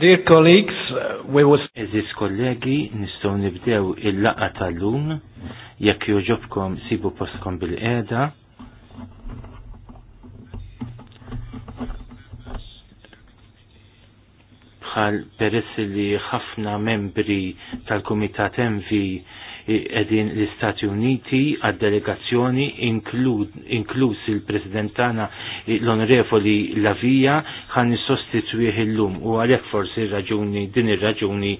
Dear colleagues, we was... Eżis kollegi, nistaw nibdew il-laqa tal-lum, jekk joġobkom sibu postkom bil-eda. Bħal peress li ħafna membri tal-Kumitat Envi edin l-Istati Uniti għad-delegazzjoni inkluż il-Presidentana l-Onorevoli Lavija ħan sostitwih illum u għalhekk forsi raġuni din ir-raġuni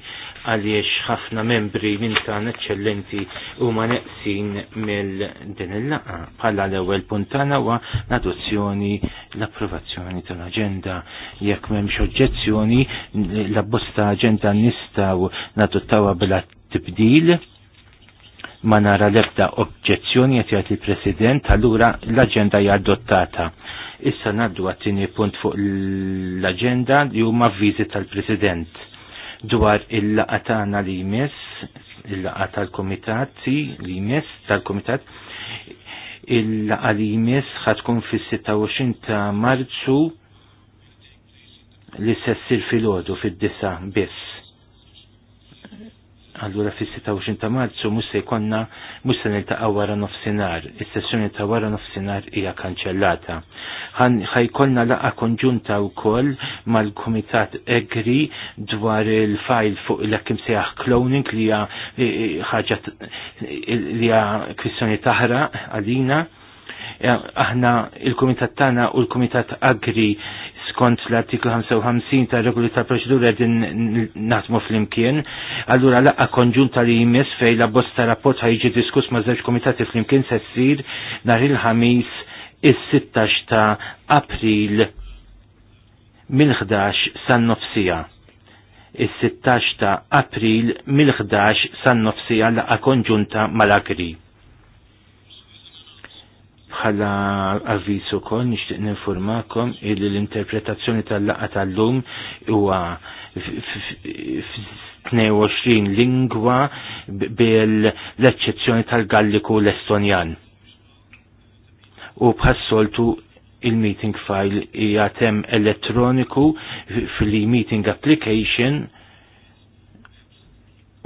għaliex ħafna membri minn tan eċċellenti u ma neqsin mill din il-laqa. Bħala l-ewwel puntana wa l-adozzjoni l-approvazzjoni tal-aġenda jekk m'hemmx oġġezzjoni l-abbosta aġenda nistgħu nadottawha bla tibdil ma nara lebda obġezzjoni qed jagħti il-President, allura l-aġenda hija adottata. Issa ngħaddu għat-tieni punt fuq l agenda li huma vizit tal-President dwar il laqatana tagħna li jmiss, il-laqa tal-Kumitat li jmiss tal-Kumitat il-laqa li jmiss ħatkun fis-26 ta' Marzu li sessir fil-ħodu fid-disa biss. Allura fis-26 ta' Marzu mhux se jkollna mhux se niltaqgħu wara nofsinhar. Is-sessjoni ta' wara nofsinar hija kanċellata. Ħajkollna laqa konġunta wkoll mal-Kumitat Egri dwar il-fajl fuq l kim sejaħ cloning li hija li hija kwistjoni taħraq għalina aħna il-Kumitat tagħna u l-Kumitat Agri kont l-artiklu 55 ta' regoli ta' proċedura din naħdmu fl-imkien, allura laqqa konġunta li jmiss fej la bosta rapport ħajġi diskus ma' żewġ komitati fl-imkien se ssir nhar il-ħamis is-16 ta' April mill-11 san-nofsija is-16 ta' April mill-11 san-nofsija laqqa konġunta mal bħala avviz ukoll nixtieq ninformakom il l-interpretazzjoni tal-laqa tal-lum huwa 22 lingwa bil-eċċezzjoni tal-Galliku l-Estonjan. U bħassoltu il-meeting file hija tem elettroniku fil-meeting application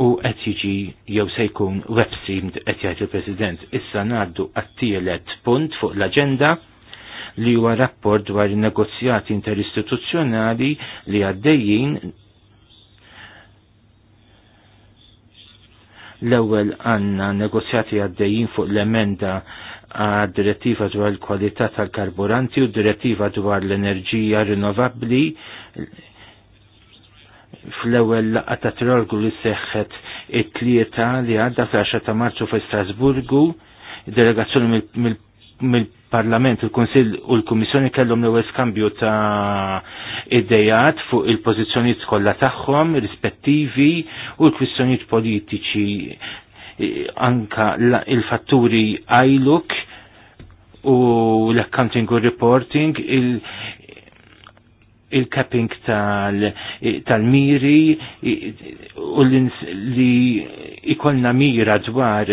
u qed jiġi jew se jkun webstreamed qed jgħid il-President. Issa ngħaddu għat-tielet punt fuq l-aġenda li huwa rapport dwar negozjati interistituzzjonali li għaddejjin l-ewwel għandna negozjati għaddejjin fuq l-emenda għad direttiva dwar l-kwalità tal-karburanti u direttiva dwar l-enerġija rinnovabbli fl-ewwel laqgħa ta' trorgu li seħħet it-tlieta li għadda fl-10 ta' Marzu fi Strasburgu, delegazzjoni mill-Parlament, il-Kunsill u l-Kummissjoni kellhom l-ewwel skambju ta' idejat fuq il-pożizzjonijiet kollha tagħhom rispettivi u l-kwistjonijiet politiċi anka il-fatturi ILUK u l-accounting u reporting il-capping tal-miri u li ikolna mira dwar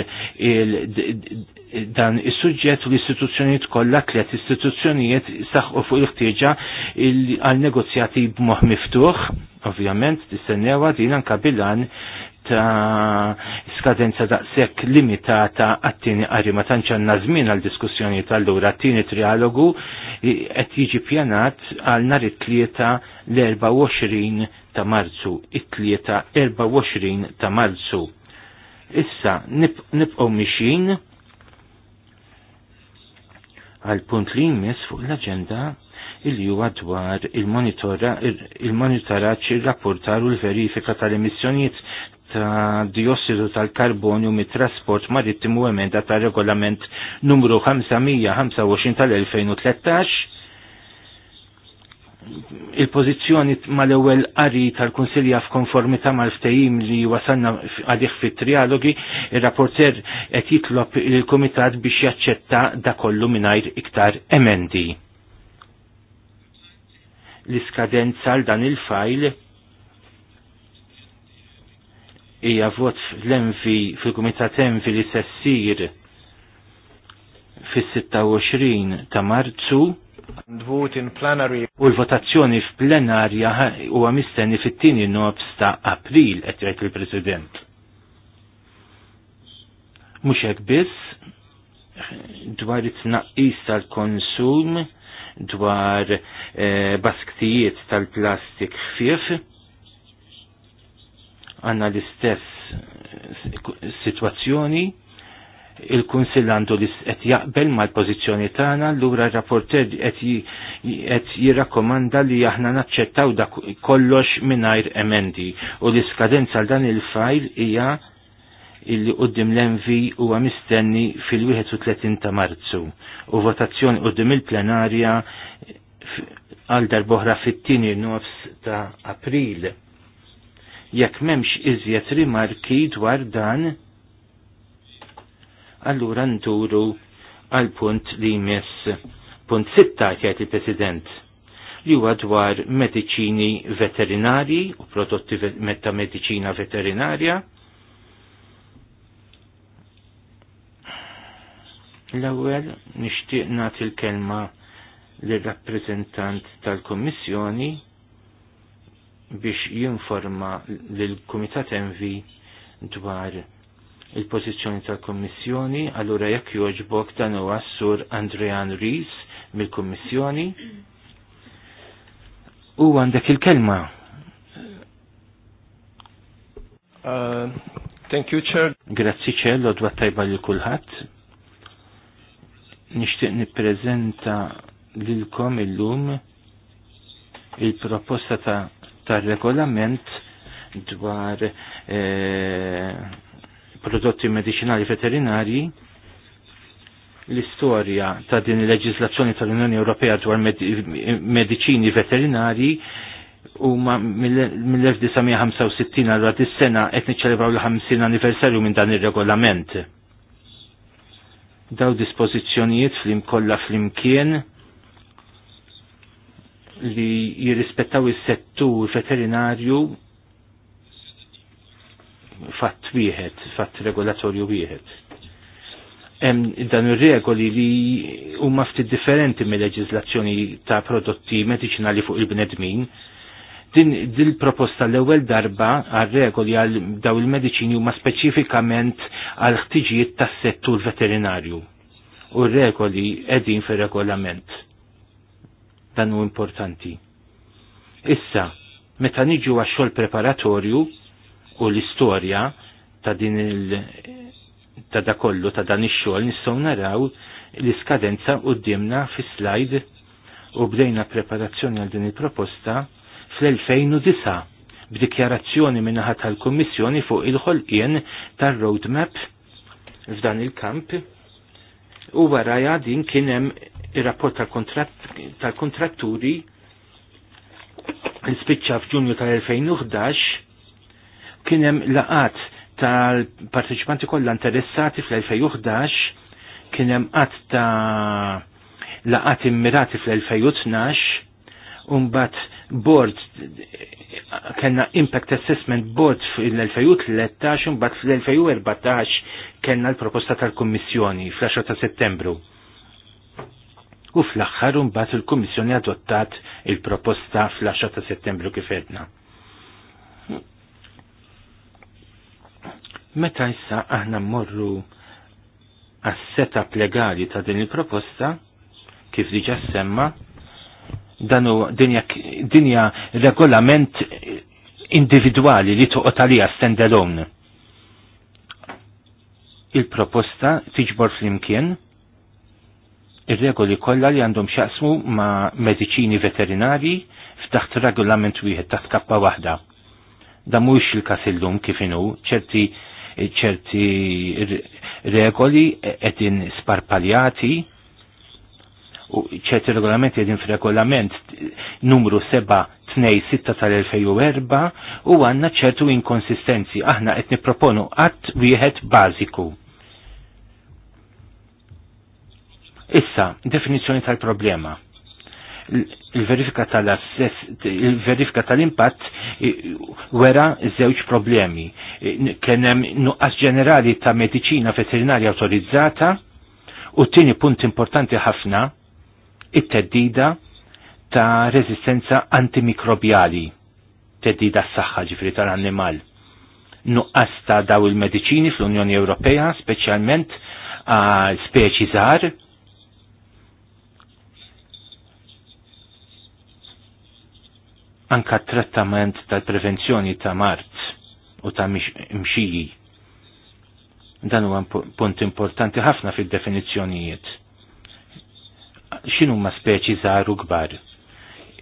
dan is-suġġett u l-istituzzjonijiet kollha tliet istituzzjonijiet saħqu fuq il-ħtieġa għal negozjati b'moħħ miftuħ, ovvjament tistennewa din anka ta' skadenza da' sekk limitata għattini għarri ma tanċanna nazmin għal diskussjoni tal-lura għattini trialogu għet jiġi pjanat għal nar it-tlieta l-24 ta' marzu it-tlieta 24 ta' marzu issa nibqgħu mixin għal punt li jmiss fuq l-agenda il-li huwa dwar il-monitoraġġ il-rapportar u l-verifika tal-emissjonijiet ta' diossidu tal-karbonju mit-trasport marittimu emenda ta' regolament numru 525 tal-2013 il-pozizjoni mal-ewel qari tal-Kunsilja f'konformità mal-ftehim li wasanna għadih fit trialogi il-rapporter qed jitlob il-Kumitat biex jaċċetta da kollu mingħajr iktar emendi. L-iskadenza għal dan il-fajl hija vot l-envi fil-Kumitat Envi li sessir fis-26 ta' Marzu and vote in plenary. U l-votazzjoni f'plenarja huwa mistenni fit-tieni nofs ta' April qed jgħid il-President. Mhux hekk biss dwar it-tnaqqis tal-konsum dwar eh, basktijiet tal-plastik ħfief għanna l-istess eh, situazzjoni il-Kunsill għandu li qed jaqbel mal-pożizzjoni tagħna, l r-rapporter qed jirrakkomanda li aħna naċċettaw dak kollox mingħajr emendi u l-iskadenza għal dan il-fajl hija illi qoddim l-envi huwa mistenni fil-31 ta' Marzu u votazzjoni qoddim il-plenarja għal darboħra fit-tieni nofs ta' April jekk memx iżjed rimarki dwar dan, allura nduru għal punt li jmiss punt sitta jgħid il-President li huwa dwar mediċini veterinari u prodotti metta mediċina veterinarja. L-ewwel nixtieq nagħti l-kelma lir rappreżentant tal-Kummissjoni biex jinforma lill-Kumitat Envi dwar il-pożizzjoni tal-Kommissjoni, allura jekk joġbok dan u sur Andrean Ries mill-Kummissjoni. U għandek il-kelma. Uh, thank you, Chair. Grazzi, Chair, l tajba li kullħat. Nishtiq niprezenta lilkom illum il-proposta ta' tar-regolament dwar eh, prodotti medicinali veterinari l-istorja ta' din il-leġislazzjoni tal-Unjoni Ewropea dwar medicini veterinari u mill-1965 għal dis-sena qed niċċelebraw l-50 anniversarju minn dan ir-regolament. Daw dispożizzjonijiet flim kollha flimkien li jirrispettaw is-settur veterinarju fatt wieħed, fatt regolatorju wieħed. Hemm dan ir-regoli li huma ftit differenti mill-leġiżlazzjoni ta' prodotti mediċinali fuq il-bnedmin. Din dil proposta l-ewwel darba għal regoli għal daw il-mediċini huma speċifikament għal ħtiġijiet tas-settur veterinarju u r regoli qegħdin fir regolament dan importanti. Issa, meta niġu għax-xogħol preparatorju u l-istorja ta' din il- ta' da kollu ta' dan ix-xogħol nistgħu naraw l-iskadenza qudiemna fi slide u bdejna preparazzjoni għal din il-proposta fl-2009 b'dikjarazzjoni minnaħat tal-Kummissjoni fuq il-ħolqien tar-roadmap f'dan il-kamp u warajja din kien hemm ir-rapport tal-kontratturi il spicċa f'Ġunju tal-2011 kien hemm laqat tal-partiċipanti kollha interessati fl-2011 kien hemm qatt ta' laqat immirati fl-2012 umbat board kena impact assessment board fil-2013 umbat fil-2014 kena l-proposta tal-kommissjoni fl-10 ta' settembru u fl-axħar mbagħad il-Kummissjoni adottat il-proposta fl-10 ta' Settembru kifedna. Meta issa aħna mmorru għas seta legali ta' din il-proposta, kif diġa semma, danu dinja, dinja regolament individuali li toqgħod għalija stand-alone. Il-proposta tiġbor fl-imkien, ir-regoli kollha li għandhom xaqsmu ma' mediċini veterinari f'taħt regolament wieħed taħt kappa waħda. Da mhux il-każ illum kif inhu ċerti ċerti regoli qegħdin sparpaljati u ċerti regolamenti qegħdin f'regolament numru 726 tal-2004 u għandna ċertu inkonsistenzi aħna qed nipproponu qatt wieħed bażiku Issa, definizjoni tal-problema. Il-verifika tal impatt wera żewġ problemi. Kenem nuqqas ġenerali ta' medicina veterinarja autorizzata u t-tieni punt importanti ħafna it-teddida ta' rezistenza antimikrobjali, teddida s-saxħa ġifri tal-annimal. Nuqqas ta' daw il-medicini fl-Unjoni Ewropea, specialment għal speċi żgħar, anka trattament tal-prevenzjoni ta' mart u ta' mxiji. Dan huwa punt importanti ħafna fil-definizzjonijiet. Xinu ma speċi żgħar u kbar?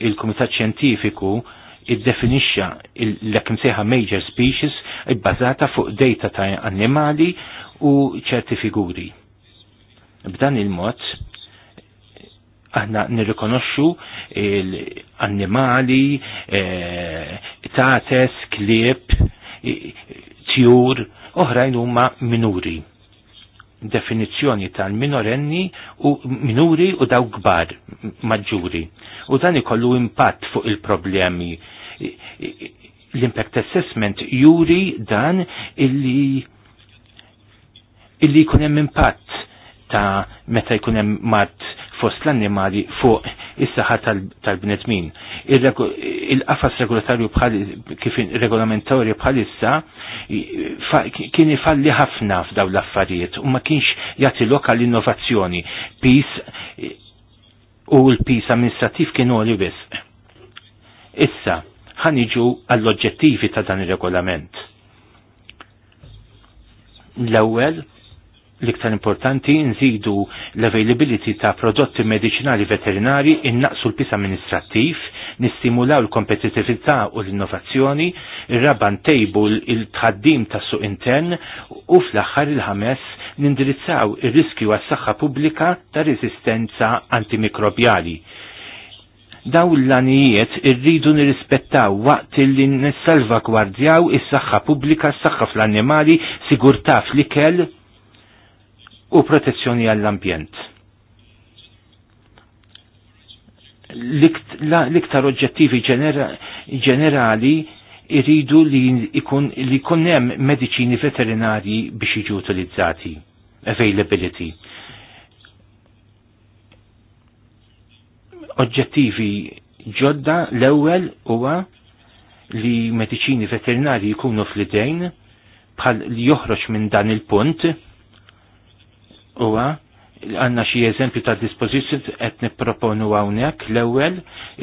Il-Kumitat id iddefinixxa l-hekk major species ibbażata fuq data ta' annimali u ċerti figuri. B'dan il-mod aħna nirrikonoxxu l-annimali, eh, tates, klieb, tjur, oħrajn huma minuri. Definizzjoni tal-minorenni u minuri u daw kbar maġġuri. U dan ikollu impatt fuq il-problemi. L-impact assessment juri dan illi illi jkun hemm impatt ta' meta jkun hemm mat fost l-annimali fuq is-saħħa tal-bnedmin. Il-qafas regolatorju bħal kif regolamentorju bħalissa kien ifalli ħafna f'daw l-affarijiet u ma kienx jagħti lokal innovazzjoni. Pis u l-pis amministrativ kien li biss. Issa, ħaniġu għall-oġġettivi ta' dan ir regolament L-ewwel, l-iktar importanti nżidu l-availability ta' prodotti medicinali veterinari innaqsu l-pis amministrattiv, nistimulaw l-kompetitività u l-innovazzjoni, rabban tejbu il-tħaddim ta' suq intern u fl-axħar il-ħames nindirizzaw il-riskju għas saħħa pubblika ta' resistenza antimikrobjali. Daw l-lanijiet irridu nirrispettaw waqt li nissalvagwardjaw is-saħħa pubblika, s-saħħa fl-annimali, sigurtà fl-ikel, u protezzjoni għall-ambjent. L-iktar oġġettivi ġenerali iridu li ikun li hemm mediċini veterinari biex jiġu utilizzati, availability. Oġġettivi ġodda l-ewwel huwa li mediċini veterinari jkunu fl-idejn bħal li joħroġ minn dan il-punt huwa għanna xie eżempju ta' dispozizjoni qed nipproponu hawnhekk l-ewwel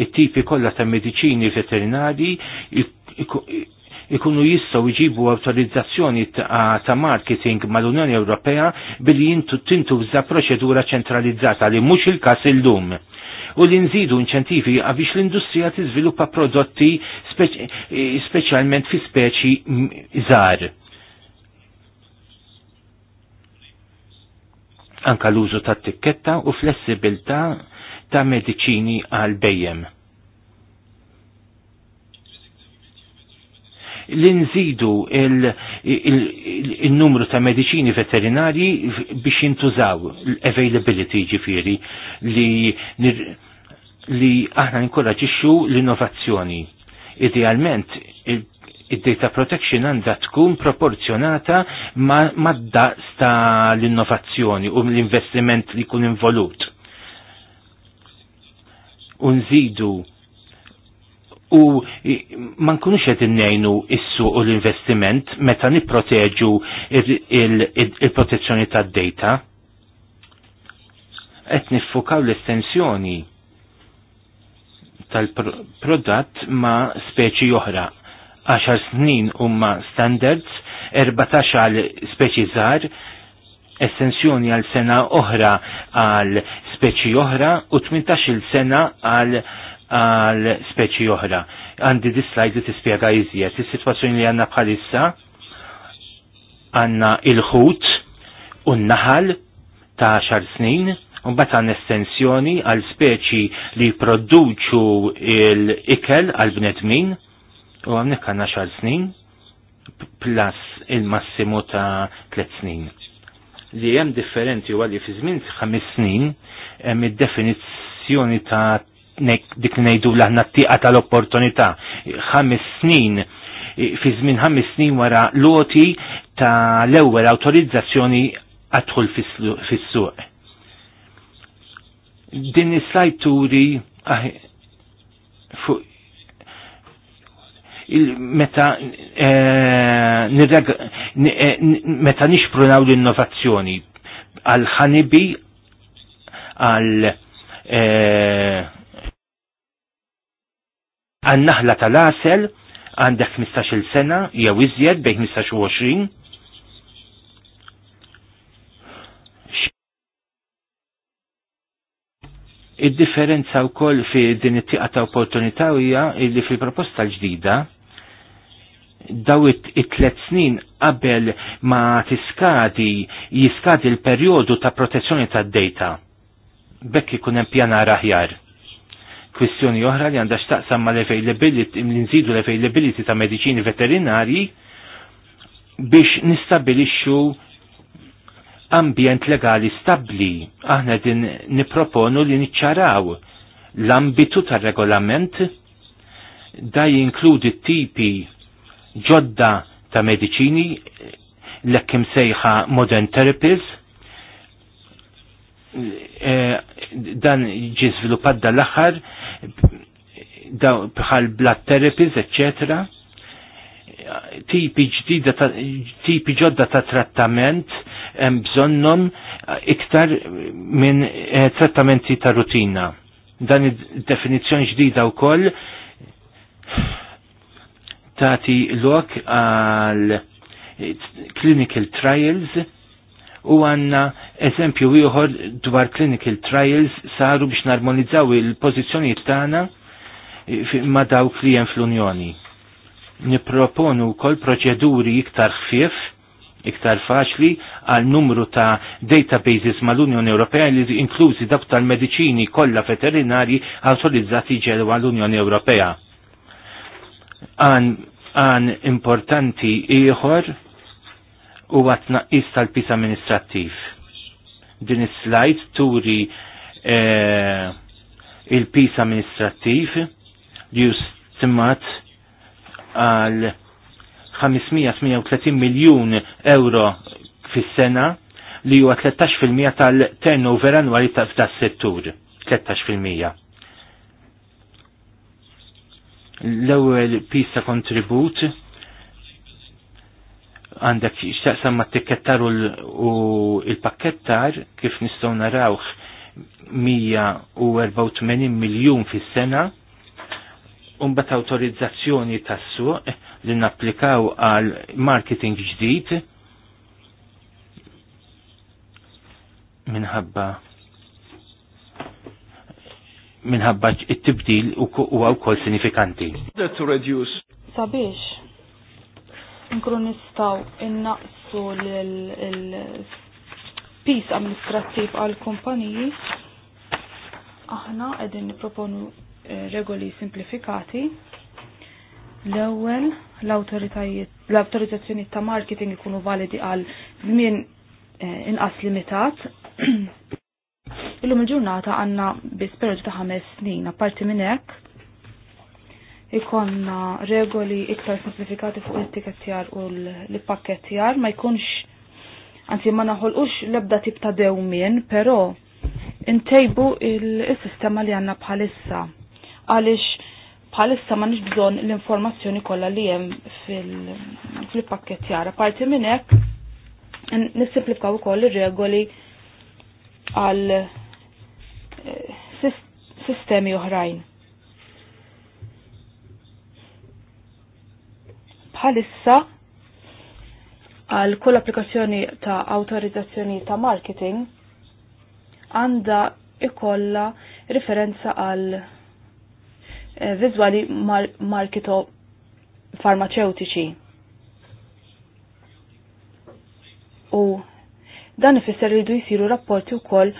it-tipi kollha ta' mediċini veterinari ikunu jistgħu jġibu awtorizzazzjoni ta' marketing mal-Unjoni Ewropea billi jintu tintuża proċedura ċentralizzata li mhux il-każ illum u li nżidu inċentivi għabiex l-industrija tiżviluppa prodotti speċjalment fi speċi żgħar anka l-użu ta' tikketta u flessibilta ta' mediċini għal bejjem. li nżidu il-numru ta' mediċini veterinari biex jintużaw l-availability ġifiri li, li aħna nkoraġixxu l-innovazzjoni. Idealment, id-data protection għandha tkun proporzjonata mad-daqs ta' l-innovazzjoni u l-investiment li jkun involut. Unżidu u ma nkunux qed innejnu issu u l-investiment meta nipproteġu il-protezzjoni tad-data qed niffukaw l-estensjoni tal-prodott ma speċi oħra 10 snin umma standards, 14 għal speċi żgħar, estensjoni għal sena oħra għal speċi oħra u 18 il sena għal għal speċi oħra. Għandi dislajdi tispjega iżjed. Is-sitwazzjoni li għandna bħalissa għandna il-ħut u n-naħal ta' 10 snin, bat għan estensjoni għal speċi li produċu l-ikel għal bnedmin, u għamnek għanna xar snin plus il-massimu ta' tlet snin. Li hemm differenti u għalli fi żmien ħames snin hemm id-definizzjoni ta' dik nejdu l-aħna t-tieqa tal-opportunità. Ħames snin fi żmien ħames snin wara loti ta' l-ewwel awtorizzazzjoni għadħol fis-suq. Din is-slajd turi fuq meta eh, eh, meta nixprunaw l-innovazzjoni għal ħanibi għal eh, għal naħla tal-asel għandek 15 sena jew iżjed bejn 15 u Id-differenza wkoll fi din it-tieqa ta' opportunità hija li fil-proposta l-ġdida daw it-tlet snin qabel ma tiskadi jiskadi l-perjodu ta' protezzjoni ta' data. Bekk ikun hemm pjanar aħjar. Kwistjoni oħra li għandha x'taqsam ma' l-availability li nżidu l-availability ta' mediċini veterinarji biex nistabilixxu ambjent legali stabbli. Aħna din niproponu li niċċaraw l-ambitu tar-regolament da jinkludi tipi ġodda ta' medicini, l-ekkim sejħa modern therapies eh, dan ġi sviluppat dal-axar bħal blood therapies, etc. Tipi ġdida tipi ġodda ta' trattament bżonnom iktar minn eh, trattamenti ta' rutina. Dan id-definizjoni ġdida u koll tati lok għal eh, clinical trials u għanna eżempju ieħor dwar clinical trials saru biex narmonizzaw il-pożizzjonijiet tagħna eh, ma dawk li hemm fl-Unjoni. Nipproponu wkoll proċeduri iktar ħfief iktar faċli għal numru ta' databases mal-Unjoni Ewropea li inklużi dawk tal-mediċini kollha veterinari autorizzati ġewwa l-Unjoni Ewropea għan importanti ieħor u għatnaqis tal-pis amministrattiv. Din is turi eh, il-pis amministrattiv li justimat għal 538 miljun euro fis-sena li huwa 13% tal-turnover annwali ta' settur 13%. L-ewwel pista kontribut għandek xtaqsam ma t-tikettar u l pakettar kif nistaw narawx 184 miljon fis sena unbat autorizzazzjoni tas-suq li napplikaw għal marketing ġdid minħabba minħabba it-tibdil huwa wkoll sinifikanti. Sabiex, nkru nistgħu innaqsu l-pis amministrattiv għal kumpaniji aħna qegħdin nipproponu eh, regoli simplifikati. L-ewwel l autorizzazzjoni ta' marketing ikunu validi għal min eh, inqas limitat Illum il-ġurnata għanna biss ta' ħames snin, apparti minn hekk ikonna regoli iktar simplifikati fuq il-tikettjar u l-pakkettjar ma jkunx anzi ma naħolqux lebda tip ta' dewmien, però intejbu il-sistema li għanna bħalissa. Għalix bħalissa ma nix bżon l-informazzjoni kollha li hemm fil-pakkettjar. Parti minn hekk nissimplifkaw ukoll ir-regoli għal sistemi oħrajn. Bħalissa għal kull applikazzjoni ta' autorizzazzjoni ta' marketing għanda ikolla referenza għal eh, vizuali mar marketo farmaceutiċi. U dan ifisser li jdu jisiru rapporti wkoll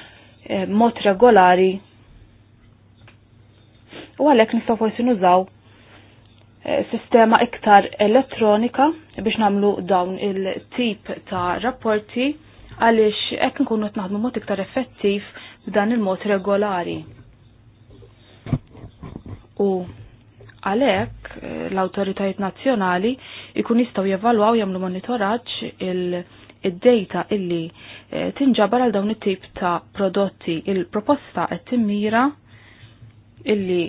Eh, mod regolari u għalhekk nistgħu forsi nużaw eh, sistema iktar elettronika biex namlu dawn il-tip ta' rapporti għaliex hekk nkunu t naħdmu mod iktar effettiv b'dan il-mod regolari. U għalhekk eh, l-awtoritajiet nazzjonali ikun jistgħu jevalwaw jagħmlu monitoraġġ il- id-data illi eh, tinġabar għal dawn it-tip ta' prodotti. Il-proposta qed timmira illi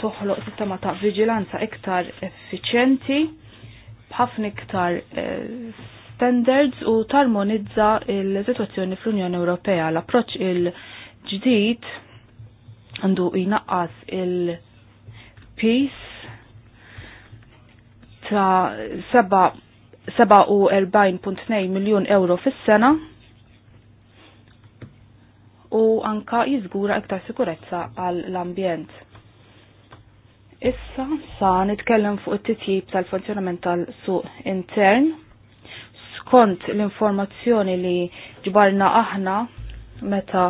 toħloq sistema ta' vigilanza iktar effiċenti, b'ħafna iktar eh, standards u tarmonizza l-situazzjoni fl-Unjoni Ewropea. L-approċ il-ġdid għandu jnaqqas il-peace ta' seba' 47.2 miljon euro fis-sena u anka jiżgura iktar sikurezza għal l-ambjent. Issa sa nitkellem fuq it-titjib tal-funzjonament tal-suq intern. Skont l-informazzjoni li ġbarna aħna meta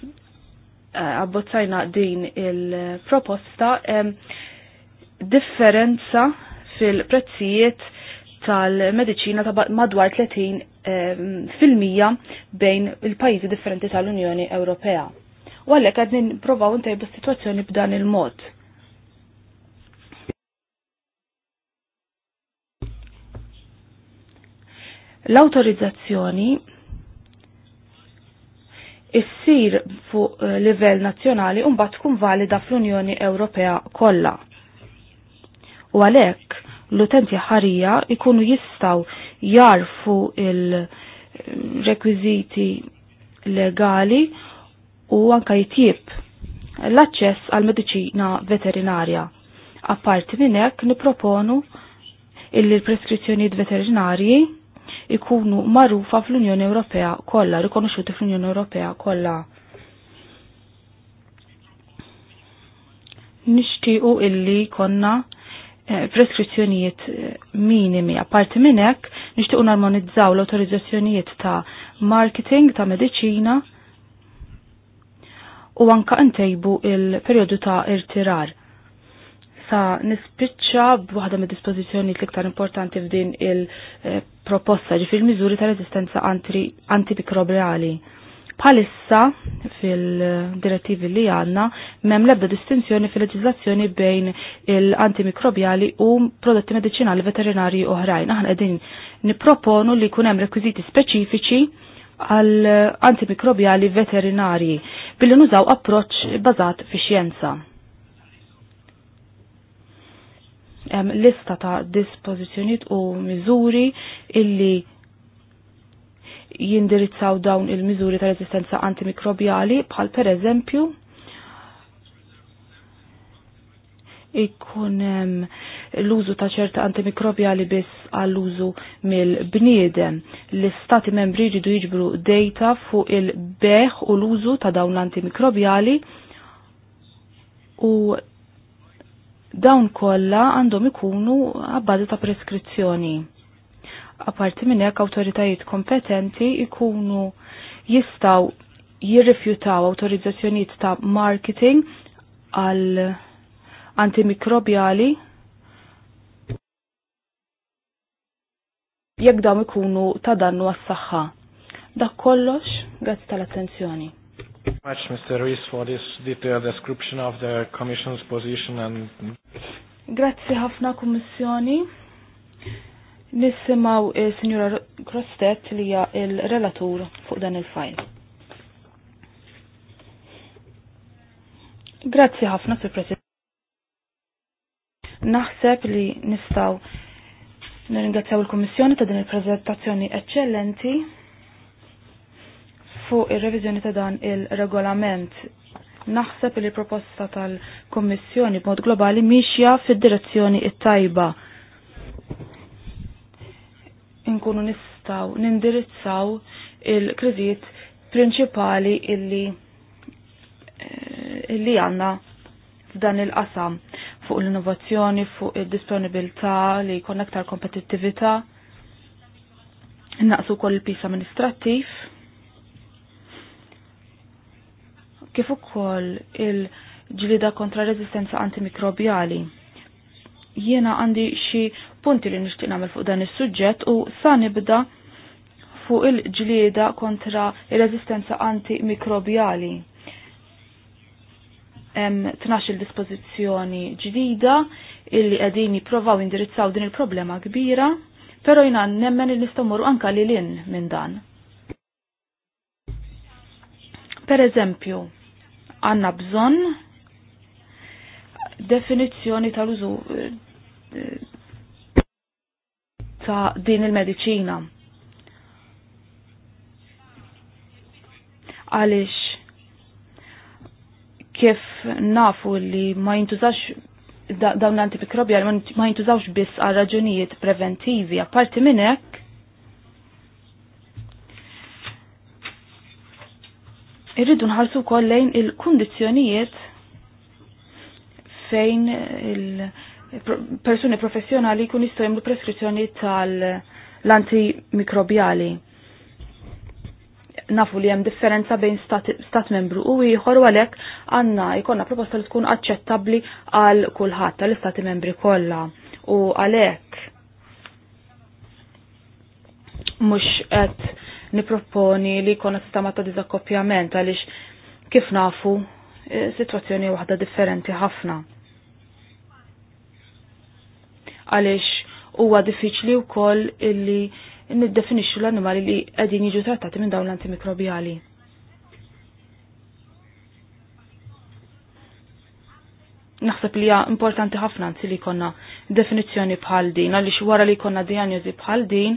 eh, abbozzajna din il-proposta eh, differenza fil-prezzijiet tal-medicina ta' madwar 30 ehm, fil-mija bejn il-pajjiżi differenti tal-Unjoni Ewropea. U għalhekk qed nipprovaw intejbu s-sitwazzjoni b'dan il-mod. L-autorizzazzjoni issir fuq eh, livell nazzjonali u mbagħad tkun valida fl-Unjoni Ewropea kollha. U għalhekk l-utenti ħarija ikunu jistaw jarfu il-rekwiziti legali u anka jitjib l-aċċess għal mediċina veterinarja. Apparti minn hekk niproponu illi l-preskrizzjonijiet veterinarji ikunu marufa fl-Unjoni Ewropea kollha, rikonoxxuti fl-Unjoni Ewropea kollha. Nixtiequ illi konna Eh, preskrizzjonijiet eh, minimi. Apparti minn hekk nixtiequ narmonizzaw l-autorizzazzjonijiet ta' marketing ta' mediċina u anka ntejbu il-perjodu ta' irtirar. Sa nispiċċa b'waħda mid dispożizzjonijiet l-iktar importanti f'din il-proposta ġifir miżuri ta' resistenza antipikrobiali. Palissa fil-direttivi li għanna mem lebda distinzjoni fil-leġizlazzjoni bejn il-antimikrobjali u prodotti medicinali veterinari oħrajn. Aħna qegħdin nipproponu li jkun hemm rekwiżiti speċifiċi għal antimikrobjali veterinari billi nużaw approċċ bazat fi xjenza. Hemm lista ta' dispożizzjonijiet u miżuri illi jindirizzaw dawn il-miżuri ta' resistenza antimikrobjali bħal per eżempju ikun l-użu ta' ċerta antimikrobjali biss għall-użu mill-bniedem. L-istati membri jridu jiġbru data fuq il-beħ u l-użu ta' dawn l-antimikrobjali u dawn kollha għandhom ikunu għabbadi ta' preskrizzjoni. Aparti minn hekk awtoritajiet kompetenti ikunu jistaw jirrifjutaw awtorizzazzjonijiet ta' marketing għal antimikrobjali jekk dawn ikunu ta' dannu għas-saħħa. Dak kollox, grazzi tal-attenzjoni. Much Mr. Rees for this detailed description of the Commission's position and Grazzi ħafna Kommissjoni. Nissimaw il-Sinjura eh, Crostet li hija il-relatur fuq dan il-fajl. Grazzi ħafna, Sir President. Naħseb li nistaw nirringrazzjaw il-Kummissjoni ta' din il-prezentazzjoni eccellenti fuq ir-reviżjoni ta' dan il-regolament. Naħseb li proposta tal-Kummissjoni b'mod globali mixja fid-direzzjoni it-tajba. Inkunu nistaw nindirizzaw il-kriżijiet prinċipali illi eh, illi għanna f'dan il-qasam fuq l-innovazzjoni, fuq il-disponibilità li jkun aktar kompetittività. Naqsu kol il-pis amministrattiv. Kif ukoll il-ġlida kontra rezistenza antimikrobjali. Jiena għandi xi punti li nixtieq nagħmel fuq dan is-suġġett u sa nibda fuq il-ġlieda kontra il reżistenza antimikrobjali. 12 dispożizzjoni ġdida illi qegħdin jippruvaw indirizzaw din il-problema kbira, però jina nemmen li nistgħu morru anke lil minn dan. Per eżempju, għandna bżonn definizzjoni tal-użu ta' din il-medicina. Għalix kif nafu li ma jintużax dawn l-antimikrobjal ma jintużawx biss għal raġunijiet preventivi, apparti minn hekk irridu nħarsu wkoll lejn il-kundizzjonijiet fejn il-persuni professjonali kun jistgħu jagħmlu preskrizzjoni tal-antimikrobjali nafu li hemm differenza bejn stat, stat membru u ieħor u għalhekk għandna jkollna proposta li tkun aċċettabbli għal kulħadd tal-istati membri kollha u għalhekk mhux qed niproponi li jkollna sistema ta' diżakkoppjament għaliex kif nafu eh, sitwazzjoni waħda differenti ħafna. Għaliex huwa diffiċli wkoll illi niddefinixxu l-annimali li qegħdin jiġu trattati minn dawn l-antimikrobjali. naħseb li hija importanti ħafna anzi li konna definizzjoni bħal din, għaliex wara li konna diagnosi bħal din,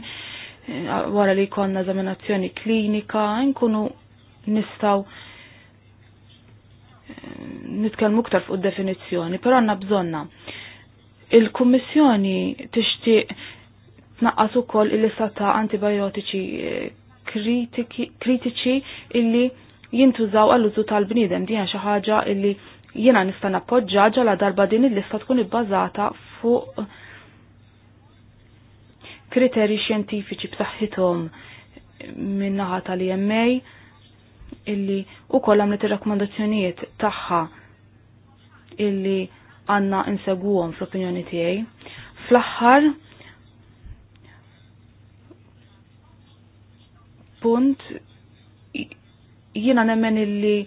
wara li konna eżaminazzjoni klinika, nkunu nistaw eh, nitkellmu iktar fuq definizzjoni, però għandna bżonna. Il-Kummissjoni tixtieq tnaqqas ukoll il-lista ta' antibiotiċi eh, kritiċi illi jintużaw għall-użu tal-bniedem din xi ħaġa illi jiena nista' nappoġġa ġala darba din il-lista tkun ibbażata fuq kriteri xjentifiċi b'saħħithom min-naħa tal-EMA illi u koll għamlet ir-rakkomandazzjonijiet tagħha illi għanna insegwuhom fl-opinjoni tiegħi. Fl-aħħar punt jiena nemmen illi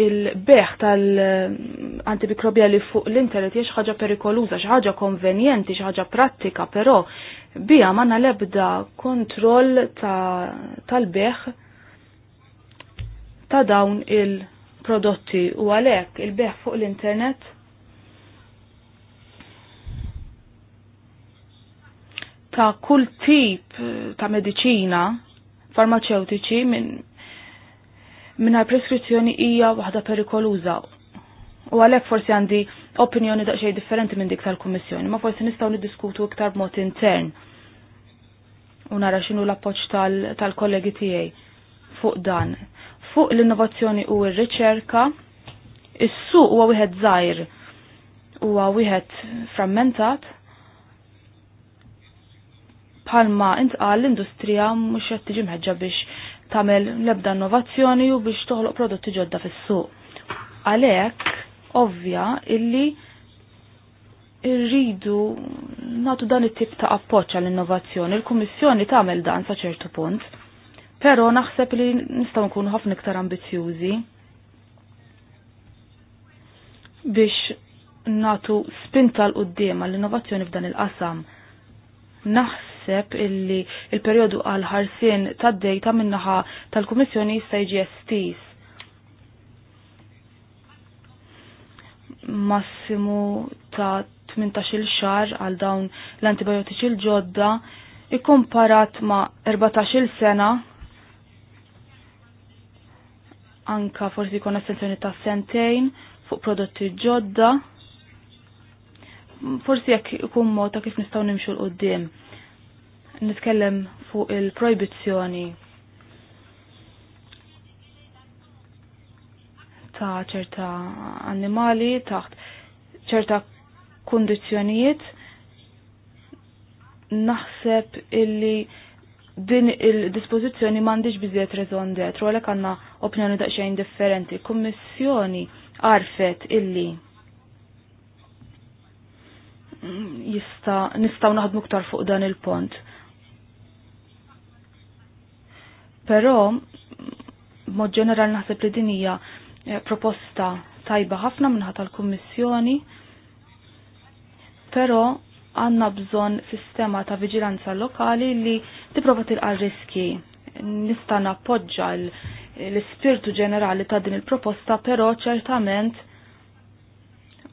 il-beħ tal-antibikrobjali fuq l-internet jiex ħaġa perikoluża, xaħġa konvenjenti, ħaġa prattika, però bija manna lebda kontroll tal-beħ ta' dawn il-prodotti u għalek il-beħ fuq l-internet ta' kull tip ta' medicina farmaceutiċi minn min preskrizzjoni hija waħda perikoluża. U għalhekk forsi għandi opinjoni daqsxejn differenti minn dik tal-Kummissjoni, ma forsi nistgħu niddiskutu iktar b'mod intern u nara x'inhu l-appoġġ tal-kollegi -tal tiegħi fuq dan. Fuq l-innovazzjoni u r-riċerka, is-suq huwa wieħed żgħir huwa wieħed frammentat palma intqal l-industrija mhux qed tiġi biex tagħmel l-ebda innovazzjoni u biex toħloq prodotti ġodda fis-suq. Għalhekk ovvja illi irridu natu dan it-tip ta' appoċ għall-innovazzjoni. Il-Kummissjoni tagħmel dan sa ċertu punt, però naħseb li nistgħu nkunu ħafna iktar ambizjużi biex natu spinta l qudiem għall-innovazzjoni f'dan il-qasam. Naħseb naħseb illi il periodu għal ħarsien tad-dejta minnaħa tal-Kummissjoni jista' jiġi estis. Massimu ta' 18 xar għal dawn l-antibiotiċi l-ġodda ikkomparat ma' 14-il sena anka forsi kon estensjoni ta' sentejn fuq prodotti ġodda forsi jekk ikun mod ta' kif nistgħu nimxu l-qudiem nitkellem fuq il-proibizzjoni ta' ċerta animali taħt ċerta kondizjonijiet naħseb illi din il-dispozizjoni mandiġ bizziet rezon detru, għalek għanna opinjoni daqxajn differenti. Kommissjoni għarfet illi jista nistaw naħdmu ktar fuq dan il-pont. Però mod ġeneral naħseb li din hija eh, proposta tajba ħafna minħat tal-Kummissjoni, però għanna bżon sistema ta' viġilanza lokali li tipprova tilqa' riski. Nista' nappoġġa l-ispirtu ġenerali ta' din il-proposta, però ċertament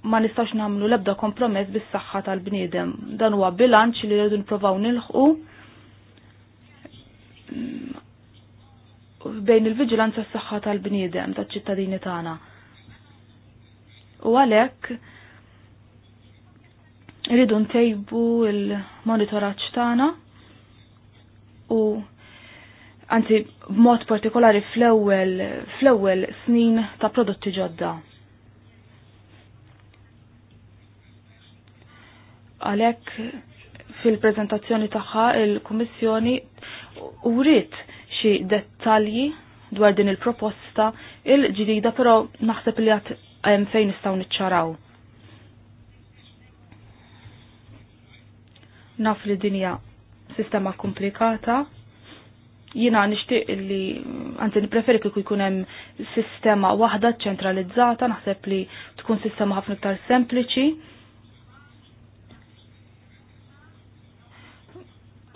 ma nistax nagħmlu l-ebda kompromess bis-saħħa tal-bniedem. Dan huwa bilanċ li rridu nipprovaw nilħqu bejn il-vigilanza s-saxħa tal-bniedem taċ ċittadini tagħna. U għalhekk rridu ntejbu il-monitoraġġ tagħna u anzi b'mod partikolari fl-ewwel fl-ewwel snin ta' prodotti ġodda. Għalhekk fil-prezentazzjoni tagħha il-Kummissjoni uriet xi dettalji dwar din il-proposta il-ġdida, però naħseb li għat ehm, fejn nistgħu niċċaraw. Naf li dinja sistema komplikata, jina nishtiq li, għanzi nipreferi kiku jkun hemm sistema waħda ċentralizzata, naħseb li tkun sistema ħafna iktar sempliċi.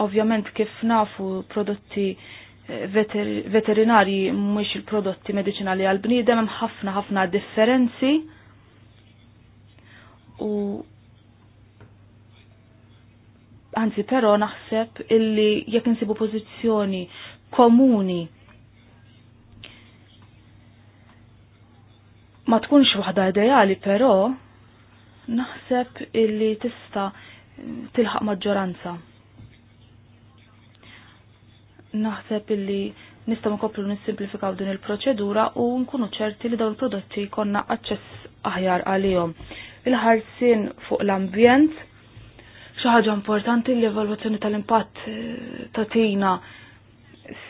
Ovvjament kif nafu prodotti veter veterinari mhux il-prodotti medicinali għal bniedem hemm ħafna ħafna differenzi u anzi però naħseb illi jekk insibu pożizzjoni komuni ma tkunx waħda ideali però naħseb illi tista' tilħaq maġġoranza naħseb illi nistgħu nkopplu nissimplifikaw din il-proċedura u nkunu ċerti li dawn il-prodotti konna aċċess aħjar għalihom. Il-ħarsin fuq l-ambjent xi ħaġa importanti li evalwazzjoni tal-impatt eh, tagħtina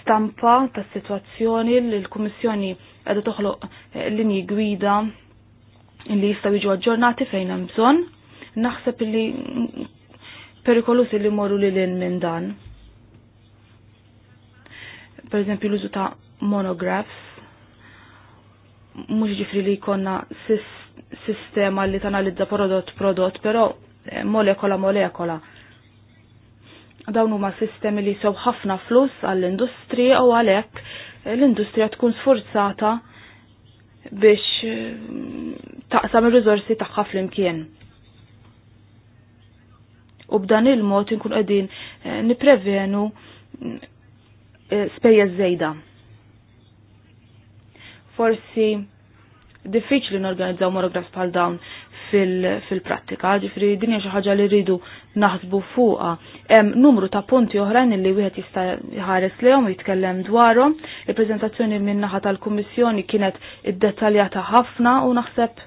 stampa tas-sitwazzjoni li l-Kummissjoni qiegħda toħloq eh, linji gwida li jistgħu jiġu aġġornati fejn hemm bżonn. Naħseb li perikolusi li morru li lin minn dan per eżempju l-użu ta' monographs, mux ġifri li jkonna sistema li tanalizza prodott prodott, pero eh, molekola molekola. Dawn huma sistemi li sew ħafna flus għall-industrija u għalhekk eh, l-industrija tkun sforzata biex eh, taqsam ir-riżorsi tagħha flimkien. U b'dan il-mod inkun qegħdin nipprevenu Eh, spejja żejda. Forsi diffiċli norganizzaw monografs bħal dawn fil-prattika, fil ġifri dinja xi ħaġa li rridu naħsbu fuqha. Hemm numru ta' punti oħrajn li wieħed jista' jħares lehom jitkellem dwarhom. Il-preżentazzjoni min-naħa tal-Kummissjoni kienet iddettaljata ħafna u naħseb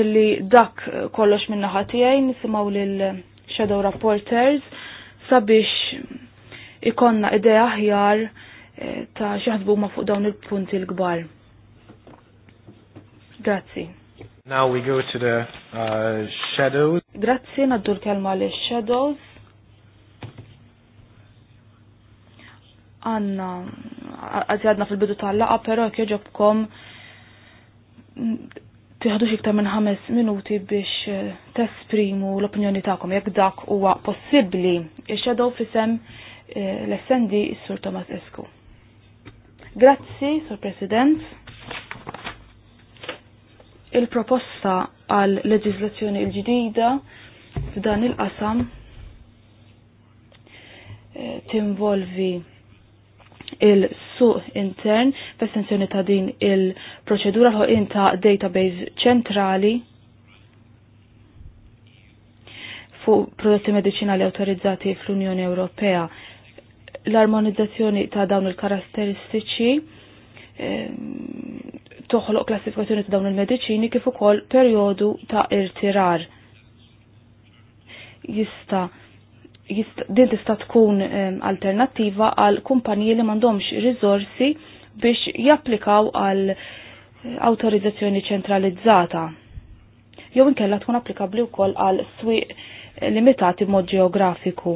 illi dak kollox min-naħa tiegħi nisimgħu lil shadow rapporters sabiex ikonna idea aħjar eh, ta' xaħdbu ma' fuq dawn il-punti l-kbar. Grazzi. Now we go to the uh, shadows. Grazzi, naddur kelma li shadows. Anna, għadna fil-bidu tal-laqa, pero kieġobkom mm, tiħadu xiktar minn ħames minuti biex eh, tesprimu l-opinjoni ta'kom, jekk dak huwa possibbli. il shadow fisem Eh, l-essendi Sur Thomas Esku. Grazzi, Sur President. Il-proposta għal leġizlazzjoni l-ġdida f'dan il-qasam eh, tinvolvi il-suq intern f'estensjoni ta' din il-proċedura l ta' database ċentrali fuq prodotti medicinali autorizzati fl-Unjoni Ewropea l-armonizzazzjoni ta' dawn il-karatteristiċi eh, toħloq klassifikazzjoni ta' dawn il-mediċini kif ukoll perjodu ta' irtirar. Jista' din tista' tkun eh, alternattiva għal kumpaniji li m'għandhomx riżorsi biex japplikaw għal eh, autorizzazzjoni ċentralizzata. Jew inkella tkun applikabbli wkoll għal swieq limitati mod ġeografiku.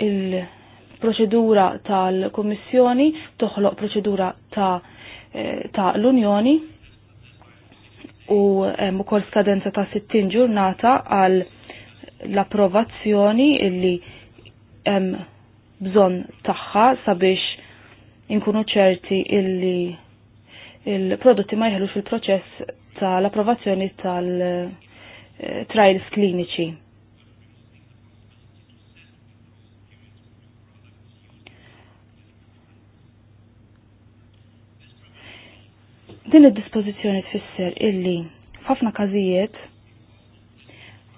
Il proċedura tal-Kummissjoni toħloq proċedura ta', eh, ta l-Unjoni u hemm eh, ukoll skadenza ta' 60 ġurnata għal l-approvazzjoni illi hemm bżonn tagħha sabiex inkunu ċerti illi il-prodotti ma jħelux fil-proċess tal-approvazzjoni tal-trials eh, kliniċi. Din id-dispożizzjoni tfisser illi f'ħafna każijiet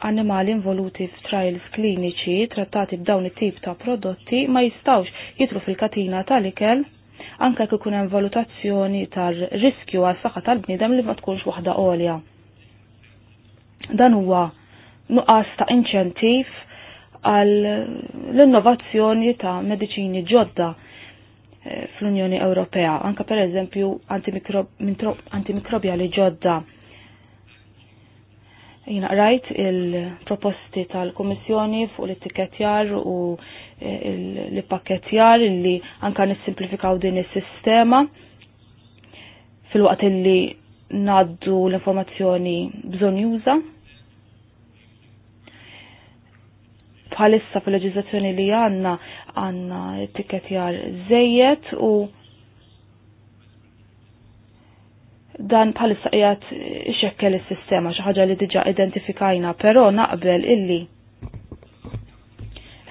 animali involuti f'trials kliniċi trattati b'dawn it-tip ta' prodotti ma jistawx jitru fil-katina tal-ikel anke jekk ikun hemm valutazzjoni tar-riskju għas saħħa tal-bniedem li ma tkunx waħda għolja. Dan huwa nuqqas ta' inċentiv għall innovazzjoni ta' mediċini ġodda fl-Unjoni Ewropea, anka per eżempju antimikrobja li ġodda. Jina rajt il-proposti tal-Komissjoni fuq l-etikettjar u e, l-pakketjar li anka nissimplifikaw din is-sistema fil-waqt li naddu l-informazzjoni bżonn juża bħalissa fil-leġizzazzjoni li għanna għanna tikketjar zejjed u dan bħalissa qiegħed ixekkel is-sistema xi ħaġa li diġà identifikajna, però naqbel illi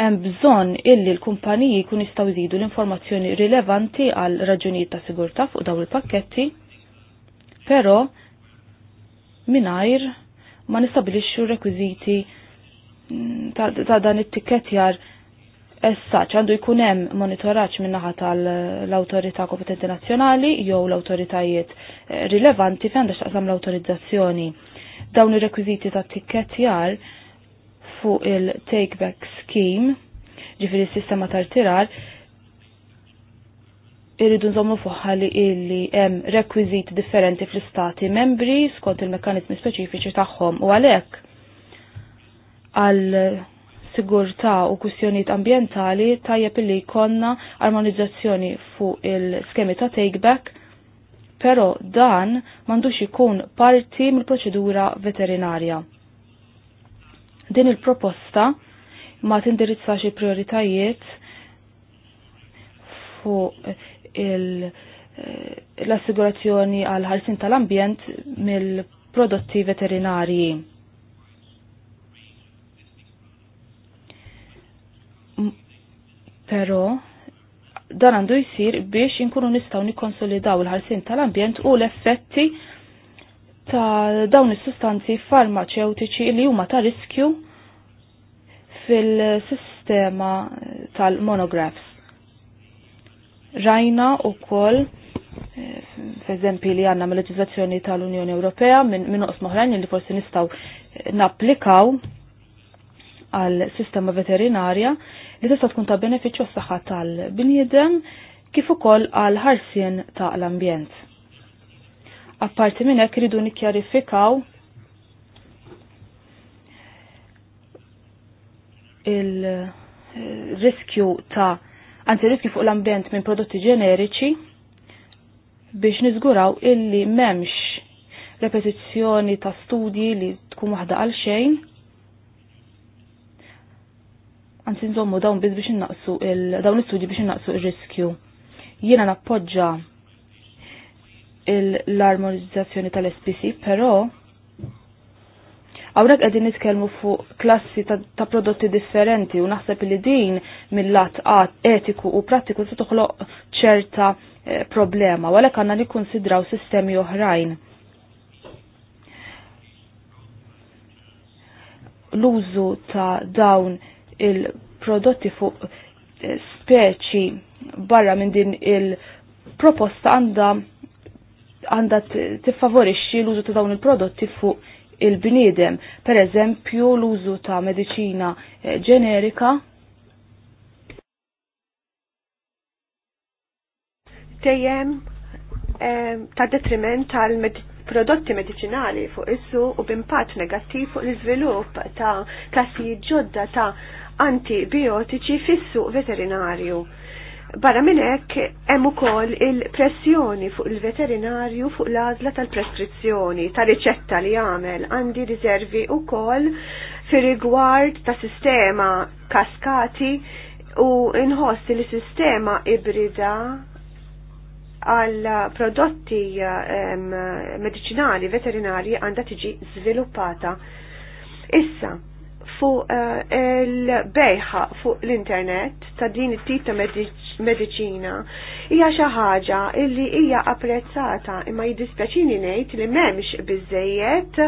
hemm bżonn illi l-kumpaniji jkun jistgħu jżidu l-informazzjoni rilevanti għal raġunijiet ta' sigurtà fuq dawn il-pakketti, però mingħajr ma nistabilixxu rekwiżiti ta' dan it jar essa għandu jkun hemm monitoraġġ min-naħa tal-awtorità kompetenti nazzjonali jew l-awtoritajiet eh, rilevanti fejn għandha x'taqsam l-awtorizzazzjoni. Dawn ir-rekwiżiti ta' jar fuq il-take back scheme, ġifieri s-sistema tal-tirar, irridu nżommu fuħħa li illi hemm rekwiżiti differenti fl-istati membri skont il-mekkaniżmi speċifiċi tagħhom u għalhekk għal sigurtà u kwistjonijiet ambjentali tajjeb li jkollna armonizzazzjoni fuq il-skemi ta' take-back, però dan m'għandux ikun parti mill-proċedura veterinarja. Din il-proposta ma tindirizzax il-prioritajiet fuq eh, l-assigurazzjoni għal ħarsin tal-ambjent mill-prodotti veterinarji. Pero dan għandu jisir biex inkunu nistaw nikonsolidaw il-ħarsin tal-ambjent u l-effetti ta' dawn is-sustanzi farmaceutiċi li huma ta' riskju fil-sistema tal-monographs. Rajna u koll eh, f'eżempi li għanna mill leġizazzjoni tal-Unjoni Ewropea minn min oqs moħrajn li forsi nistaw eh, napplikaw għal sistema veterinarja li tista' tkun ta' beneficju s-saħħa tal-bniedem kif ukoll għal ħarsien ta' l-ambjent. Apparti minn hekk iridu nikkjarifikaw il-riskju ta' anzi riskju fuq l-ambjent minn prodotti ġeneriċi biex niżguraw illi memx repetizzjoni ta' studji li tkun waħda għal xejn għanzi nżommu dawn biz biex naqsu dawn l-istudji biex naqsu il-riskju. Jiena nappoġġa l-armonizzazzjoni tal-SPC, però għawrek għedin nitkelmu fuq klassi ta', ta prodotti differenti u naħseb li din mill-lat etiku u pratiku se toħloq ċerta eh, problema problema, għalek għanna nikkonsidraw sistemi oħrajn. L-użu ta' dawn il-prodotti fuq eh, speċi barra minn din il-proposta għanda għanda tiffavorixxi l-użu ta' dawn il-prodotti fuq il-bniedem, per eżempju l-użu ta' medicina eh, ġenerika. Tejjem eh, ta' detriment tal prodotti medicinali fuq issu u b'impatt negattiv fuq l-iżvilupp ta' klassi ġodda ta' antibiotiċi fis-suq veterinarju. Barra minn hekk hemm ukoll il-pressjoni fuq il-veterinarju fuq l-għażla tal-preskrizzjoni ta' riċetta li jagħmel għandi riservi wkoll fir-rigward ta' sistema kaskati u inħoss li sistema ibrida għal prodotti ehm, medicinali veterinari għandha tiġi sviluppata. Issa, fuq eh, il-bejħa fuq l-internet ta' din it-tip ta' mediċina hija xi ħaġa illi hija apprezzata imma jiddispjaċini ngħid li m'hemmx biżejjed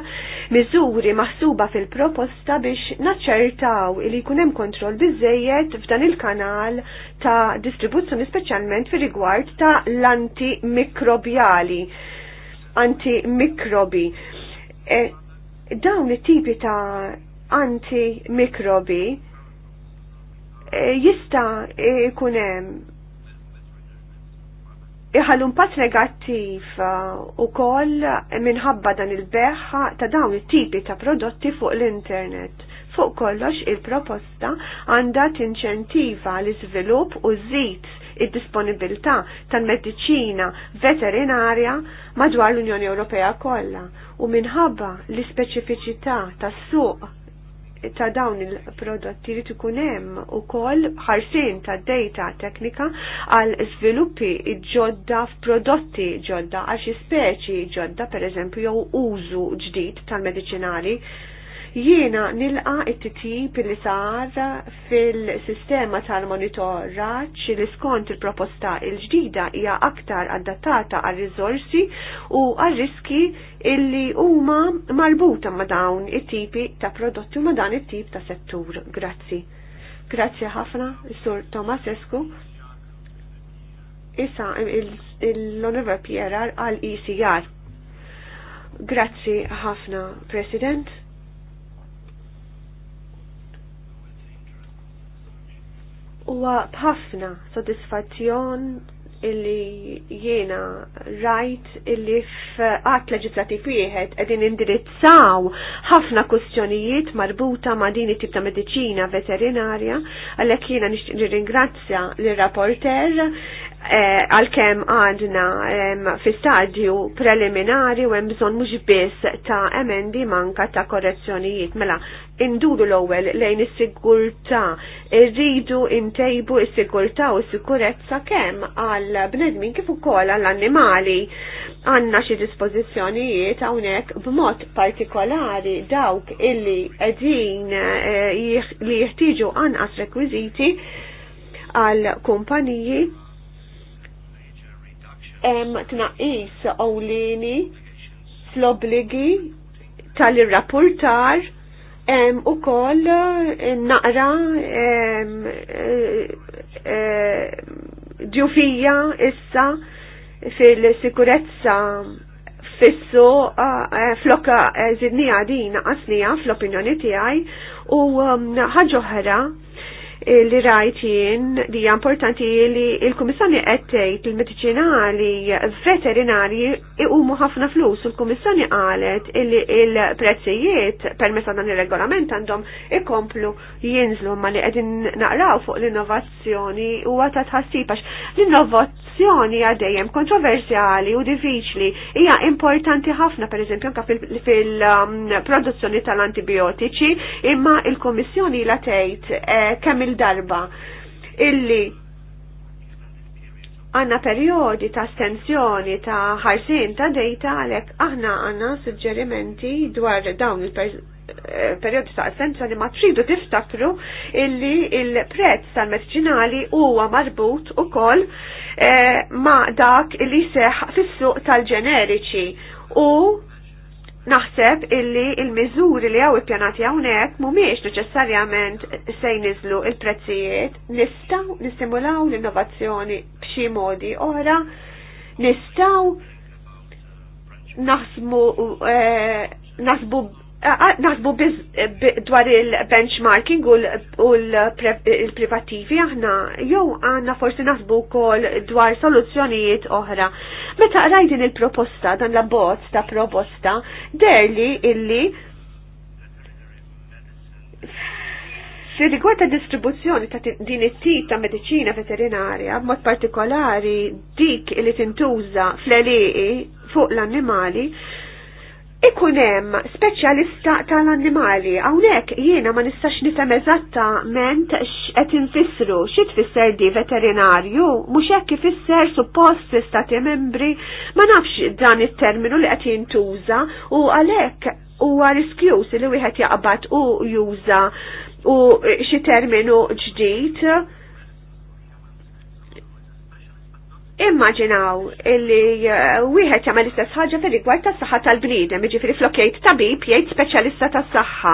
miżuri maħsuba fil-proposta biex naċċertaw li jkun hemm kontroll biżejjed f'dan il-kanal ta' distribuzzjoni speċjalment fir-rigward ta' l-antimikrobjali antimikrobi. E, dawn it-tipi ta' antimikrobi e, jista' e, ikun hemm iħallu impatt negattiv e, ukoll minħabba dan il-beħ ta' dawn it-tipi ta' prodotti fuq l-internet. Fuq kollox il-proposta għandha tinċentiva l-iżvilupp u żid id-disponibilità tal-mediċina veterinarja madwar l-Unjoni Ewropea kollha u minħabba l-ispeċifiċità tas-suq ta' dawn il-prodotti li tkun hemm ukoll ħarsien ta' data teknika għal sviluppi ġodda f'prodotti ġodda għal xi speċi ġodda pereżempju jew użu ġdid tal-mediċinali Jiena nilqa it titip li sar fil-sistema tal-monitoraġġ li skont il-proposta il-ġdida hija aktar adattata għal riżorsi u għal riski illi huma marbuta ma' dawn it-tipi ta' prodotti u ma' dan it-tip ta' settur. Grazzi. Grazzi ħafna, Sur Thomas Esku. Issa l-Onorevole Pierar għal ECR. Grazzi ħafna, President huwa bħafna sodisfazzjon illi jiena rajt illi f'għat leġislativ wieħed qegħdin indirizzaw ħafna kwistjonijiet marbuta ma' din it-tip ta' mediċina veterinarja għalhekk jiena nixtieq nirringrazzja lir rapporter Eh, għal-kem għadna fi stadju preliminari u hemm bżonn mhux biss ta' emendi manka ta' korrezzjonijiet. Mela, induru l-ewwel lejn is-sigurtà, irridu intejbu s-sigurtà u s-sikurezza kemm għal bnedmin kif ukoll għall annimali għandna xi dispożizzjonijiet hawnhekk b'mod partikolari dawk illi qegħdin eh, li jeħtieġu anqas rekwiżiti għal kumpaniji hemm tnaqis awlini fl-obligi tal-irrapportar u koll eh, naqra eh, eh, ġufija issa fil-sikurezza fissu flokka zidni għadina għasnija fl-opinjoni tiegħi u ħaġa oħra li rajt jien li hija importanti li il-Kummissjoni qed tgħid il-mediċinali veterinari iqumu ħafna flus u l-Kummissjoni qalet li il-prezzijiet permezz dan ir-regolament għandhom ikomplu jinżlu ma li qegħdin naqraw fuq l-innovazzjoni huwa ta' tħassib għax kwistjoni għaddejjem kontroversjali u diffiċli hija importanti ħafna pereżempju anke fil-produzzjoni um, tal-antibiotiċi imma il komissjoni la tgħid eh, kemm il-darba illi għanna periodi ta' stenzjoni ta' ħarsin ta' dejta għalek aħna għanna suġġerimenti dwar dawn il eh, periodi ta' stenzjoni ma tridu tiftakru illi il-prezz tal-medicinali huwa marbut u koll Eh, ma' dak li seħ fis-suq tal-ġeneriċi u naħseb illi il-miżuri li għaw ippjanati hawnhekk mhumiex neċessarjament se jniżlu il-prezzijiet, nistgħu nistimulaw l-innovazzjoni b'xi modi oħra, nistgħu naħsmu eh, naħsbu naħsbu dwar il-benchmarking u l-privativi aħna jew għanna forsi naħsbu kol dwar soluzzjonijiet oħra. Meta rajdin il-proposta, dan la bozz ta' proposta, derli illi Fi rigward ta' distribuzzjoni ta' din it-tip ta' medicina veterinarja, b'mod partikolari dik li tintuża fl-eliqi fuq l-annimali, ikun hemm speċjalista tal-annimali hawnhekk jiena ma nistax nifhem eżattament x'qed infissru xi tfisser di veterinarju mhux hekk ifisser suppost istati membri ma nafx dan it-terminu li qed jintuża u għalhekk huwa riskjuż li wieħed jaqbad u juża u xi terminu ġdid Immaġinaw illi uh, wieħed jagħmel istess ħaġa fil-rigward tas-saħħa tal-bniedem, jiġifieri flokjejt tabib jgħid speċjalista tas-saħħa.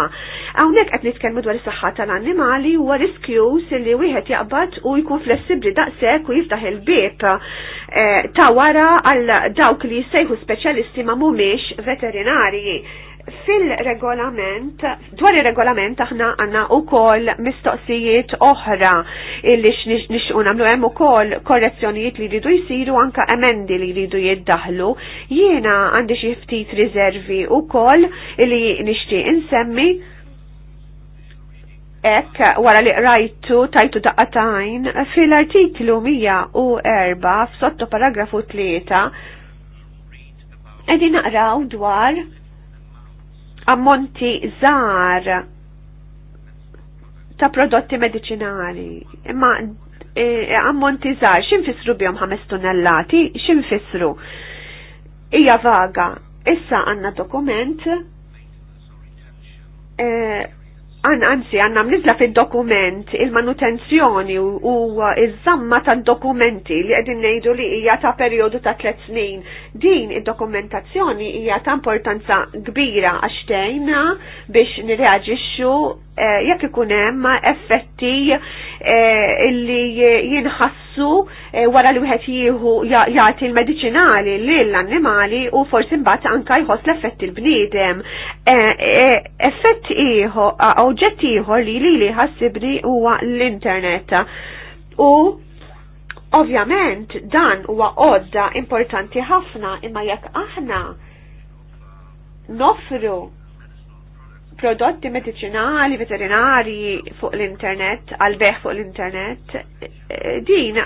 Hawnhekk qed nitkellmu dwar is-saħħa tal-annimali huwa riskjus illi wieħed jaqbad u jkun flessibbli daqshekk u jiftaħ il-bieb eh, ta' wara għal dawk li jsejħu speċjalisti ma mhumiex veterinarji. Fil-regolament, dwar il-regolament aħna għanna u kol mistoqsijiet oħra illi nixqu namlu hemm u kol korrezzjonijiet li rridu jisiru anka emendi li rridu jiddaħlu. Jiena għandi xi ftit riservi u kol illi nixtieq insemmi Ek, wara li rajtu tajtu daqqatajn fil-artiklu 104 f'sotto paragrafu 3 Edi naqraw dwar ammonti żgħar ta' prodotti medicinali. Imma e, ammonti żgħar x'infissru bjom ħames tunnellati, x'infissru? Hija vaga. Issa għandna dokument e, An, anzi, għanna mnizla fil-dokument il-manutenzjoni u il żamma tal-dokumenti li għedin nejdu li hija ta' periodu ta' tlet snin. Din id-dokumentazzjoni hija ta' importanza kbira għaxtejna biex nirreagġixxu Eh, jekk ikun hemm effetti eh, illi jinħassu eh, wara li wieħed jieħu jagħti l-mediċinali lill-annimali u forsi mbagħad anke jħoss l-effetti l-bniedem. Effett ieħor, oġġett ieħor li lili ħassibni huwa l-internet. U Ovvjament dan huwa għodda importanti ħafna imma jekk aħna nofru prodotti medicinali, veterinari fuq l-internet, għal-beħ fuq l-internet, din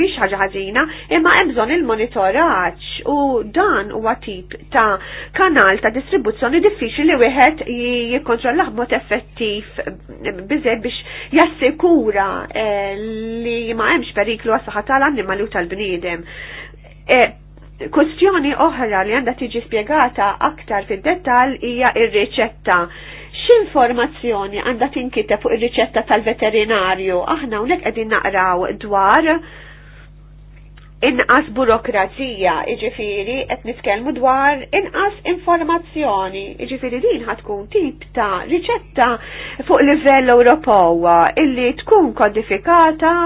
miex ħaġa ħazina, imma hemm bżonn il-monitoraġġ u dan huwa tip ta' kanal ta' distribuzzjoni diffiċli li wieħed jikkontrollah mod effettiv bizzeb biex jassikura eh, li ma hemmx periklu għas-saħħa tal-annimali u tal bnidem eh, Kustjoni oħra li għandha tiġi spjegata aktar fid-dettal hija ir-riċetta. X'informazzjoni għandha tinkiteb fuq ir-riċetta tal-veterinarju? Aħna hawnhekk qegħdin naqraw dwar inqas burokrazija, iġifiri, qed nitkellmu dwar inqas informazzjoni, iġifiri din ħatkun tip ta' riċetta fuq livell Ewropew illi tkun kodifikata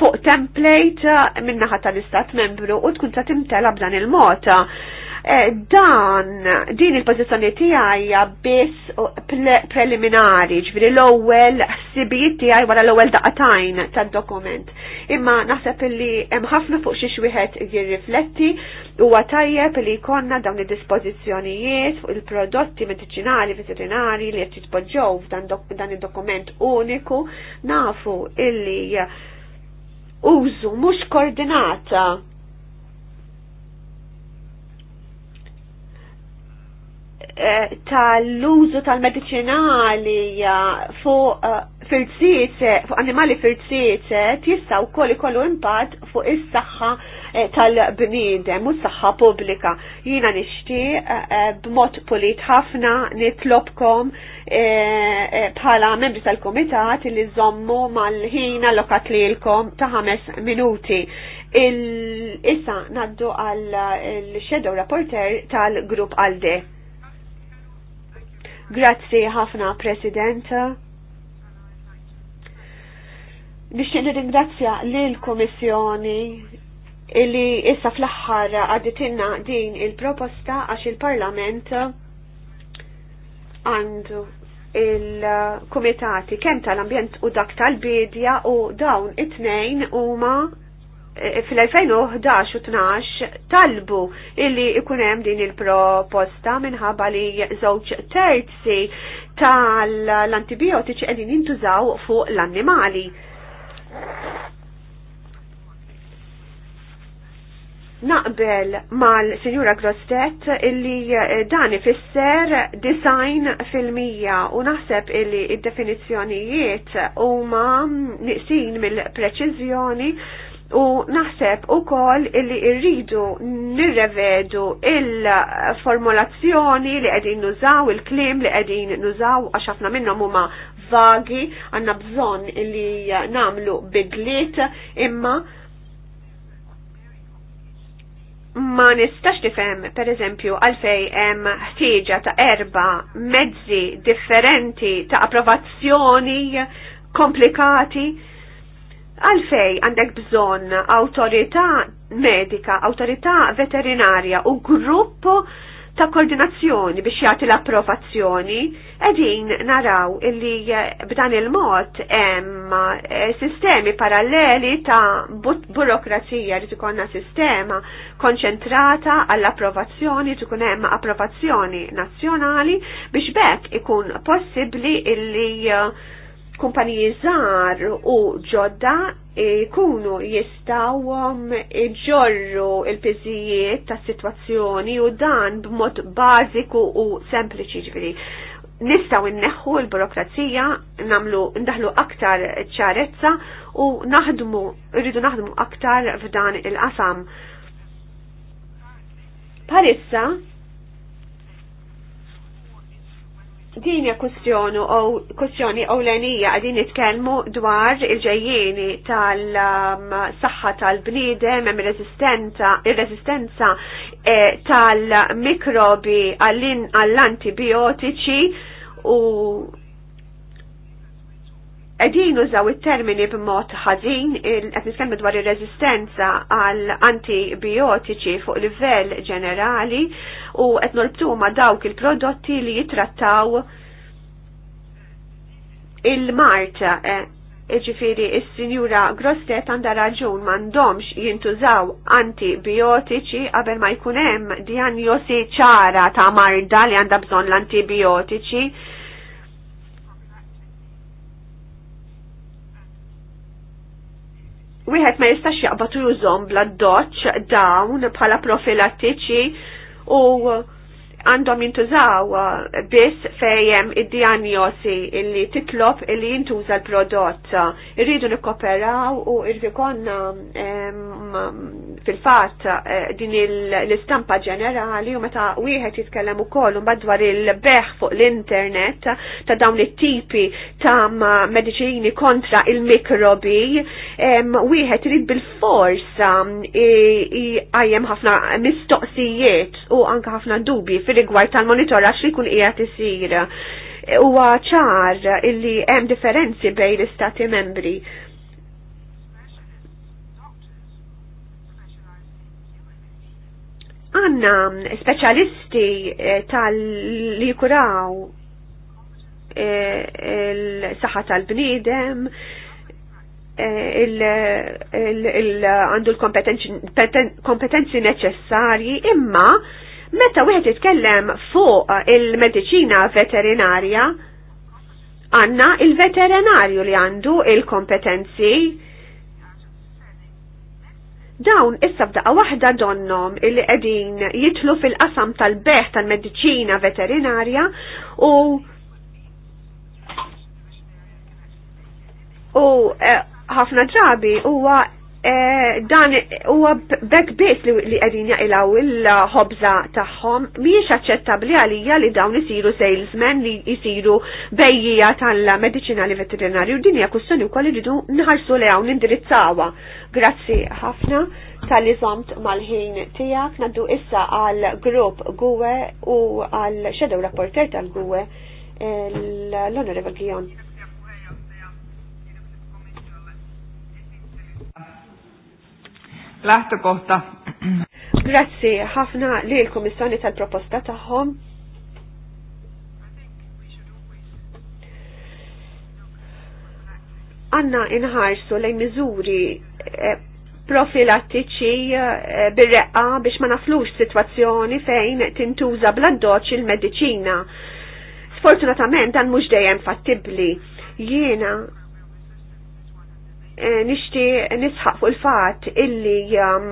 fuq template minnaħa tal-istat membru u tkun ta' timtela b'dan il mota eh, Dan, din il-pozizjoni tiegħi biss preliminari, ġviri l-ewwel ħsibijiet tiegħi wara l-ewwel daqatajn tad-dokument. Imma naħseb li hemm ħafna fuq xi wieħed jirrifletti huwa tajjeb li jkollna dawn id-dispożizzjonijiet fuq il-prodotti mediċinali, veterinari li qed dan id-dokument uniku nafu illi użu mhux koordinata e, tal-użu tal-medicinali fuq e, firziet, fuq animali tista' jista' wkoll ikollu impatt fuq is-saħħa Eh, tal-bniedem u s-saħħa pubblika. Jiena nixtieq eh, eh, b'mod polit ħafna nitlobkom bħala membri tal komitat li zommu mal lokat li lilkom ta' ħames minuti. Issa naddu għal shadow rapporter tal-grupp għalde. Grazzi ħafna, President. Nixtieq nirringrazzja lill-Kummissjoni illi issa fl-axħar għaditinna din il-proposta għax il-Parlament għandu il-komitati kem tal-ambjent u dak tal-bidja u dawn it-tnejn huma e, fil-2011 u 12 talbu illi ikunem din il-proposta minħabba li żewġ terzi tal-antibiotiċi qegħdin jintużaw fuq l-annimali naqbel mal-Sinjura Grostet illi eh, dan ifisser design fil-mija u naħseb illi id-definizzjonijiet huma niqsin mill-preċiżjoni u naħseb u kol illi irridu nirrevedu il-formulazzjoni li għedin nużaw, il-klim li għedin nużaw, għaxafna minnom huma vagi, għanna bżon illi namlu bidliet imma ma nistax per pereżempju għalfej hemm ħtieġa ta' erba' mezzi differenti ta' approvazzjoni komplikati għalfej għandek bżonn awtorità medika, awtorità veterinarja u grupp ta' koordinazzjoni biex jagħti l-approvazzjoni, qegħdin naraw illi eh, b'dan il-mod hemm eh, sistemi paralleli ta' burokrazija li tkunna sistema konċentrata għall-approvazzjoni tkun hemm approvazzjoni nazzjonali biex bekk ikun possibbli illi eh, kumpaniji żgħar u ġodda ikunu jistaw um, ġorru il-piżijiet ta' situazzjoni u dan b'mod bażiku u sempliċi ġviri. Nistaw inneħu l-burokrazija, namlu ndaħlu aktar ċarezza u naħdmu, rridu naħdmu aktar f'dan il-qasam. Parissa, din hija kwestjoni u kwestjoni ewlenija qegħdin nitkellmu dwar il-ġejjieni tal-saħħa um, tal-bniedem hemm ir-resistenza e, tal-mikrobi għall-antibiotiċi u Edin użaw il-termini b'mod ħażin, qed nitkellmu dwar ir-reżistenza għal antibiotiċi fuq livell ġenerali u qed nolbtu ma' dawk il-prodotti li jitrattaw il marta e, Ġifiri, il-Sinjura Grostet għanda raġun m'għandhomx jintużaw antibiotiċi qabel ma jkunem diagnosi ċara ta' marda li għanda bżon l-antibiotiċi wieħed ma jistax jaqbad jużhom bla doċċ dawn bħala profilattiċi u għandhom jintużaw uh, biss fejjem id-diagnosi illi titlob illi jintuża l-prodott. Uh, irridu nikkoperaw u irridu konna fil-fatt uh, din l-istampa ġenerali u meta wieħed jitkellem ukoll u madwar il-beħ fuq l-internet ta' dawn it-tipi ta' mediċini kontra il-mikrobi, wieħed irid bil-forsa um, għajjem ħafna mistoqsijiet u anka ħafna dubi fil-rigward tal għax li jkun ijat isir. Huwa ċar illi hemm differenzi bejn l-istati membri. Għanna speċjalisti eh, tal-li kuraw eh, il-saħħa tal-bniedem, eh, għandu l-kompetenzi neċessarji, imma Meta wieħed jitkellem fuq il-mediċina veterinarja, għanna il-veterinarju li għandu il-kompetenzi dawn issa b'daqqa waħda donnom illi qegħdin jitlu fil-qasam tal-beħ tal-mediċina veterinarja u u eh, ħafna drabi huwa Eh, dan huwa bekk biss li qegħdin jaqilgħu il-ħobża tagħhom mhijiex aċċettabbli għalija li dawn isiru salesmen li jisiru bejjija tal-mediċinali veterinarju din hija kwistjoni wkoll iridu nħarsu li hawn nindirizzawa. Grazzi ħafna tal-li żomt mal-ħin tiegħek naddu issa għal grupp Gwe u għal Shadow Rapporter tal-Gwe l-Honorable Gion. kohta. Grazzi ħafna li l-Komissjoni tal-proposta tagħhom. Għanna inħarsu lejn miżuri eh, profilattiċi eh, bir-reqqa biex ma naflux situazzjoni fejn tintuża bladdoċ il-mediċina. Sfortunatament dan mhux dejjem fattibbli. Jiena Eh, nishti nisħaq fuq il-fat illi um,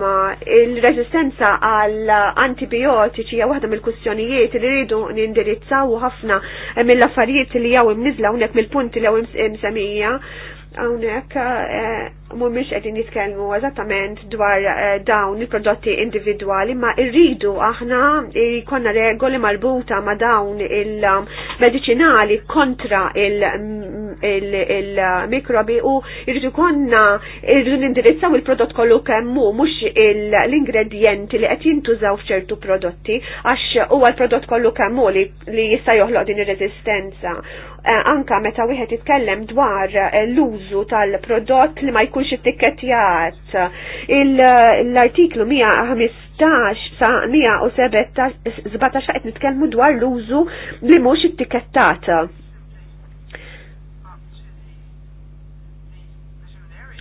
il resistenza għal antibiotiċi hija waħda mill-kustjonijiet li rridu nindirizzaw ħafna eh, mill-affarijiet li jew imnizla hawnhekk mill-punti li jew imsemija hawnhekk eh, mhumiex għedin jitkellmu eżattament dwar eh, dawn il-prodotti individwali ma rridu aħna jkollna regoli marbuta ma dawn il-mediċinali kontra il-mikrobi u irridu konna irridu nindirizzaw il-prodott kollu kemm hu mhux l-ingredjenti li qed jintużaw f'ċertu prodotti għax huwa l-prodott kollu kemm hu li jista' joħloq din ir resistenza Eh, anka meta wieħed jitkellem dwar eh, l-użu tal-prodott li ma jkunx it-tikketjat. L-artiklu 115 sa 117 qed nitkellmu dwar l-użu li mhux ittikettat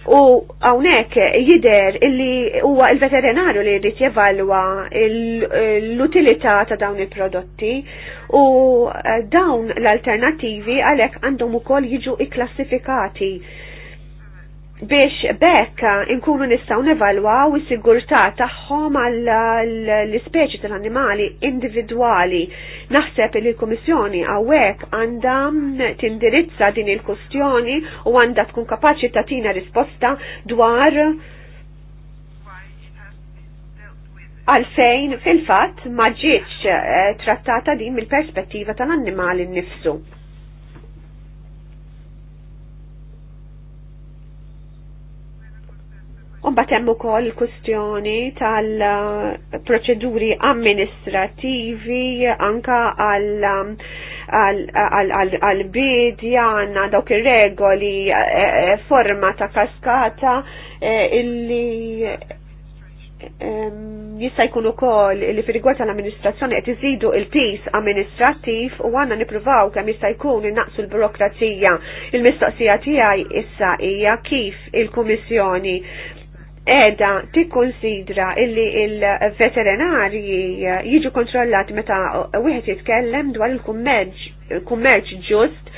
U għawnek jider illi huwa il-veterinarju li jrid jevalwa l-utilità ta' dawn il-prodotti u eh, dawn l-alternativi għalhekk għandhom ukoll jiġu ikklassifikati biex bekk inkunu nistaw nevalwaw is-sigurtà tagħhom għall-ispeċi tal-annimali individwali. Naħseb li l-Kummissjoni hawnhekk għandha tindirizza din il-kustjoni u għandha tkun kapaċi tagħtina risposta dwar għalfejn fil-fatt ma ġietx eh, trattata din mill-perspettiva tal-annimali nnifsu. Umbat hemm ukoll kustjoni tal-proċeduri amministrativi anka um, għal bidja għanna dawk ir-regoli e, e, e, forma ta' kaskata illi jista' jkun ukoll li fir tal-amministrazzjoni qed iżidu il-pis amministrattiv u għanna nippruvaw kemm jista' jkun innaqsu l-burokrazija. Il-mistoqsija tiegħi issa hija kif il-Kummissjoni Eda tikkonsidra illi il-veterinarji eh, jiġu kontrollat meta eh, wieħed jitkellem dwar il-kummerċ ġust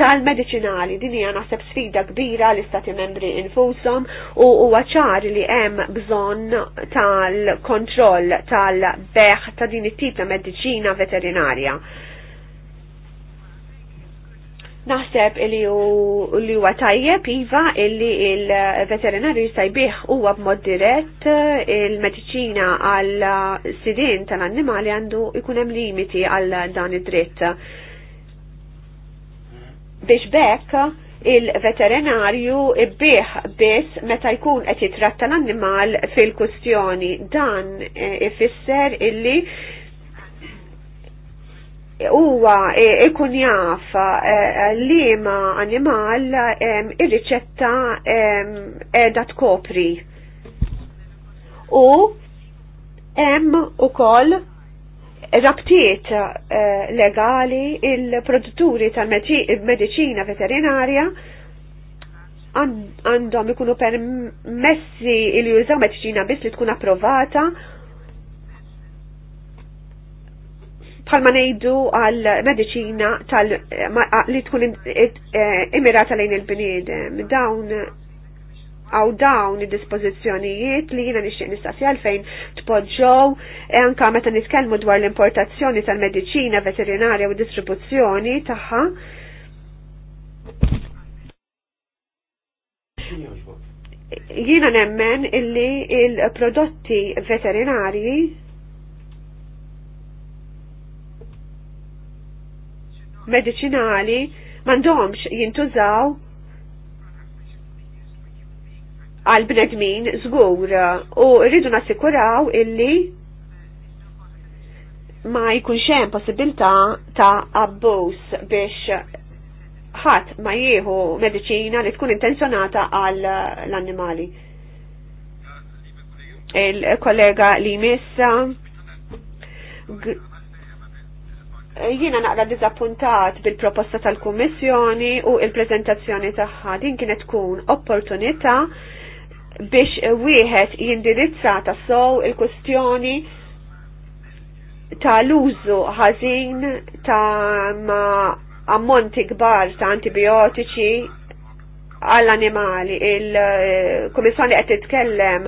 tal-medicinali din hija naħseb sfida kbira l istati membri infushom u huwa ċar li hemm bżonn tal-kontroll tal-beħ ta' din it-tip ta' mediċina veterinarja. Naħseb li huwa tajjeb iva illi il-veterinarju jistajbih huwa b'mod dirett il-mediċina għal sidin tal-annimali għandu ikun hemm limiti għal dan id-dritt. Biex bekk il-veterinarju ibbieħ biss meta jkun qed jitratta l-annimal fil-kustjoni. Dan eh, ifisser illi huwa e, ikun jaf e, li ma animal e, ir-riċetta edha tkopri. U hemm ukoll rabtiet legali il-produtturi tal-medicina veterinarja għandhom ikunu permessi il jużaw medicina biss li tkun approvata palma nejdu għal medicina tal li tkun imirata eh, lejn il-bniedem dawn għaw dawn id-dispozizjonijiet li jina nixtieq nistaxi għalfejn tpoġġow eh, anka meta nitkellmu dwar l-importazzjoni tal-mediċina veterinarja u distribuzzjoni tagħha. Jina nemmen illi il-prodotti veterinarji medicinali mandomx jintużaw għal bnedmin zgur u rridu nassikuraw illi ma jkunx hemm possibilta ta' abbuż biex ħadd ma jieħu medicina li tkun intenzjonata għal l-annimali. Il-kollega li missa jiena naqra dizappuntat bil-proposta tal-Kummissjoni u il-prezentazzjoni tagħha din kienet tkun opportunità biex wieħed jindirizza ta' sow il-kustjoni tal-użu ħażin ta' ammonti kbar ta' antibiotiċi għall-animali. Il-Kummissjoni qed titkellem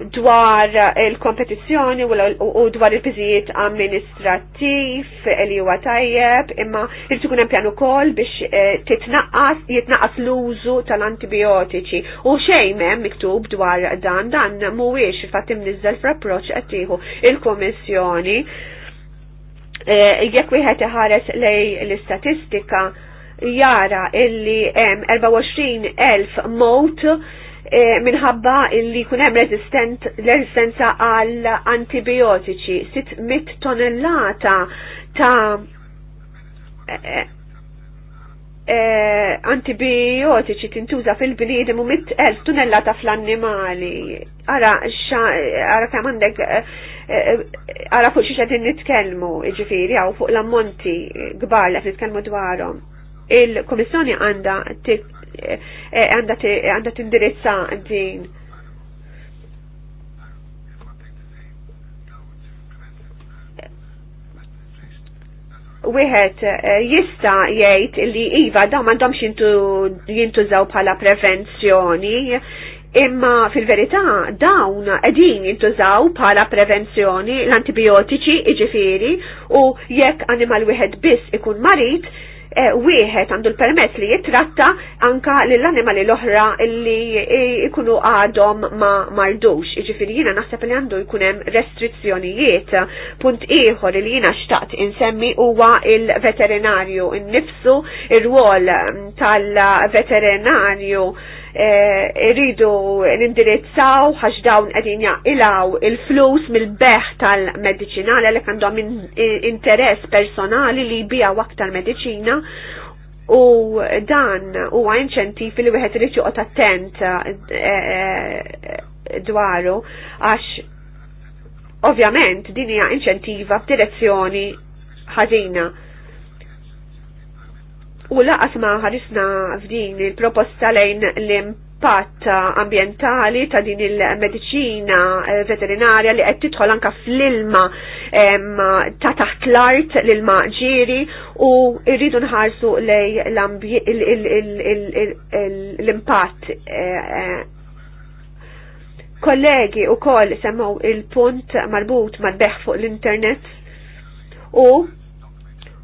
dwar il-kompetizzjoni u dwar il-biżijiet amministrattiv li huwa tajjeb, imma irid ikun hemm pjan ukoll biex eh, titnaqqas jitnaqqas l-użu tal-antibiotiċi. U xejn hemm miktub dwar dan dan mhuwiex fatt imniżżel f'approċċ approċċ qed tieħu il-Kummissjoni. Eh, jekk wieħed iħares lej l-istatistika jara illi hemm 24,000 mowt Eh, minħabba li kunem resistenza għal antibiotiċi, 600 tonnellata ta' eh, eh, antibiotiċi tintuża fil-bniedem u 100.000 tonnellata fl-annimali. Ara, ara kemm għandek eh, eh, ara fuq xi qegħdin nitkellmu, jiġifieri għaw fuq l-ammonti kbar li qed nitkellmu dwarhom. Il-Komissjoni għandha għandha tindirizza din. wieħed eh, jista' jgħid li iva dawn m'għandhomx jintużaw bħala prevenzjoni, imma fil-verità dawn qegħdin jintużaw bħala prevenzjoni l-antibiotiċi iġifieri u jekk animal wieħed biss ikun marit, Eh, wieħed għandu l-permess li jitratta anka lill-animali l-oħra li ikunu għadhom ma mardux. Iġifieri jiena naħseb li għandu jkun hemm restrizzjonijiet. Punt ieħor li jiena xtaqt insemmi huwa il-veterinarju nnifsu ir-rwol tal-veterinarju Eh, irridu nindirizzaw ħax dawn qegħdin jaqilaw il-flus mill-beħ tal-mediċinali għalhekk għandhom interess personali li jbijaw aktar mediċina u dan huwa inċentiv li wieħed irid joqgħod attent eh, eh, dwaru għax ovvjament din hija inċentiva f'direzzjoni ħażina u laqat ma ħarisna f'din il-proposta lejn l-impatt ambientali ta' din il-medicina eh, veterinarja li qed tidħol anka fl-ilma ta' taħt l-art l-ilma ġiri u rridu nħarsu lej l-impatt eh, eh. kollegi u koll semmu il-punt marbut mal-beħ fuq l-internet u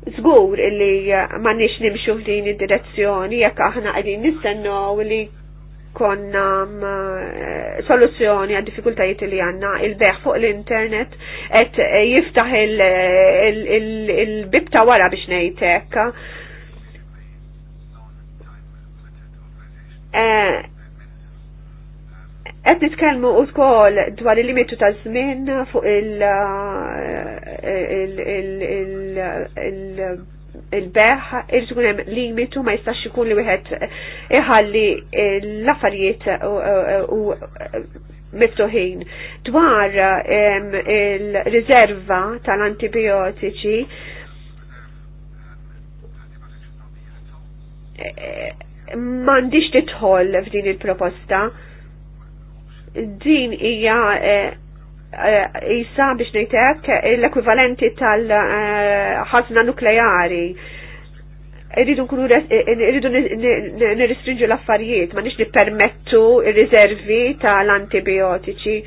Zgur illi eh, ma nix nimxu f'din id-direzzjoni jekk aħna qegħdin nistennew li konna eh, soluzzjoni għad diffikultajiet li għanna il-beħ fuq l-internet et eh, jiftaħ il-bibta wara biex nejtek nitkelmu nitkellmu wkoll dwar il-limitu ta' żmien fuq il- eh, beħ irrid hemm limitu ma jistax ikun li wieħed iħalli l-affarijiet u miftuħin. Dwar il-riserva tal-antibiotiċi eh, mandiċ titħol f'din il-proposta din hija jisa eh, eh, biex nejtek l-ekwivalenti tal-ħazna nukleari. Irridu nkunu eh, irridu nirristrinġu l-affarijiet, ma nix nippermettu il riservi tal-antibiotiċi.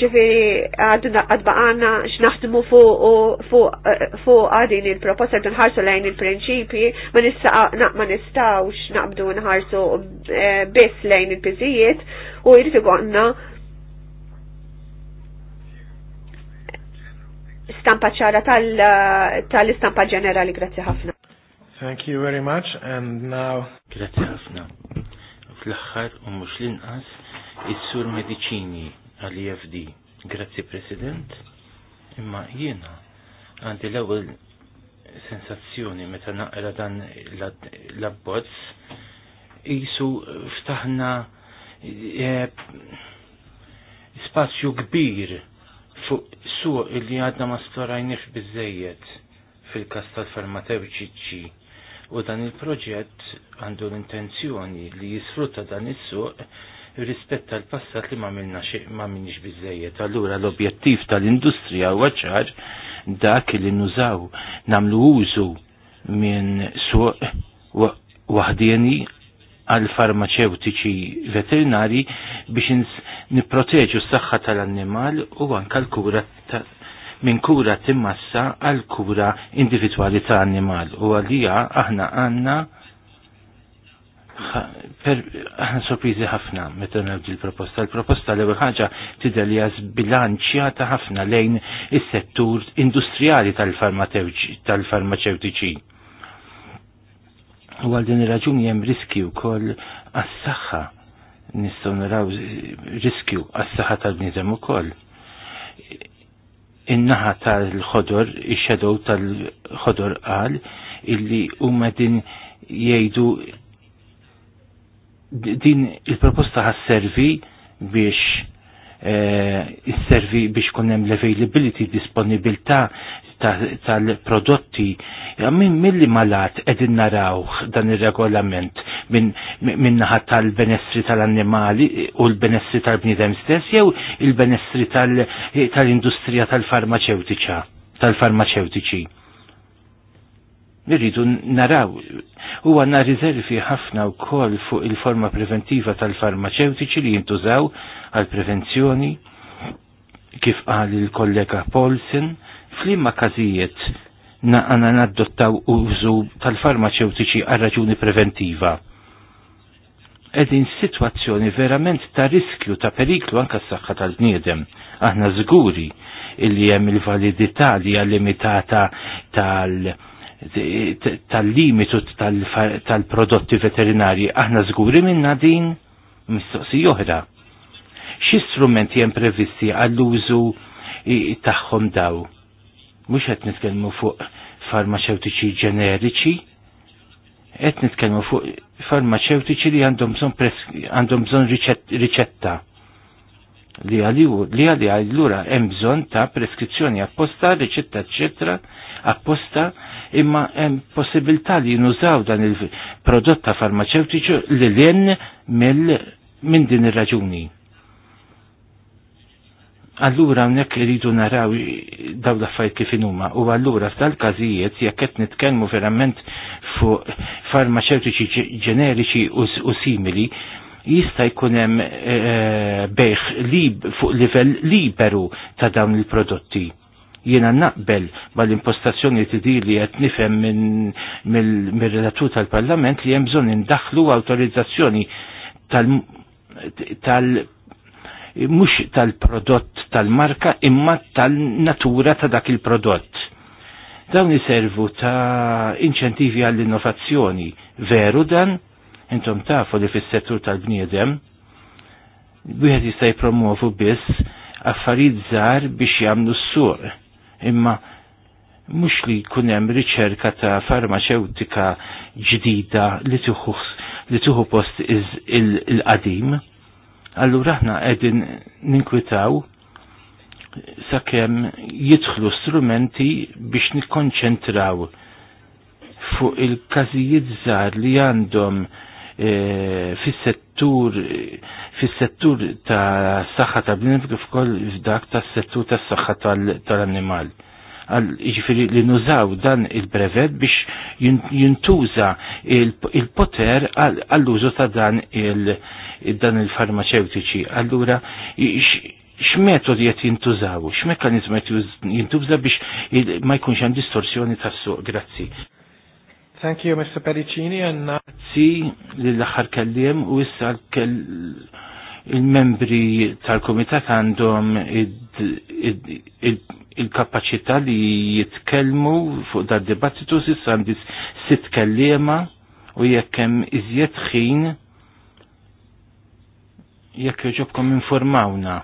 Ġifiri għadbaqana xnaħdmu fuq għadin il-proposta għadun ħarsu lejn il-prinċipi, ma nistawx naqbdu nħarsu biss lejn il-pizijiet, u jrid għanna stampa ċara tal-istampa ġenerali, grazzi ħafna. Thank you very much and now. Grazzi ħafna. Fl-axħar u mux l-inqas, il-sur medicini għal-IFD. Grazzi President, imma jiena għandi l-ewel sensazzjoni meta naqra dan l-abbozz jisu ftaħna E, spazju kbir fuq suq li għadna ma storajniex bizzejiet fil-kas tal-farmaceutiċi u dan il-proġett għandu l-intenzjoni li jisfrutta dan is-suq rispetta l-passat li ma minnix bizzejiet. Allura l-objettiv tal-industrija u għacħar dak li nużaw namlu użu minn suq wahdieni għal farmaceutiċi veterinari biex nipproteġu s-saħħa tal-annimal u anka l-kura minn kura timmassa għal kura individwali ta' annimal u għalija aħna għanna aħna sorprizi ħafna meta nabdi l-proposta. L-proposta l ewwel ħaġa tidher zbilanċjata ħafna lejn is-settur industrijali tal-farmaceutiċi U għal din raġuni hemm riskju wkoll għas-saħħa nistgħu naraw riskju għas-saħħa tal bnidem ukoll. In-naħa tal-ħodor, ix-xedow tal-ħodor qal illi huma din jgħidu din il-proposta ħasservi biex E, eh, servi biex kunem l-availability, disponibilta tal-prodotti min milli malat edin narawħ dan il-regolament minn naħa tal-benessri tal-annimali u l-benessri tal-bnidem stess jew il-benessri tal-industrija tal-farmaceutiċa tal-farmaceutiċi. Nirridu naraw, u għanna rizervi ħafna u kol fuq il-forma preventiva tal-farmaceutiċi li jintużaw għal prevenzjoni kif qal il-kollega Paulsen Flimma każijiet għana naddottaw użu tal-farmaceutiċi għal raġuni preventiva. Edin situazzjoni verament ta' riskju ta' periklu anka s-saxħa tal-bniedem. Aħna żguri illi hemm il-validità li hija limitata tal- tal-limitu tal-prodotti veterinari. Aħna żguri minna din mistoqsi oħra. Xi strumenti hemm previsti għall-użu tagħhom daw? mhux qed nitkellmu fuq farmaceutiċi ġenerici, qed nitkellmu fuq farmaceutiċi li għandhom bżonn għandhom riċetta li għaliju li għali għallura hemm bżonn ta' preskrizzjoni apposta, riċetta, eccetera, apposta imma hemm possibilità li nużaw dan il-prodotta farmaceutiċu li l mill minn din ir-raġuni. Allura hawnhekk iridu naraw dawn l-affarijiet kif huma u allura f'dal każijiet jekk qed nitkellmu verament fuq farmaceutiċi ġeneriċi u simili jista' jkun hemm eh, eh, bejħ fuq livell liberu ta' dawn il-prodotti. Jiena naqbel mal-impostazzjoni tidili li qed nifhem mill-relatur tal-Parlament li hemm bżonn indaħlu awtorizzazzjoni tal mhux tal-prodott tal-marka imma tal-natura ta' dak il-prodott dawn iservu ta' inċentivi għall-innovazzjoni. Veru dan, intom tafu li fis-settur tal-bniedem, wieħed jista' jippromovu biss affarijiet żgħar biex jagħmlu s-suq. Imma mhux li jkun hemm riċerka ta' farmaceutika ġdida li tuħu post il-qadim. il qadim allura aħna qegħdin ninkwitaw sakemm jidħlu strumenti biex nikkonċentraw fuq il-każijiet żgħar li għandhom e, fis-settur fis-settur ta' saħħa ta' bnien kif ukoll f'dak tas-settur tas-saħħa tal-annimal. Ta ġifiri li nużaw dan il-brevet biex jintuża il-poter għall-użu ta' dan il- dan il-farmaceutiċi. Allura, x'metod qed jintużaw, x'mekkaniżmu qed jintuża biex ma jkunx hemm distorsjoni tas-suq. Grazzi. Thank you, Mr. Pedicini. Grazzi lill-aħħar kelliem u issa il-membri tal-komitat għandhom il kapacita li jitkellmu fuq dal-dibattitu sissa għandis sitt kellima u jekk hemm iżjed ħin jekk joġobkom informawna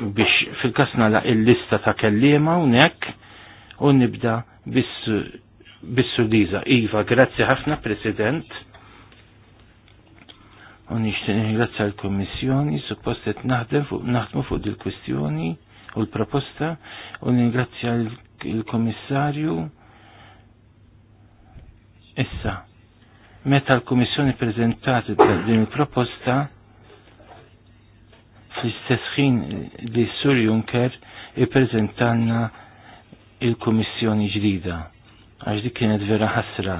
biex fil-kasna la il-lista ta' kellima unek u nibda bis liza. Iva, grazzi ħafna, President. U nishtini grazzi għal-Komissjoni, suppostet naħdem fuq naħdmu fuq il-kwistjoni u l-proposta, u ningrazzja l-Komissarju. Issa, meta l-Komissjoni prezentat din il-proposta, fl-istess ħin li Sur Juncker ippreżentanna il-Kummissjoni ġdida. Għax dik kienet vera ħasra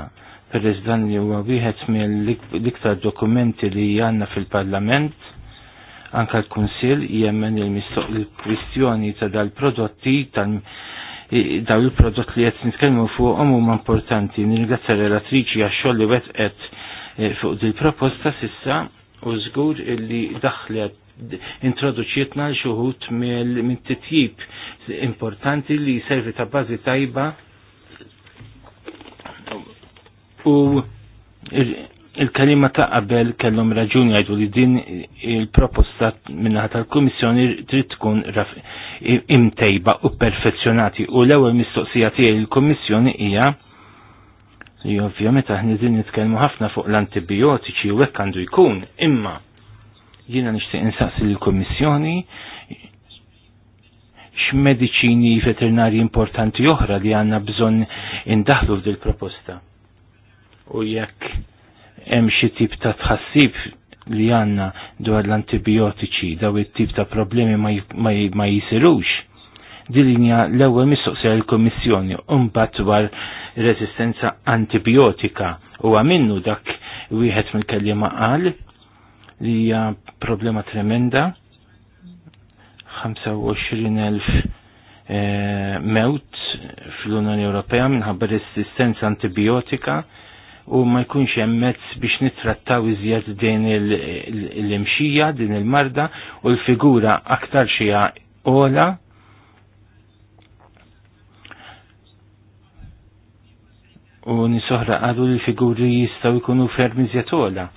peress dan li huwa wieħed mill-iktar dokumenti li għandna fil-Parlament, anka l-Kunsill jemmen il-kwistjoni ta' dal-prodotti tal daw il-prodott li qed nitkellmu fuqhom huma importanti. Nirringrazzja relatriċi għax-xogħol li wetqet eh, fuq dil proposta sissa u żgur illi daħlet introduċietna xuħut minn titjib importanti li servi ta' bazi tajba u il-kalima ta' qabel kellhom raġun għajdu li din il-proposta minnaħat tal-Kummissjoni trid tkun imtejba u perfezzjonati u l-ewwel mistoqsija tiegħi il-Kummissjoni hija li ovvjament aħna din nitkellmu ħafna fuq l-antibiotiċi u hekk għandu jkun imma Jiena nixtieq insaqsi lill-Kummissjoni x'mediċini veterinarji importanti oħra li għandna bżonn indaħlu f'dil proposta. U jekk hemm xi tip ta' tħassib li għanna dwar l-antibiotiċi daw it-tip ta' problemi ma jisirux. Dilinja l-ewwel mistoqsija l-Kommissjoni mbagħad dwar resistenza antibiotika u għaminnu dak wieħed mill-kelliema qal li hija problema tremenda. 25.000 eh, mewt fl-Unjoni Ewropea minħabba resistenza antibiotika u ma jkunx hemm mezz biex nittrattaw iżjed din l-imxija, din il-marda u l-figura aktar xija ola u nisoħra għadu li figuri jistaw ikunu fermi zjatola.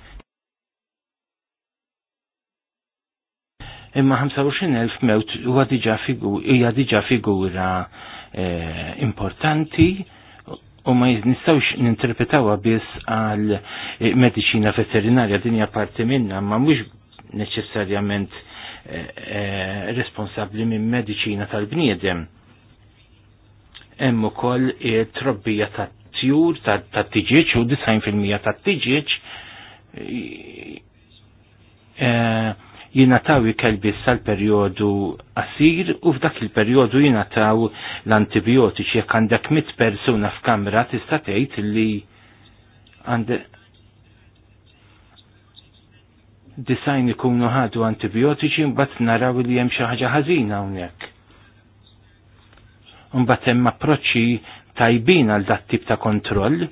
imma 25.000 mewt huwa diġà figura eh, importanti u ma nistawx ninterpretawha biss għal eh, medicina veterinarja dinja parti minna ma mhux neċessarjament eh, responsabbli minn medicina tal-bniedem. Hemm ukoll trobbija tat-tjur tat-tiġiġ u 90% tat-tiġiġ jinataw ikelbis tal-perjodu qasir u f'dak il-perjodu jinataw l-antibiotiċi jekk għandek mit persuna f'kamra tista' tgħid li għandek disajn ikunu ħadu antibiotiċi mbagħad naraw li hemm xi ħaġa ħażina hawnhekk. Mbagħad hemm approċċi tajbin għal dat tip ta' kontroll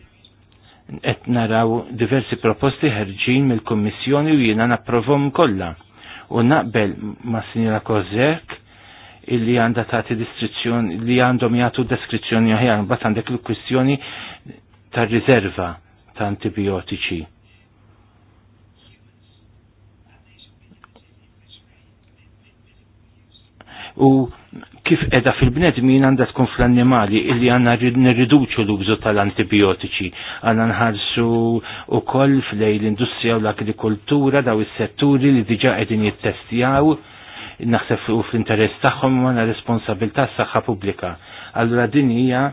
qed naraw diversi proposti ħerġin mill-Kummissjoni u jiena napprovhom kollha u naqbel ma' sinjora Kozek illi għanda tagħti distrizzjoni li għandhom jagħtu deskrizzjoni aħjar mbagħad għandek il-kwistjoni tar-riserva ta' antibiotiċi. U kif edha fil-bnedmin għandha tkun fl-annimali illi għanna nirriduċu l-użu tal-antibiotiċi għanna nħarsu u koll flej l-industrija u l-agrikoltura daw is-setturi li diġa qegħdin jittestijaw naħseb u fl-interess tagħhom għandna responsabilità s-saħħa pubblika. Allura din hija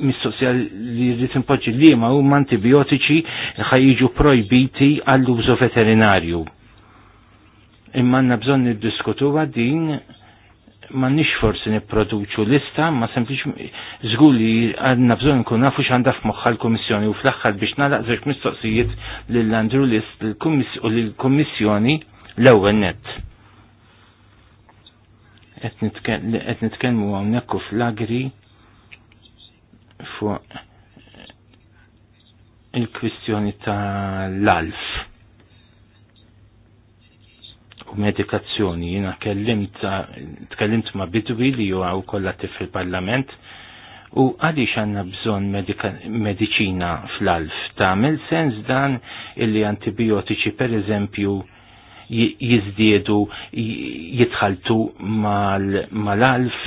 mistoqsija li rrid impoġġi li ma huma antibiotiċi ħajjiġu projbiti għall-użu veterinarju imma għandna bżonn niddiskutuha din ma nix forsi niproduċu lista, ma sempliċ zguli li għadna bżon nkun nafu x'għandha f'moħħa l-Kummissjoni u fl-aħħar biex nalaq żewġ mistoqsijiet lil Andrew List u lill-Kummissjoni l-ewwel nett. Qed nitkellmu hawnhekk u fl-agri fuq il-kwistjoni tal-alf u medikazzjoni. Jina tkellimt ma bidwi li ju għaw tif fil-parlament u għadi xanna bżon medicina fl-alf. Tamil sens dan illi antibiotiċi per eżempju jizdiedu, jitħaltu mal-alf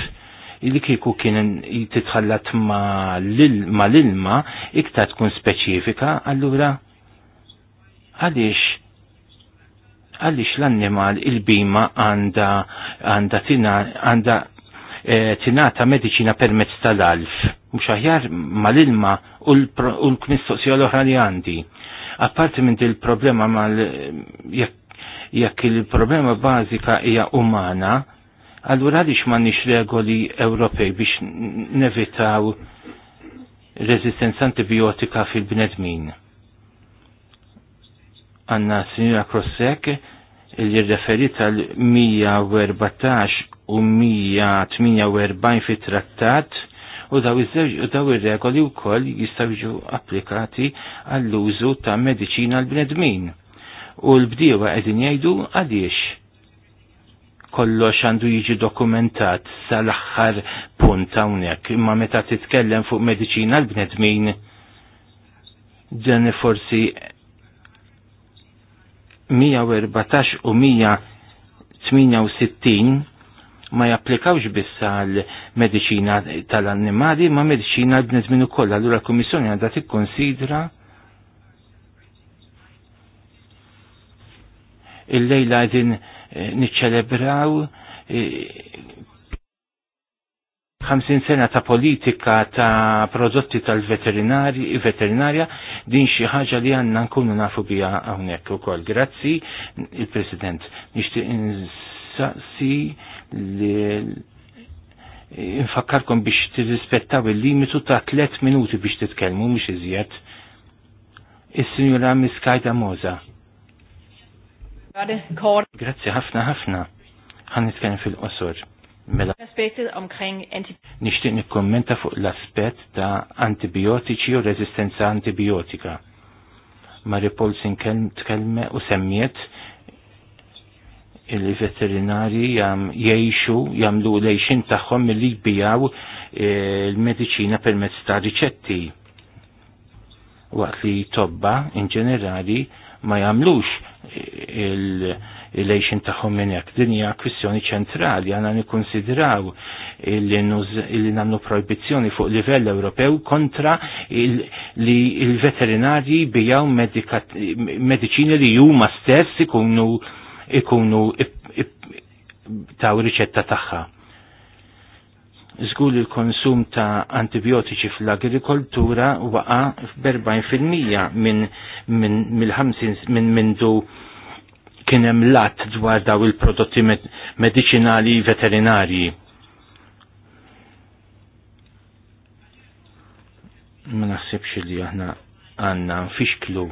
li kiku kien titħallat mal-ilma iktar tkun speċifika, allura għalix għaliex l-annimal il-bima għanda għanda tina għanda e, tinata medicina permezz tal-alf mhux aħjar mal-ilma u l knistoqsija l-oħra li għandi. Apparti minn il-problema mal jekk il-problema bażika hija umana, allura għaliex m'għandniex regoli Ewropej biex nevitaw rezistenza antibiotika fil-bnedmin. Għanna signora Krossek il-referit għal 114 u 148 fit trattat u daw ir-regoli wkoll jistgħu jiġu applikati għall-użu ta' mediċina l bnedmin U l-bdiewa qegħdin jgħidu għaliex kollox għandu jiġi dokumentat sal-aħħar punt hawnhekk, imma meta titkellem fuq mediċina l bnedmin dan forsi 114 u 168 ma japplikawx biss l medicina tal-annimali ma medicina b'nizmin ukoll. Allura l-Kummissjoni għandha tikkonsidra il-lejla għedin niċċelebraw 50 sena ta' politika ta' prodotti tal-veterinarja din xi ħaġa li għandna nkunu nafu biha hawnhekk ukoll. Grazzi il-President. Nixtieq insaqsi li infakkarkom biex tirrispettaw il-limitu ta' 3 minuti biex titkellmu mhux iżjed. Is-Sinjura Miskajda Moza. Grazzi ħafna ħafna. Ħan nitkellem fil-qosor Mela. Nixtieq nikkommenta fuq l-aspett ta' antibiotiċi u reżistenza antibiotika. Mari Paulsin tkellme u semmiet il-veterinari jam jiexu, jamlu lejxin taħħom li jbijaw eh, il-medicina permezz ta' riċetti. Waqt li tobba, in ġenerali, ma jamlux il- il-lejxin taħħom minn jak. hija kwistjoni ċentrali għana nikonsidraw il-li nannu proibizjoni fuq livell Ewropew kontra li il-veterinari bijaw medicina li juma stess ikunu ikunu taw ricetta taħħa. Zgur il-konsum ta' antibiotiċi fl-agrikoltura waqa b'40% minn mill min, minn min, min, kien hemm lat dwar daw il-prodotti medicinali veterinarji. Ma naħsibx li aħna għandna nfixklu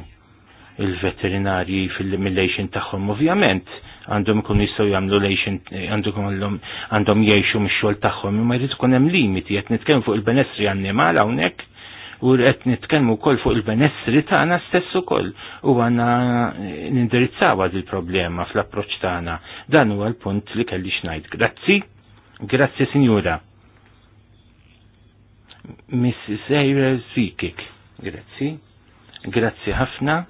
il-veterinarji fil limilation tagħhom ovvjament għandhom ikun jistgħu jagħmlu lejxin għandhom għandhom jgħixu mix-xogħol tagħhom imma jrid ikun hemm limiti qed nitkellem fuq il-benessri annimal hawnhekk u qed nitkellmu wkoll fuq il-benessri tagħna stess ukoll u għandna nindirizzaw għad il-problema fl-approċċ tagħna. Dan huwa l-punt li kelli xnajt. Grazzi, grazzi signora Mrs. Eira Zikik, grazzi, grazzi ħafna.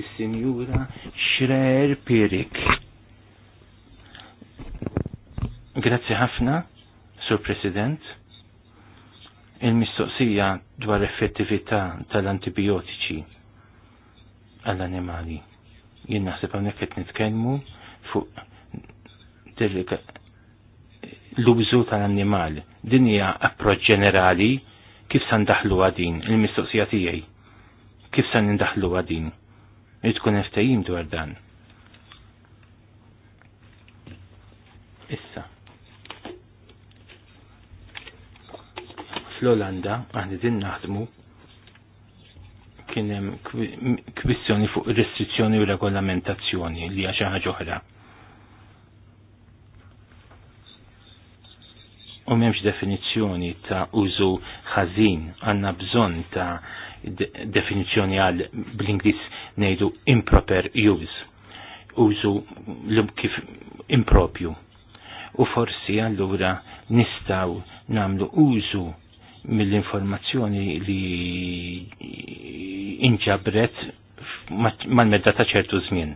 Is-Sinjura Xrer Pirik. Grazzi ħafna, Sur President il-mistoqsija dwar effettività tal-antibiotiċi għall-animali. Jien naħseb hawnhekk qed nitkellmu fuq l-użu tal annimali Din hija approċċ ġenerali kif san daħlu għadin, il-mistoqsija tiegħi. Kif san indaħlu għadin? Irid tkun dwar dan. Issa. fl-Olanda aħna din naħdmu kien hemm kwistjoni fuq restrizzjoni u regolamentazzjoni li għaxa ħaġa oħra. U m'hemmx definizzjoni ta' użu ħażin għandna bżonn ta' definizzjoni għal bl-Ingliż ngħidu improper use. Użu kif impropju. U forsi allura nistaw namlu użu mill-informazzjoni li inġabret mal-medda ta' ċertu żmien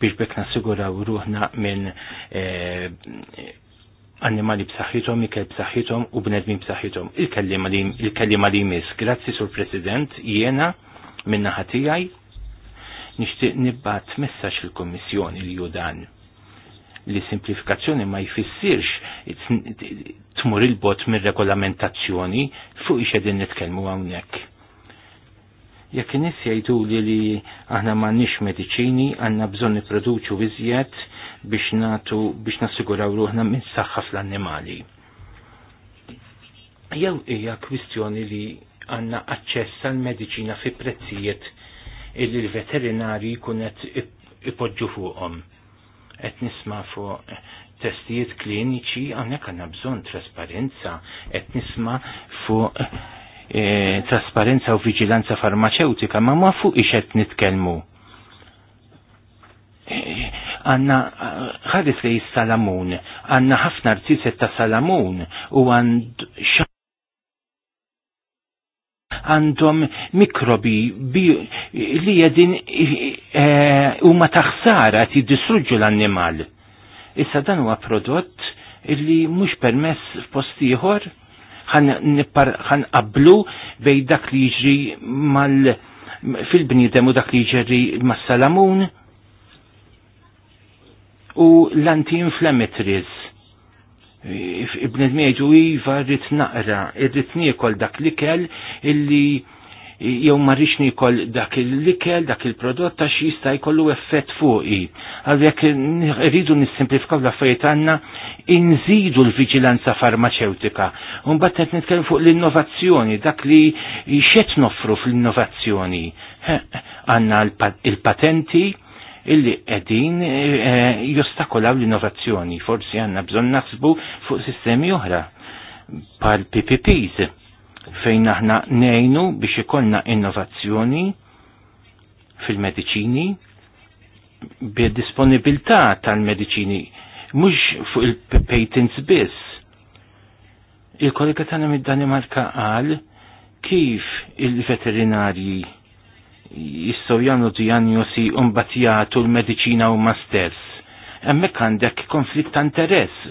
biex bekk nassiguraw ruħna minn animali eh, annimali b'saħħithom, ikel b'saħħithom u bnedmin b'saħħithom. Il-kellima li jmiss, grazzi sur President, jiena minna ħatijaj nixtieq nibbat messaġġ fil kummissjoni li ju dan li simplifikazzjoni ma jfissirx tmur il-bot mir regolamentazzjoni fuq ixedin nitkelmu għawnek. Jekk ja nis jgħidu li li aħna m'għandniex mediċini għandna bżonn nipproduċu iżjed biex natu biex nassiguraw ruħna minn saħħa fl-annimali. Jew hija kwistjoni li għandna aċċess għal mediċina fi prezzijiet illi l-veterinari kunet ipoġġu fuqhom. -um et nisma' fuq testijiet kliniċi hawnhekk għandna bżonn trasparenza, qed nisma' fuq e, trasparenza u viġilanza farmaceutika, ma ma fu ix qed nitkellmu. Għanna ħares li salamun, għanna ħafna artizet ta' salamun u għand għandhom mikrobi li jedin eh, huma taħsara distruġu l-annimal. Issa dan huwa prodott li mhux permess f'post ieħor ħan qablu bej dak li jiġri mal fil-bniedem u dak li jiġri mas-salamun u l-anti-inflammatories ibnedmi jgħidu iva rrit naqra, rrit niekol dak l-ikel illi jew marriċ nikol dak li ikel dak il-prodott għax jista' jkollu effett fuqi. Għalhekk rridu nissimplifikaw l-affarijiet għandna inżidu l-viġilanza farmaceutika. Mbagħad qed nitkellem fuq l-innovazzjoni, dak li xed noffru fl-innovazzjoni. Għanna il-patenti, il patenti illi qegħdin eh, eh, jostakolaw l-innovazzjoni. Forsi għandna bżonn naħsbu fuq sistemi oħra pal PPPs fejn aħna nejnu biex ikollna innovazzjoni fil-mediċini bid-disponibilità tal-mediċini mhux fuq il-patents biss. Il-kollega tagħna mid-Danimarka qal kif il-veterinarji jistgħu jagħmlu dijanjosi mbagħad jagħtu l-mediċina huma stess. Hemmhekk għandek konflitt ta' interess.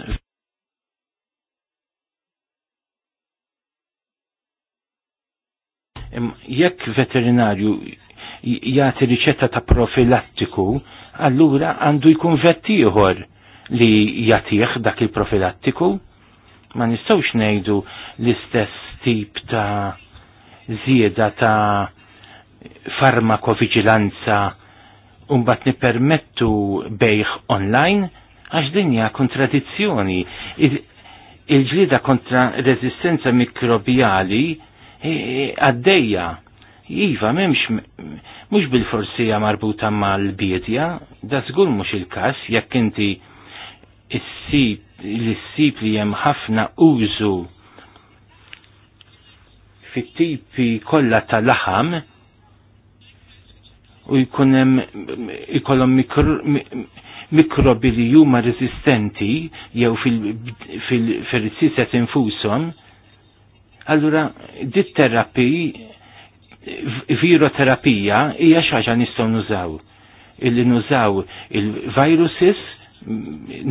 Jekk veterinarju jagħti riċetta ta' profilattiku, allura għandu jkun vettieħor li jagħtih dak il-profilattiku ma nistawx nejdu l-istess tip ta' zieda ta' farmakovigilanza umbat nipermettu bejħ online għax dinja kontradizzjoni il-ġlida kontra rezistenza mikrobiali e, e, għaddeja Iva, memx, mux bil-forsija marbuta mal-biedja, da zgur mux il-kas, jekk inti l-sip li jem ħafna użu fit-tipi kollha tal-laħam, u jkunem ikollhom mikrobi li huma resistenti jew fil-rissiset infushom, allura dit terapi viroterapija hija xi ħaġa nistgħu nużaw. Illi nużaw il-viruses,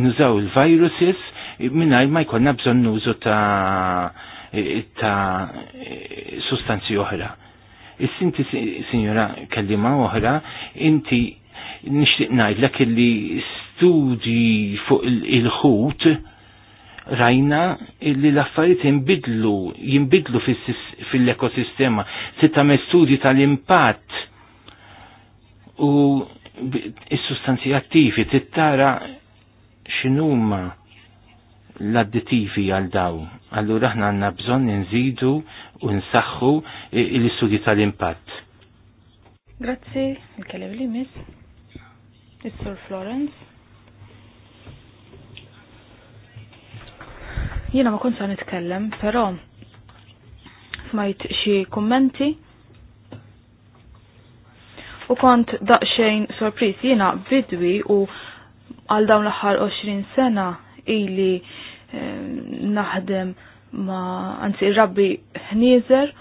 nużaw il-viruses mingħajr ma jkollna bżonn nużu ta' ta' sustanzi oħra Is-sinti sinjora kellima oħra, inti nixtieq ngħidlek li studji fuq il-ħut rajna illi l-affarijiet jinbidlu, jinbidlu fil-ekosistema. se tagħmel studji tal-impatt u is-sustanzi attivi tittara x'inhuma l-additivi għal daw. Allura aħna għandna bżonn inżidu u nsaħħu l-istudji tal-impatt. Grazzi, il-kelem li miss. Is-Sur Florence. Jiena ma kontx nitkellem, però smajt xi kummenti u kont daqxejn sorpriż jiena bidwi u għal dawn l-aħħar 20 sena ili eh, naħdem ma anzi rabbi ħnieżer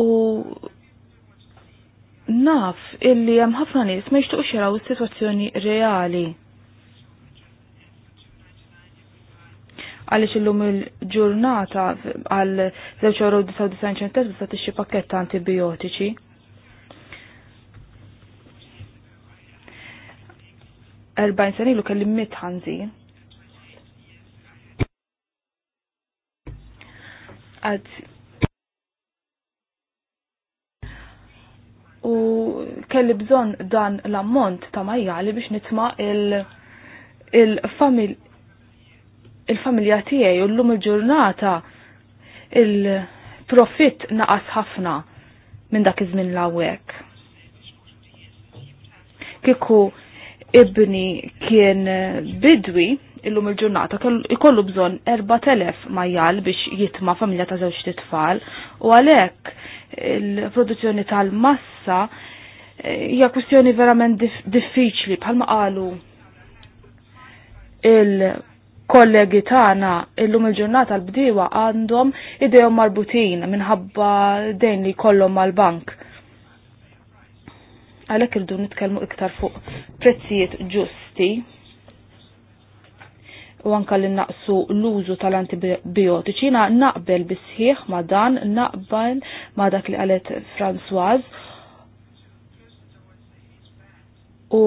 u naf illi hemm ħafna nies ma jishtuq jaraw is-sitwazzjoni reali. Għaliex illum il-ġurnata għal 0.99 ċentes bista tixxi pakketta antibiotiċi. Erbajn l-u kellim mit ħanżin. għad u kelli bżon dan l-ammont ta' majjali biex nitma il-familja il familja tiegħi u llum il-ġurnata il-profitt naqas ħafna minn dak iż-żmien l-awek. Kiku ibni kien bidwi illum il-ġurnata ikollu bżonn 4000 majjal biex jitma' familja ta' żewġ titfal u għalhekk il-produzzjoni tal-massa eh, hija kwistjoni verament diffiċli bħalma qalu il-kollegi tagħna illum il-ġurnata l-bdiewa għandhom idejhom marbutin minħabba dejn li jkollhom mal-bank Għalhekk irdu nitkellmu iktar fuq prezzijiet ġusti u anka li naqsu l-użu tal-antibiotiċi na naqbel bisħiħ ma dan naqbel ma dak li qalet Françoise u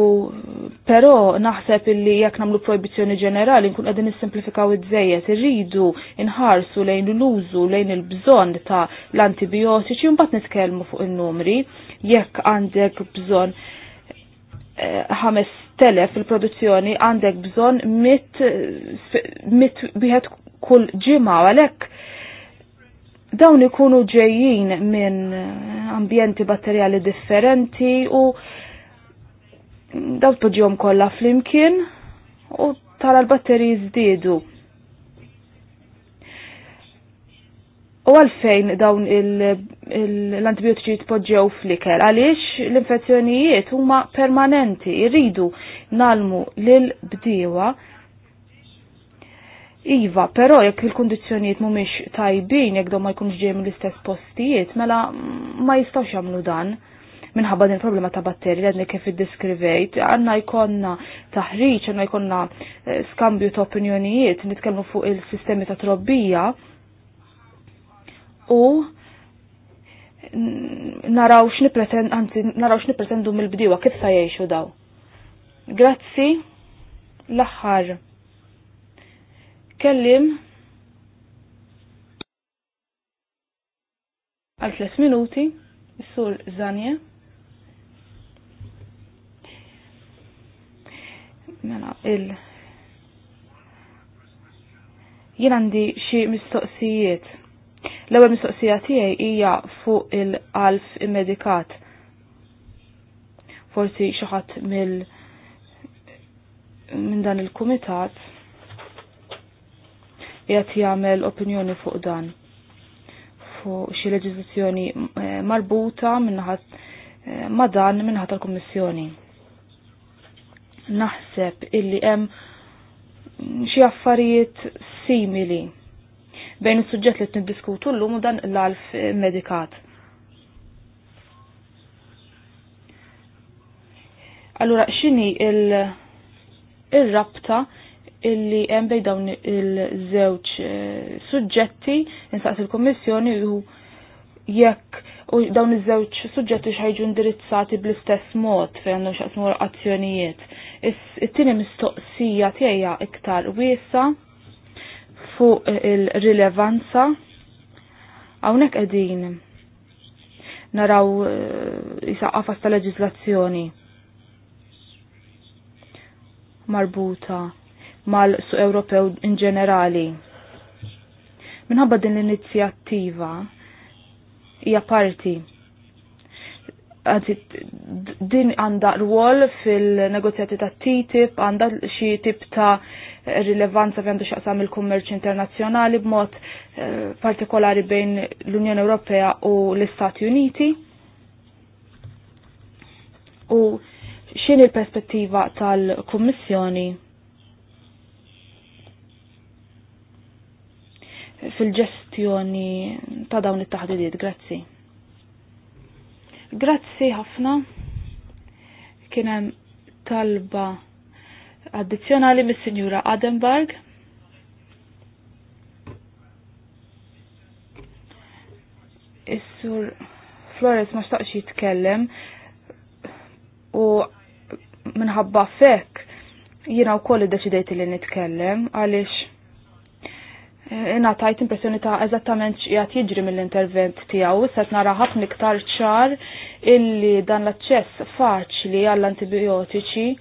però naħseb illi jekk nagħmlu proibizzjoni ġenerali nkun qegħdin nissimplifikaw iż-żejjed irridu inħarsu lejn l-użu lejn il-bżonn ta' l-antibiotiċi u mbagħad nitkellmu fuq in-numri jekk għandek bżonn eh, ħames telef il-produzzjoni għandek bżon mit, mit biħed kull ġima għalek dawn ikunu ġejjin minn ambjenti batterjali differenti u daw tpoġġihom kollha flimkien u tara l-batteriji żdiedu. U għalfejn dawn il- l-antibiotiċi jitpoġġew fl-ikel għaliex l-infezzjonijiet huma permanenti, irridu nalmu lil bdiewa Iva, però jekk il-kondizjonijiet mhumiex tajbin jekk ma jkunx ġejmu l istess postijiet, mela ma jistgħux jagħmlu dan minħabba din problema ta' batteri għedni kif id-diskrivejt, għanna jkonna taħriċ, għanna jkonna eh, skambju ta' opinjonijiet, nitkellmu fuq il-sistemi ta' trobbija u naraw x'nipretend anzi naraw x'nipretendu mill-bdiewa kif sa jgħixu daw. Grazzi l-aħħar kellim għal tliet minuti s sur Zanje. Mela il jien għandi xi mistoqsijiet L-ewwel mistoqsija tiegħi hija fuq il-qalf immedikat. Forsi xi ħadd mill minn dan il-kumitat jgħat jagħmel opinjoni fuq dan fuq xi leġiżlazzjoni eh, marbuta minnaħat eh, ma dan minnaħat tal-Kummissjoni. Naħseb illi hemm xi affarijiet simili bejn is-suġġett li niddiskutu llum u dan l-alf medikat. Allura x'inhi il-rabta il illi hemm bejn dawn il-żewġ eh, suġġetti instaqs il-Kummissjoni u jekk u dawn iż-żewġ suġġetti xħajġu indirizzati bl-istess mod fejn għandhom xaqsmu azzjonijiet. It-tieni mistoqsija tiegħi iktar wiesa' fuq il-rilevanza hawnhekk qegħdin naraw jisaqqaf eh, ta' leġizlazzjoni marbuta mal-suq Ewropew in ġenerali. Minħabba din l-inizjattiva hija parti din għanda rwol fil-negozjati ta' TTIP, għanda xie tip ta' rilevanza għandu xaqsam il-kummerċ internazzjonali b'mod eh, partikolari bejn l-Unjoni Ewropea u l-Istati Uniti. U xin il-perspettiva tal-Kummissjoni fil-ġestjoni ta' dawn it-taħdidiet, grazzi. Grazzi ħafna. Kienem talba addizzjonali mis-Sinjura Adenberg. Is-Sur Flores ma xtaqx jitkellem u minħabba fekk jiena wkoll iddeċidejt li nitkellem għaliex eh, tajt impressjoni ta' eżattament x'qiegħed jiġri mill-intervent tiegħu, set nara ħafna iktar ċar illi dan l-aċċess faċli għall-antibiotiċi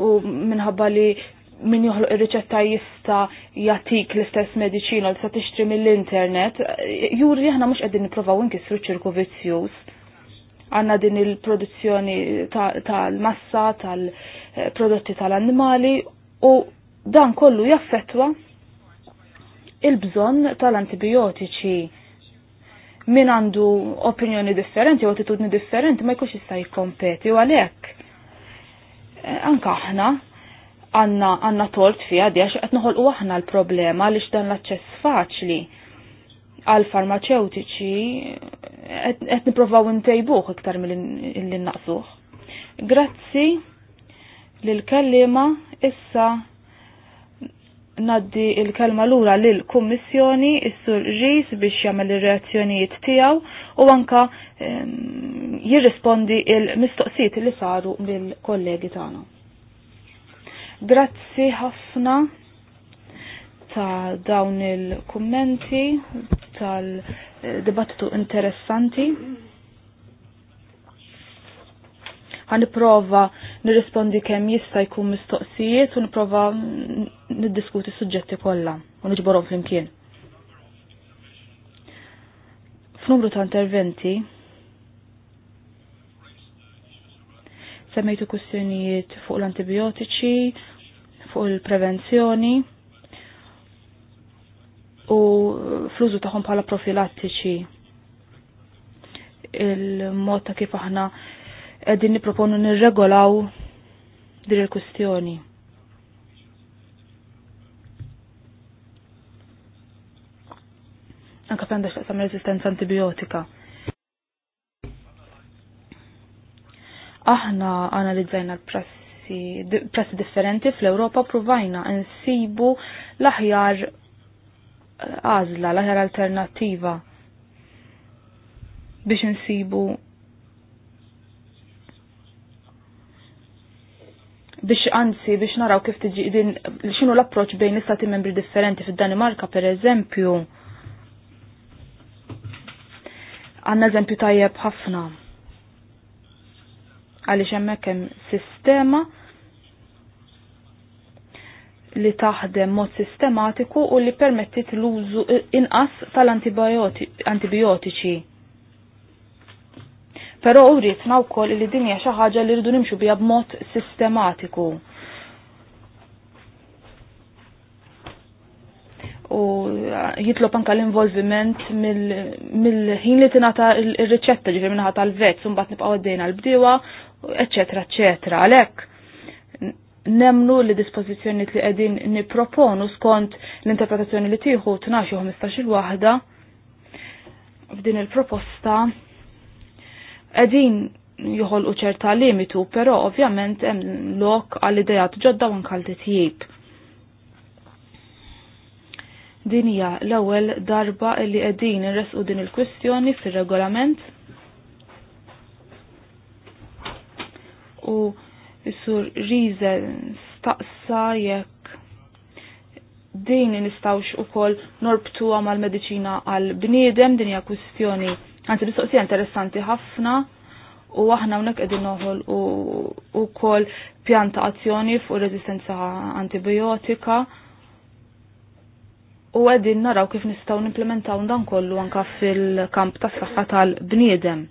u minħabba li min joħloq ir-riċetta jista jagħtik l-istess medicina li sa tixtri mill-internet, juri aħna mhux qegħdin nipprovaw inkisru ċirku vizzjuż. Għandna din il-produzzjoni tal-massa, ta tal-prodotti tal-annimali u dan kollu jaffettwa il-bżonn tal-antibiotiċi. Min għandu opinjoni differenti u attitudni differenti ma jkunx jista' jikkompeti u għalhekk Eh, anka aħna għanna għanna tort fija di għax qed noħolqu aħna l-problema għaliex dan l-aċċess faċli għal farmaceutiċi qed nipprovaw intejbuh iktar mill-li naqsuh. Grazzi lill kellima issa naddi il-kelma lura lill kummissjoni is-sur Ġis biex jagħmel ir-reazzjonijiet tiegħu u anka jirrispondi il-mistoqsijiet li saru mill-kollegi tagħna. Grazzi ħafna ta' dawn il-kummenti tal-dibattitu interessanti. Ħaniprova nirrispondi kemm jista' jkun mistoqsijiet u nipprova niddiskuti suġġetti kollha u niġborhom flimkien. F'numru ta' interventi semmejtu kustjonijiet fuq l-antibiotiċi, fuq il-prevenzjoni u fl-użu tagħhom bħala profilattiċi. Il-mod ta' kif aħna qegħdin nipproponu nirregolaw din il-kustjoni. Anka fendax taqsam rezistenza antibiotika. Aħna analizzajna l-prassi prassi differenti fl-Ewropa provajna nsibu l-aħjar eh, għażla, l-aħjar alternattiva biex nsibu biex anzi biex naraw kif tiġi din xinu l-approċ bejn istati membri differenti fil danimarka per eżempju. Għanna eżempju tajjeb ħafna għaliex hemmhekk hemm sistema li taħdem mod sistematiku u li permettit l-użu inqas tal-antibiotiċi. Però u rritna wkoll li dinja xi ħaġa li rridu nimxu biha b'mod sistematiku. u eh, jitlob anka l-involviment mill-ħin li tinata il-riċetta ġifir minnaħat tal-vet, sumbat nipqaw għaddejna l-bdiwa eccetera, eccetera. Għalek, nemnu li dispozizjoni li qegħdin niproponu skont l-interpretazzjoni li tieħu 12 u 15 waħda f'din il-proposta qegħdin joħolqu ċerta limitu, però ovvjament hemm lok għal idejat ġodda u nkal titjib. Din hija l-ewwel darba li qegħdin irresqu din il-kwistjoni fir-regolament u sur Rizel staqsa jekk din nistawx u kol norbtuwa mal-medicina għal-bniedem, din hija kwistjoni, għanzi mistoqsija interessanti ħafna u aħna unek edin noħol u, u kol pjanta azzjoni fuq rezistenza antibiotika u għedin naraw kif nistaw nimplementaw dan kollu anka fil-kamp tas saħħa tal-bniedem.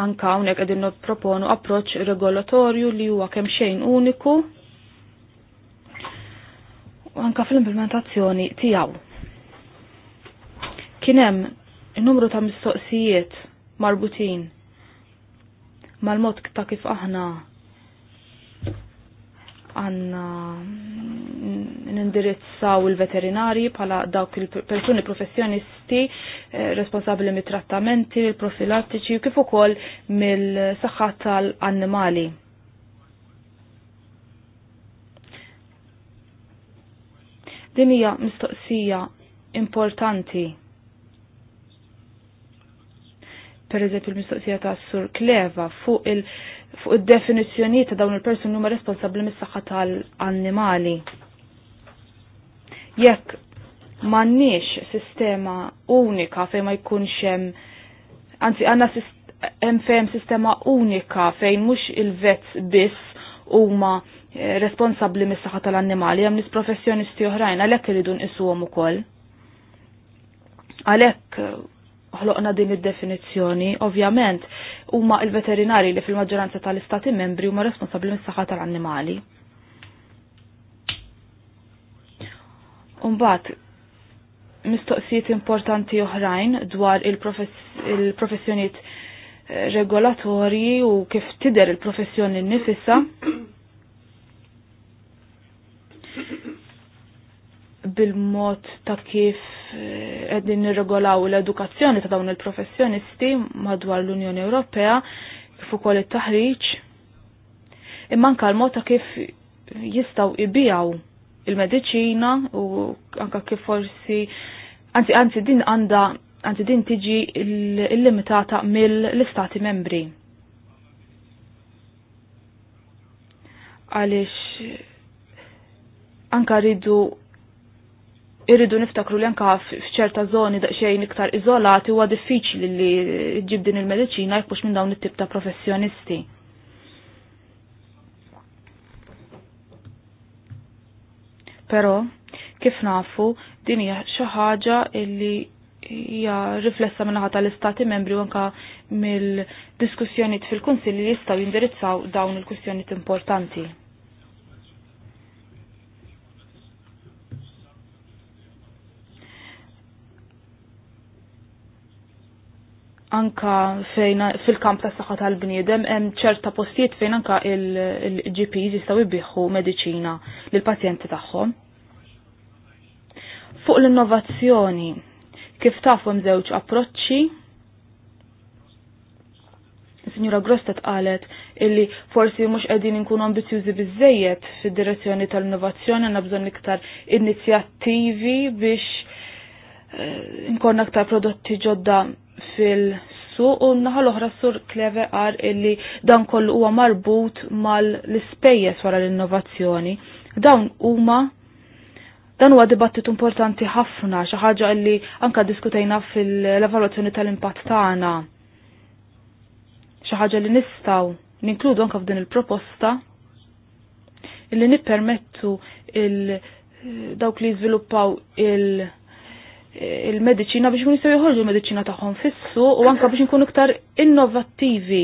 Anka hawnhekk qegħdin proponu approċċ regolatorju li huwa kemm xejn uniku anka fl-implementazzjoni tiegħu. Kien hemm in-numru ta' mistoqsijiet marbutin mal-mod ta' kif aħna għanna nindirizzaw il-veterinari pala dawk il-persuni professjonisti eh, responsabili mit-trattamenti, il-profilattiċi u kif ukoll mill-saħħa tal-annimali. Din hija mistoqsija importanti. Per eżempju, il-mistoqsija ta' Sur Kleva fuq il- fuq id-definizzjoni ta' dawn il-persuni huma responsabbli mis-saħħa tal-annimali. Jekk m'għandniex sistema unika fejn ma jkunx hemm anzi għandna hemm fejn sistema unika fejn mhux il vezz biss huma eh, responsabbli mis-saħħa tal-annimali hemm nies professjonisti oħrajn għalhekk iridu nqisuhom ukoll. Għalhekk ħloqna din id-definizzjoni, ovvjament huma il-veterinari li fil-maġġoranza tal-istati membri huma responsabbli mis-saħħa tal-annimali. Umbagħad mistoqsijiet importanti oħrajn dwar il-professjoniet eh, regolatorji u kif tider il-professjoni nifissa bil-mod ta' kif eh, qegħdin nirregolaw l-edukazzjoni ta' dawn il-professjonisti madwar l-Unjoni Ewropea kif ukoll it-taħriġ imma anke l-mod ta' kif jistgħu ibijaw il-mediċina u anke kif forsi anzi anzi din għandha anzi din tiġi limitata mill-istati membri. Għaliex anka rridu irridu niftakru li anka f'ċerta zoni daqsxejn iktar iżolati huwa diffiċli li ġib din il-mediċina jekk mhux minn dawn it-tip ta' professjonisti. Però kif nafu din hija xi ħaġa li hija riflessa minn ħata l-istati membri u anka mill-diskussjonijiet fil kunsilli li jistgħu jindirizzaw dawn il-kwistjonijiet importanti. anka fejn fil-kamp tas saħħa tal-bniedem hemm ċerta postijiet fejn anka il-GPs jistgħu jbieħu mediċina lill-pazjenti tagħhom. Fuq l-innovazzjoni, kif tafu hemm żewġ approċċi Signora Grostet qalet illi forsi mhux qegħdin inkunu ambizjużi biżejjed fid-direzzjoni tal-innovazzjoni għandna bżonn iktar inizjattivi biex Eh, nkorna aktar prodotti ġodda fil-suq u naħal oħra sur kleve għar illi dan kollu huwa marbut mal-ispejjeż wara l-innovazzjoni. Dawn huma dan huwa dibattit importanti ħafna xi ħaġa li anka diskutejna fil-evalwazzjoni tal-impatt tagħna. Xi ħaġa li nistgħu ninkludu anka f'din il-proposta illi nippermettu il-dawk eh, li jżviluppaw il-, -proposta, il il-medicina biex kun jistaw jħorġu l-medicina tagħhom fissu u anka biex nkunu iktar innovattivi.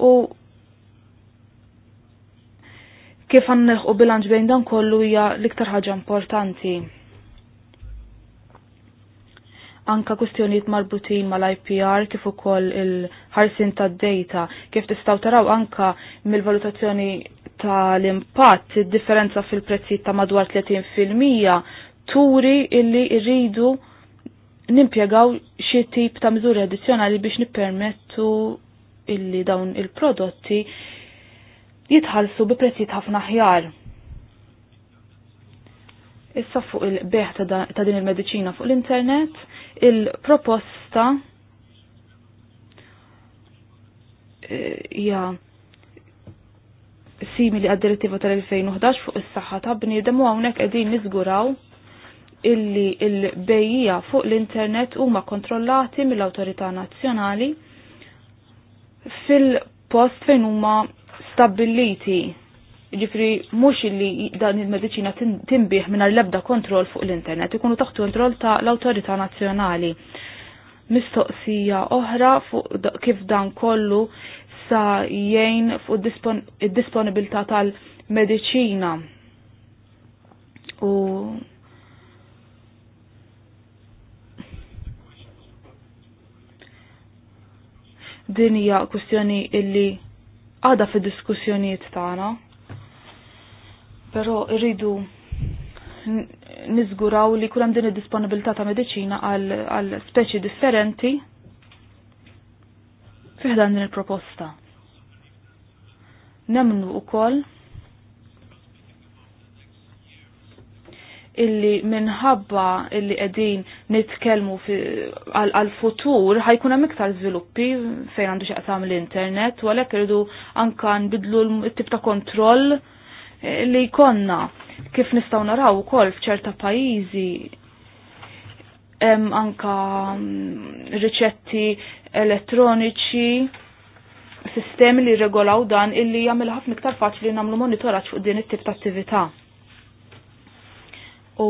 U kif u bilanċ bejn dan kollu hija l-iktar ħaġa importanti. Anka kustjonijiet marbutin mal-IPR kif ukoll il-ħarsin tad-data, kif tistgħu taraw anka mill-valutazzjoni tal-impatt, differenza fil-prezzi ta' madwar 30% turi illi rridu nimpjegaw xi tip ta' miżuri addizzjonali biex nippermettu illi dawn il-prodotti jitħallsu bi prezzijiet ħafna ħjar. Issa fuq il-beħ ta' din il-medicina fuq l-internet, il-proposta eh, hija simili għad-direttiva tal-2011 fuq is-saħħa ta' bniedem u hawnhekk qegħdin niżguraw illi l-bejjija fuq l-internet huma kontrollati mill-awtorità nazzjonali fil-post fejn huma stabbiliti. Ġifri mhux illi dan il-mediċina tinbih mingħajr l lebda kontroll fuq l-internet, ikunu taħt kontroll ta' l-awtorità nazzjonali mistoqsija oħra fuq kif dan kollu sa jgħin fuq id-disponibilità tal-mediċina u din hija kwestjoni illi għada fi diskussjonijiet tagħna. Però rridu niżguraw li kull hemm din id-disponibilità ta' mediċina għal speċi differenti fiħdan din il-proposta. Nemnu koll illi minħabba illi qegħdin nitkellmu għal-futur ħajkuna miktar zviluppi żviluppi fejn għandu xaqtam l-internet u għalhekk rridu anke bidlu t-tip ta' kontroll eh, li jkollna kif nistgħu naraw ukoll f'ċerta pajjiżi hemm anka mm, riċetti elettroniċi sistemi li regolaw dan illi jagħmel ħafna iktar faċli nagħmlu monitoraġġ fuq din it-tip ta' attività. U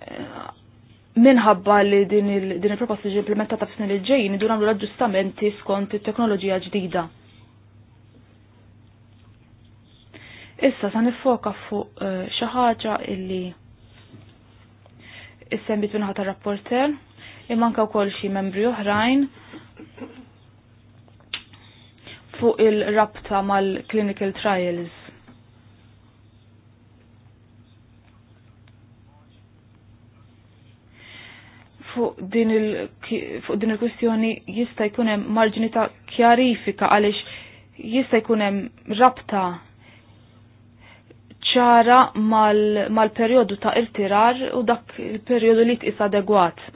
eh, minħabba li din il-proposta ġi implementata f'snin il-ġejjin idu għamlu l-aġġustamenti skont it-teknoloġija ġdida. Issa sa nifoka fuq eh, xi ħaġa illi issembit minħata rapporter imma anke wkoll xi membri oħrajn fuq il-rabta mal-clinical trials. Fuq din il-kwistjoni jista' jkun hemm marġini ta' kjarifika għaliex jista' jkun hemm rabta ċara mal-perjodu ta' ta' irtirar u dak il-perjodu li tqis adegwat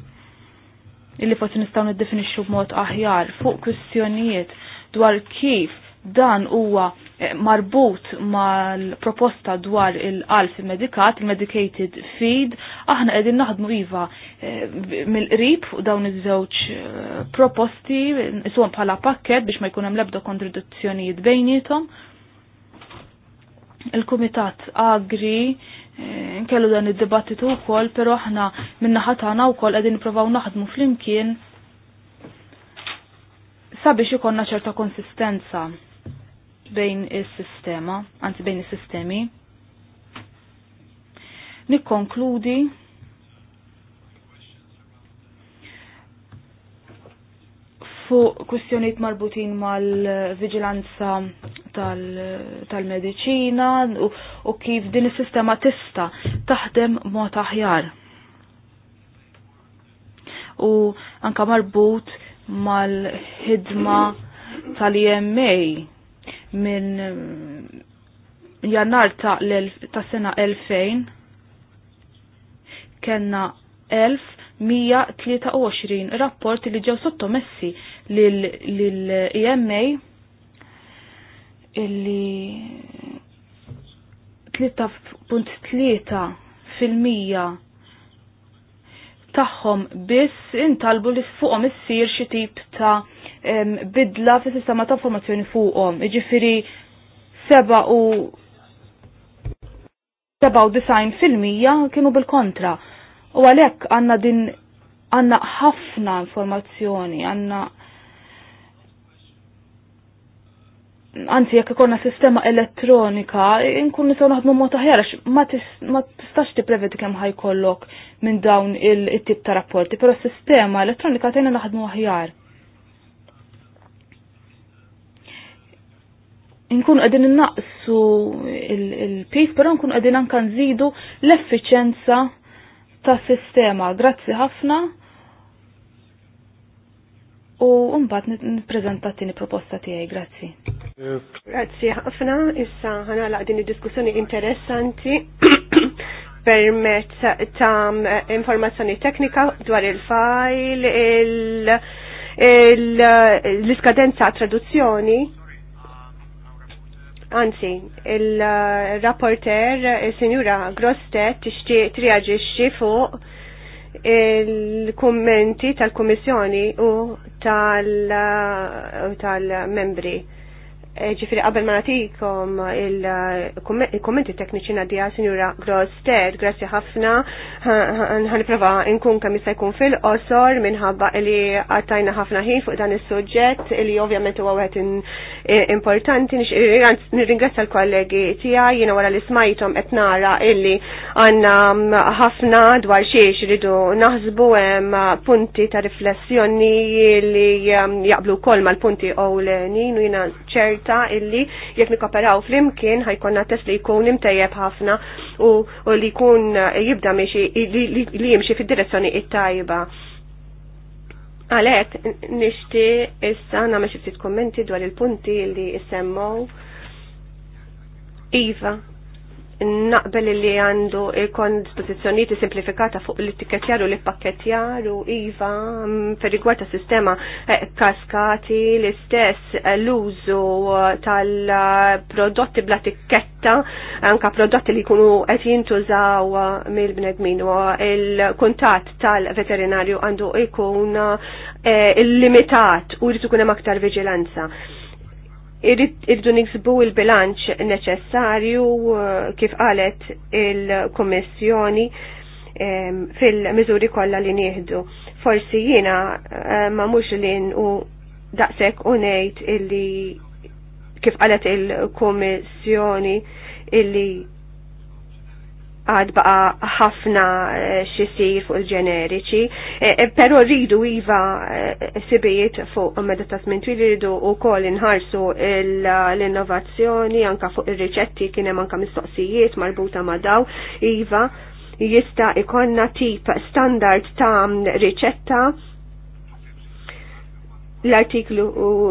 illi forsi nistgħu niddefinixxu b'mod aħjar fuq kwistjonijiet dwar kif dan huwa eh, marbut mal-proposta dwar il-qalf medikat, il-medicated feed, aħna qegħdin naħdmu iva eh, mill-qrib u dawn iż-żewġ eh, proposti isuhom bħala pakket biex ma jkun hemm l-ebda kontradizzjonijiet bejniethom. Il-Kumitat Agri nkellu dan id-dibattitu wkoll, però aħna minna naħa tagħna wkoll qegħdin nippruvaw naħdmu flimkien sabiex ikonna ċerta konsistenza bejn is-sistema, anzi bejn is-sistemi. Nikkonkludi fuq kwistjoniet marbutin mal-vigilanza tal-medicina tal u kif din is-sistema tista taħdem mod aħjar. U anka marbut mal-ħidma tal-EMA minn mm, jannar ta', sena 2000 kena 1123 rapport li ġew sottomessi lill-EMA illi 3.3 fil-mija tagħhom biss intalbu li fuqhom issir xi tip ta' bidla fi sistema ta' informazzjoni fuqhom. Jiġifieri seba' u 97 fil-mija kienu bil-kontra. U għalhekk għandna din għandna ħafna informazzjoni, għandna anzi jekk ikolna sistema elettronika, nkun nistgħu naħdmu mod aħjar għax ma tistax tipprevedi kemm ħajkollok minn dawn it-tip ta' rapporti, però sistema elettronika tajna naħdmu aħjar. Nkun qegħdin innaqsu il-pis, però nkun qegħdin anke nżidu l-effiċenza ta' sistema. Grazzi ħafna u mbagħad nippreżenta tieni proposta tiegħi, grazzi. Grazzi ħafna, issa ħanalaq din id-diskussjoni interessanti permezz ta' informazzjoni teknika dwar il-fajl, l-iskadenza traduzzjoni. Anzi, il-rapporter, il-Sinjura Grostet, tixtieq triaġixxi fuq il-kummenti tal-Kummissjoni u tal-membri. Tal ġifiri qabel ma natikom il-kommenti tekniċi nadija sinjura Grosted, grazzi ħafna, ħaniprofa nkun kam jista' jkun fil-qosor minħabba li għattajna ħafna ħin fuq dan is-suġġett li ovvjament u għawet importanti nirringrazzja l-kollegi tiegħi jiena wara li smajthom qed nara illi għanna mm, ħafna dwar xiex ridu naħsbu hemm punti ta' riflessjoni li mm, jaqblu wkoll mal-punti għawlenin u jiena ċert ta' illi jekk nikoperaw flimkien ħajkonna test li jkun imtejjeb ħafna u, li jkun eh, jibda li jimxi fid-direzzjoni it-tajba. Għalek, nishti issa namel ftit kommenti dwar il-punti li jissemmow. Iva, naqbel li għandu ikon dispozizjoniti simplifikata fuq l-tikketjar u l-pakketjar u IVA per mm, rigward sistema eh, kaskati l-istess eh, l-użu eh, tal-prodotti bla tikketta anka prodotti li kunu qed jintużaw mill-bnedmin u il-kuntat tal-veterinarju għandu ikun illimitat u jrid ikun hemm aktar viġilanza irridu niksbu il-bilanċ neċessarju eh, kif qalet il-Kommissjoni fil-miżuri kollha li nieħdu. Forsi jiena eh, ma mhux li u daqshekk u ngħid illi kif qalet il-Kummissjoni illi għad baqa ħafna eh, xisir fuq il-ġeneriċi, eh, eh, pero rridu iva sibijiet fuq meta tasmin rridu u kol inħarsu l-innovazzjoni anka fuq il-riċetti kienem anka mistoqsijiet marbuta ma daw iva jista ikonna tip standard ta' riċetta l-artiklu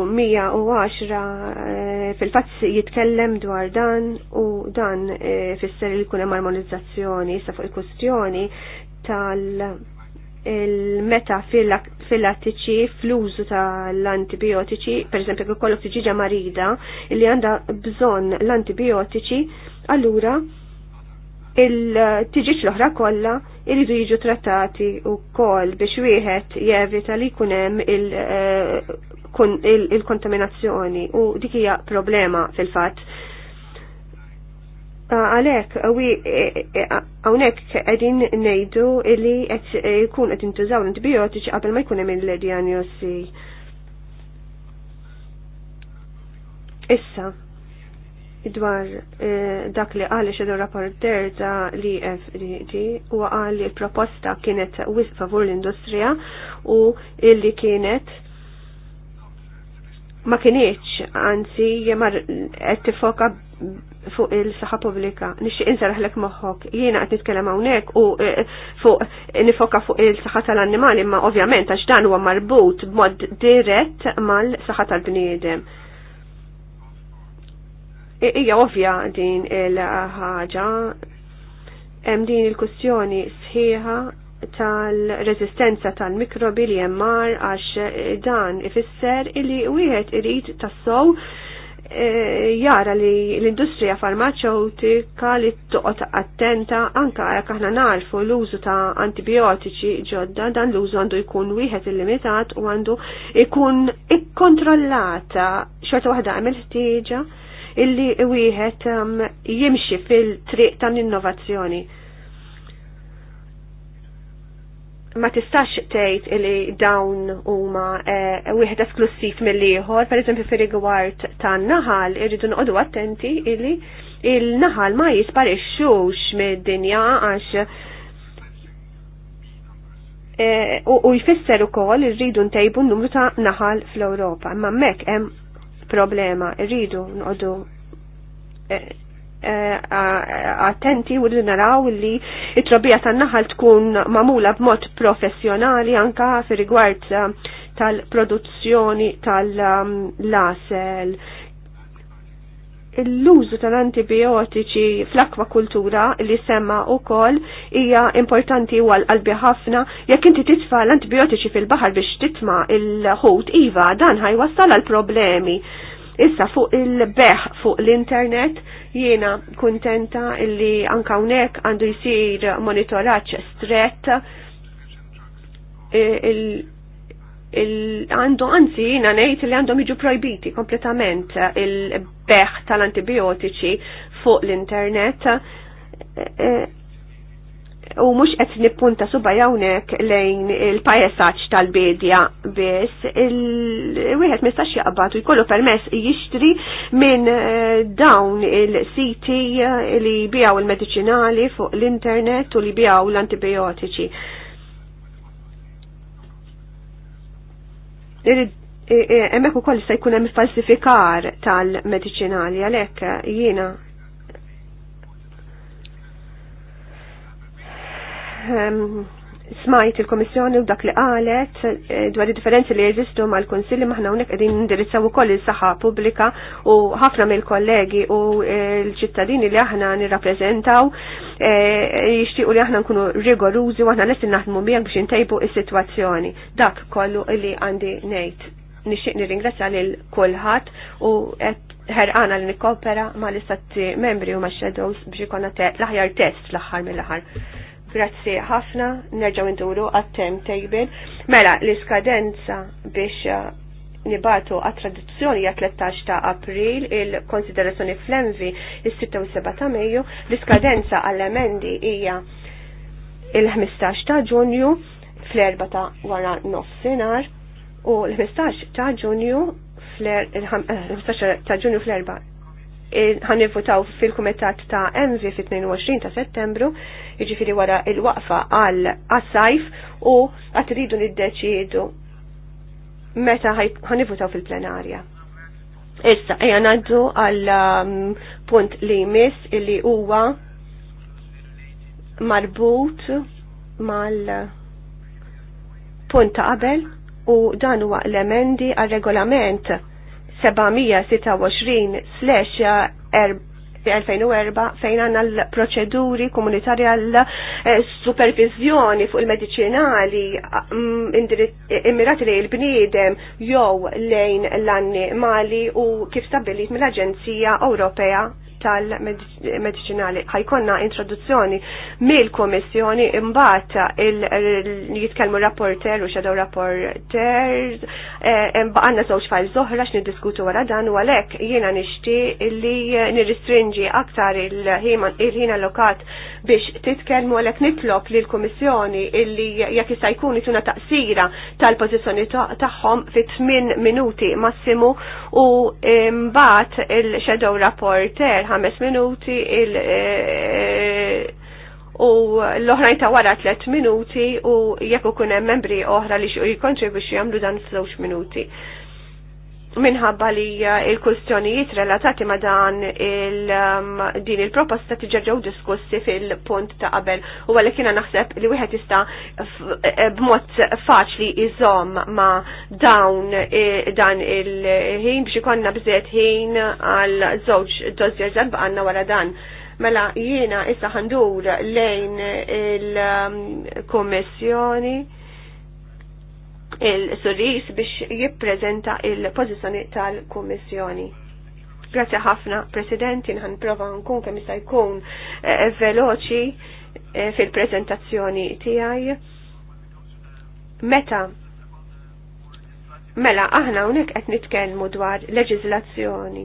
110 eh, fil-fatt jitkellem dwar dan u dan eh, fisser li kuna armonizzazzjoni sa fuq il-kustjoni tal- il-meta fil-attiċi fl-użu tal-antibiotiċi, per eżempju, kollok tiġiġa marida li għanda bżon l-antibiotiċi, allura il-tiġiġ l-oħra kollha Iridu jiġu trattati u kol biex wieħed jevita li kunem il-kontaminazzjoni eh, u dikija problema fil-fat. Għalek, għawnek e, e, għedin nejdu li e, jkun għedin tużaw l-antibiotiċi qabel ma jkunem il-diagnosi. Issa, dwar eh, dak li għalli xedu rapporter ta' li FDG u għalli l-proposta kienet wis favur l-industrija u illi kienet ma kienieċ għanzi jemar tifoka fuq il-saħħa pubblika. Nixi l-ek moħħok. Jiena qed nitkellem hawnhekk u eh, fuq nifoka fuq il-saħħa tal-annimali, ma ovvjament għax dan huwa marbut b'mod dirett mal-saħħa tal-bniedem. Ija ovvja din il-ħaġa, hemm din il kustjoni sħiħa tal-rezistenza tal-mikrobi li jemmar għax eh, dan ifisser illi wieħed irid tassow eh, jara li l-industrija farmaceutika li toqgħod attenta anka jekk aħna narfu l-użu ta' antibiotiċi ġodda dan l-użu għandu jkun wieħed illimitat u għandu jkun ikkontrollata xorta waħda għamil ħtieġa illi wieħed um, jimxi fil-triq tal-innovazzjoni. ma tistax tgħid li dawn huma eh, wieħed esklusiv mill-ieħor, pereżempju fir-rigward tan-naħal irridu noqogħdu attenti illi il-naħal ma jisparixxux mid-dinja għax eh, u jfisser ukoll irridu ntejbu n-numru ta' naħal fl-Ewropa. Imma mek hemm problema. Irridu nqodu eh, eh, attenti u li naraw li it-trobija tan-naħal tkun mamula b'mod professjonali anka fir rigward eh, tal-produzzjoni tal-lasel. Um, l-użu tal-antibiotiċi fl-akwakultura li semma u kol hija importanti u għal-qalbi ħafna jekk inti titfa l-antibiotiċi fil-baħar biex titma il-ħut iva dan ħajwassal għal problemi. Issa fuq il-beħ fuq l-internet jiena kontenta illi anka hawnhekk għandu jsir monitoraġġ strett eh, il għandu anzi jina ngħid li għandhom jiġu projbiti kompletament il-beħ tal-antibiotiċi fuq l-internet e, e, u mhux qed nippunta suba hawnhekk lejn il-pajesaċ tal-bedja biss il-wieħed mistax jaqbad u jkollu permess jixtri minn e, dawn il-siti li bijaw il-mediċinali fuq l-internet u li bijaw l-antibiotiċi Hemmhekk ukoll se jkun hemm falsifikar tal-mediċinali għalhekk jiena ehm, smajt il-Komissjoni u dak li qalet eh, dwar differenzi li jeżistu mal-Konsilli maħna hawnhekk qegħdin indirizzaw ukoll is-saħħa pubblika u ħafna mill-kollegi u eh, l-ċittadini li aħna nirrappreżentaw Eh, jixtiequ li aħna nkunu rigorużi u aħna nessin naħdmu miegħek biex intejbu is-sitwazzjoni. Dak kollu li għandi ngħid. Nixtieq nirringrazzja lil kulħadd u qed ħerqana li nikkopera l istati membri u max-shadows biex ikonna l-aħjar test fl-aħħar mill-aħħar. Grazzi ħafna, nerġaw induru għat-tem tejbin. Mela, l-iskadenza biex nibatu għat tradizzjoni ja 13 ta' april il-konsiderazzjoni fl il-6 ta' Mejju, l-iskadenza għall-emendi hija il-15 ta' Ġunju fl-4 ta' wara nofsinhar u l-15 ta' Ġunju fl-15 eh, ta' Ġunju fl-4 ħanivvotaw fil-kumitat ta' Envi fit-22 ta' settembru, jiġifieri wara il-waqfa għal assajf sajf u għatridu niddeċiedu meta ħanivutaw fil-plenarja. Issa, ejja naddu għal um, punt li mis illi huwa marbut mal punt ta' qabel u dan huwa l-emendi għal regolament 726 slash uh, er- fi 2004 fejn għanna l-proċeduri komunitarja l-supervizjoni eh, fuq il-medicinali mm, eh, immirati li l-bniedem jew lejn l-annimali u kif stabilit mill-Aġenzija Ewropea tal-medicinali. Ħajkonna introduzzjoni mill-Komissjoni imbagħad jitkellmu rapporter u xadaw rapporters, eh, għandna żewġ fajl zoħra niddiskutu wara dan u għalhekk jiena nixtieq li nirristringi aktar il-ħin allokat biex titkellmu għalhekk nitlob lill kummissjoni illi jekk jista' jkun ituna taqsira tal-pożizzjoni tagħhom fi tmien minuti massimu u mbagħad il-shadow rapporter ħames minuti il- eh, u l-oħrajn ta' wara tliet minuti u jekk ikun hemm membri oħra li xi jikkontribwixxu jagħmlu dan f'żewġ minuti minħabba li eh, il-kustjonijiet relatati ma dan il um, din il-proposta tiġerġaw diskussi fil-punt ta' qabel u għalekina kiena naħseb li wieħed jista' eh, b'mod faċli iżom ma dawn eh, dan il-ħin biex ikonna bżiet ħin għal żewġ dożjer darba għanna wara dan. Mela jiena issa ħandur lejn il-kommissjoni. Um, il surris biex jippreżenta il-pożizzjoni tal-Kummissjoni. Grazie ħafna, President, nħan prova nkun kemm jista' jkun eh, veloċi eh, fil-prezentazzjoni tiegħi. Meta Mela, aħna unek qed nitkellmu dwar leġiżlazzjoni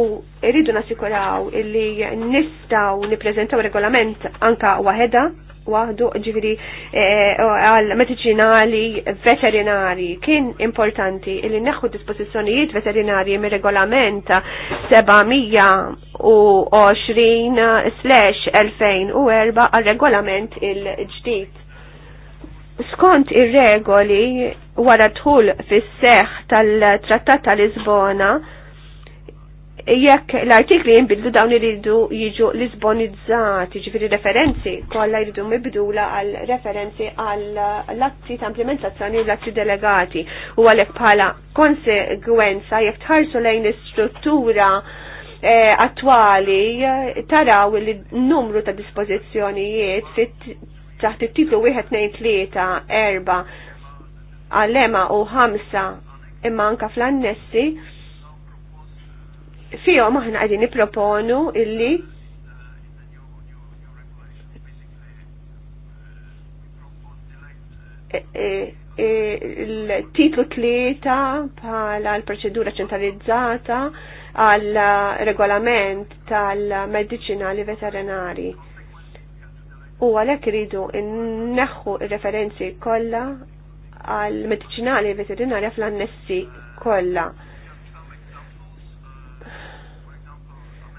u rridu nasikuraw illi nistaw nippreżentaw regolament anka waħeda waħdu ġifiri eh, għal medicinali veterinari kien importanti illi neħu disposizjonijiet veterinari mir regolament 720-2004 għal regolament il-ġdid. Skont ir-regoli wara dħul fis-seħ seħħ tal trattat tal lisbona jekk l-artikli jinbidlu dawn iridu jiġu lisbonizzati, ġifiri referenzi, kolla jridu mibdula għal referenzi għal l-azzi ta' implementazzjoni u l-azzi delegati. U għalek bħala konsegwenza jekk tħarsu lejn l-istruttura eh, attwali taraw li numru ta' dispożizzjonijiet taħt it-titlu 1, 2, 3, 4, għallema u 5 imma anka fl-annessi fihom aħna qegħdin nipproponu illi e, e, e, il-titlu tlieta bħala l-proċedura ċentralizzata għal regolament tal-medicinali veterinari. U għalhekk iridu nneħħu referenzi kollha għal medicinali veterinarja fl-annessi kollha.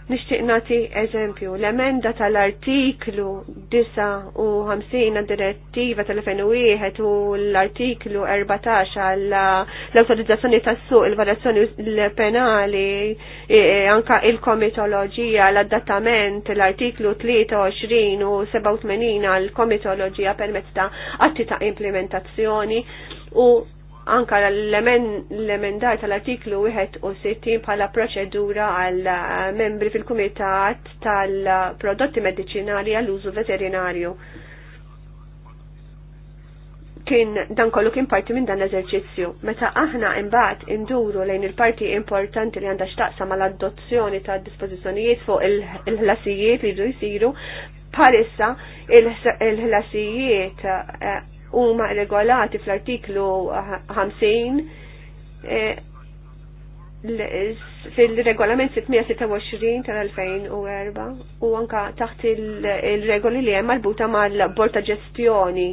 Nishtiq nati eżempju, l-emenda tal-artiklu 59 direttiva tal-2001 u l-artiklu 14 għall-autorizzazzjoni tas-suq, il-variazzjoni penali, e, e, anka il-komitoloġija, l-adattament, l-artiklu 23 u 87 għall-komitoloġija permezz ta' atti ta' implementazzjoni u anka l-emendar tal-artiklu 61 bħala proċedura għal eh, membri fil-Kumitat tal-Prodotti Medicinali għall-Użu Veterinarju. Kien dan kollu kien parti minn dan l-eżerċizzju. Meta aħna imbagħad induru lejn il-parti importanti li għandha x'taqsam mal-adozzjoni ta' dispożizzjonijiet fuq il-ħlasijiet li jdu jsiru, bħalissa il-ħlasijiet eh, huma regolati fl-artiklu 50 eh, fil-regolament 626 tal-2004 u anka taħt il-regoli li hemm marbuta mal-bord ta' ġestjoni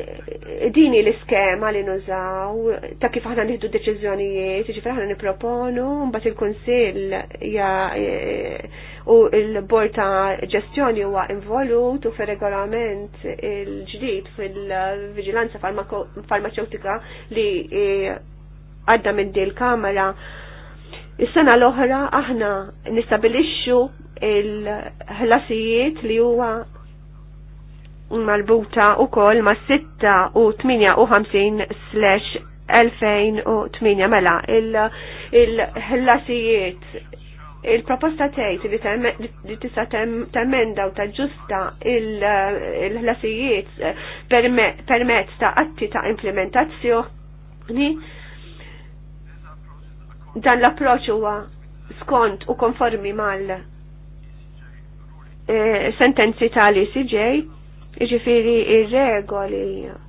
eh, dini l-iskema li nużaw ta' kif aħna nieħdu deċiżjonijiet, ġifra jiġifieri aħna nipproponu, mbagħad il-kunsill ja eh, u il-bord ta' ġestjoni huwa involut u fir-regolament il-ġdid fil-viġilanza farmaceutika li e, għadda minn di l-kamera. Is-sena l-oħra aħna nistabilixxu il-ħlasijiet li huwa marbuta u koll ma' u 58 slash 2008 mela il-ħlasijiet il-proposta tgħid li tista' temenda u taġġusta il-ħlasijiet eh, permezz ta' atti ta' implementazzjoni dan l-approċċ huwa skont u konformi mal eh, sentenzi tal icj iġifiri ir-regoli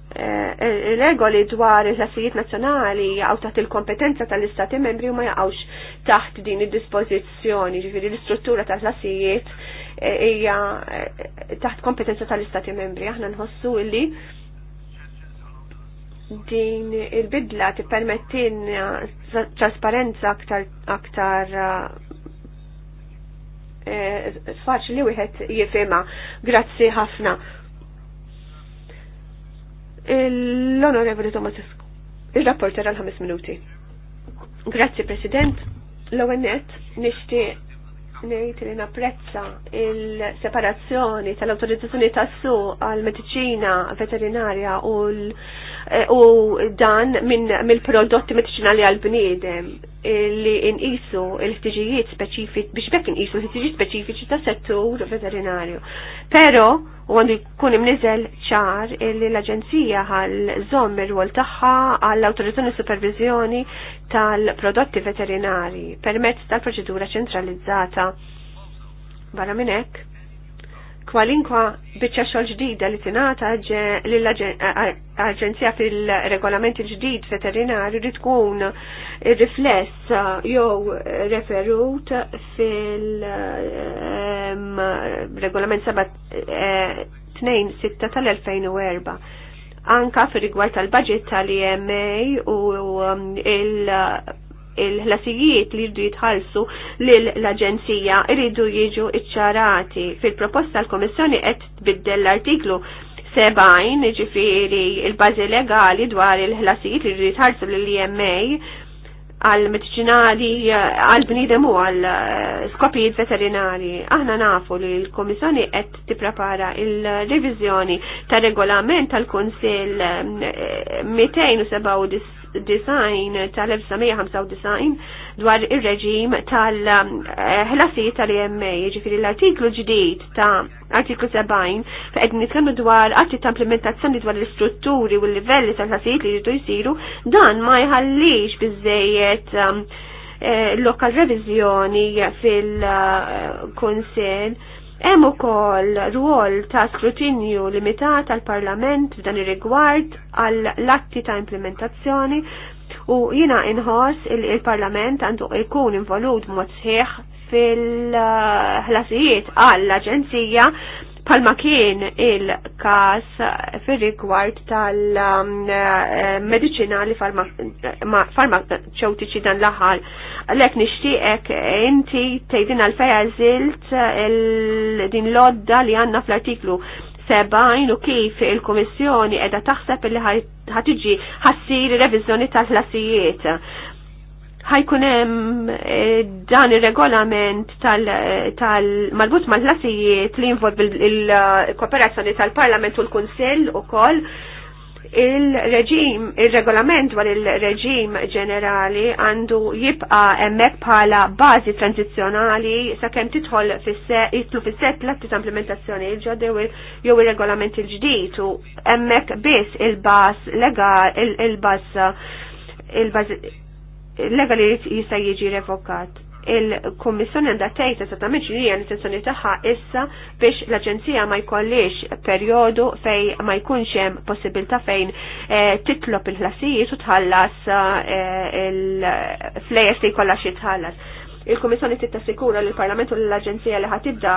Eh, regoli dwar il ħassijiet nazzjonali għaw taħt il-kompetenza tal-istati membri u ma jaqgħux taħt din id-dispożizzjoni, ġifiri l-istruttura tal ħassijiet eh, hija eh, taħt kompetenza tal-istati membri. Aħna nħossu illi din il-bidla tippermettin trasparenza aktar aktar faċli wieħed jifhimha. Grazzi ħafna l-Onorevoli Tomasescu. Il-rapporter għal ħames minuti. Grazzi, President. L-ONET nishti nejt li napprezza il-separazzjoni tal-autorizzazzjoni tassu għal medicina veterinarja eh, u, dan minn mill-prodotti medicinali għal bniedem li inqisu l-ħtiġijiet speċifiċi biex bekk inqisu l-ħtiġijiet speċifiċi ta' settur veterinarju. Però u għandu jkun imniżel ċar li l-Aġenzija għal żomm ir-rwol tagħha għall autorizzazzjoni supervizjoni tal-prodotti veterinari permezz tal-proċedura ċentralizzata. Barra minn hekk, kwalinkwa bieċa xol ġdida li tinata l-Aġenzija fil-regolament il-ġdid veterinarju li tkun rifless uh, jew referut fil-regolament 7-2-6 tal-2004 anka fil rigward tal-budget tal-EMA u um, il- il-ħlasijiet li jridu jitħallsu l-Aġenzija jridu jiġu iċċarati. Fil-proposta l-Komissjoni qed tbiddel l-artiklu 70 ġifiri il-bazi legali dwar il-ħlasijiet li jridu jitħalsu l-IMA għal medicinali għal bnidem u għal eh, skopijiet veterinari. Aħna nafu li l-Komissjoni qed tipprepara il revizjoni ta' regolament tal-Kunsill 297 eh, eh, design tal-1995 dwar ir-reġim tal-ħlasijiet tal-EMA, ġifiri l-artiklu ġdid ta' artiklu 70, t-kemmu dwar atti ta' implementazzjoni dwar l-istrutturi u l-livelli tal-ħlasijiet li jridu jsiru, dan ma jħallix biżejjed um, eh, lokal revizjoni fil-Kunsill uh, Hemm ukoll rwol ta' skrutinju limitat għal parlament f'dan ir-rigward għal l-atti ta' implementazzjoni u jina inħoss il-parlament għandu jkun involut mod sħiħ fil-ħlasijiet għall-Aġenzija palma kien il-kas fil-rigward tal-medicinali um, eh, farmaceutiċi dan l-aħħar. Lek nishtiqek inti tejdin għal-feja zilt din lodda li għanna fl-artiklu sebajn u kif il-Komissjoni edha taħseb li ħatiġi ħassir revizjoni tal-ħlasijiet ħajkunem hemm eh, dan ir-regolament tal-malbut tal, eh, mal-lasijiet li jinvolvi il-kooperazzjoni eh, tal-Parlament u l-Kunsill ukoll il-reġim, il-regolament dwar il-reġim ġenerali għandu jibqa emmek bħala bazi tranzizjonali sakemm titħol jitlu fis-set l implementazzjoni il-ġodda jew il-regolament il ġdijt u emmek biss il-bas legal il-bas il legalit irid jista' jiġi revokat. Il-Kommissjoni għandha tgħid se tagħmel x'inhi l-intenzjoni tagħha issa biex l-Aġenzija ma jkollix perjodu fej ma jkunx hemm possibilità fejn eh, titlob il-ħlasijiet u tħallas eh, il-flejes li jkollha xi tħallas Il-Kummissjoni trid tassikura li l-Parlament u l-Aġenzija li ħatibda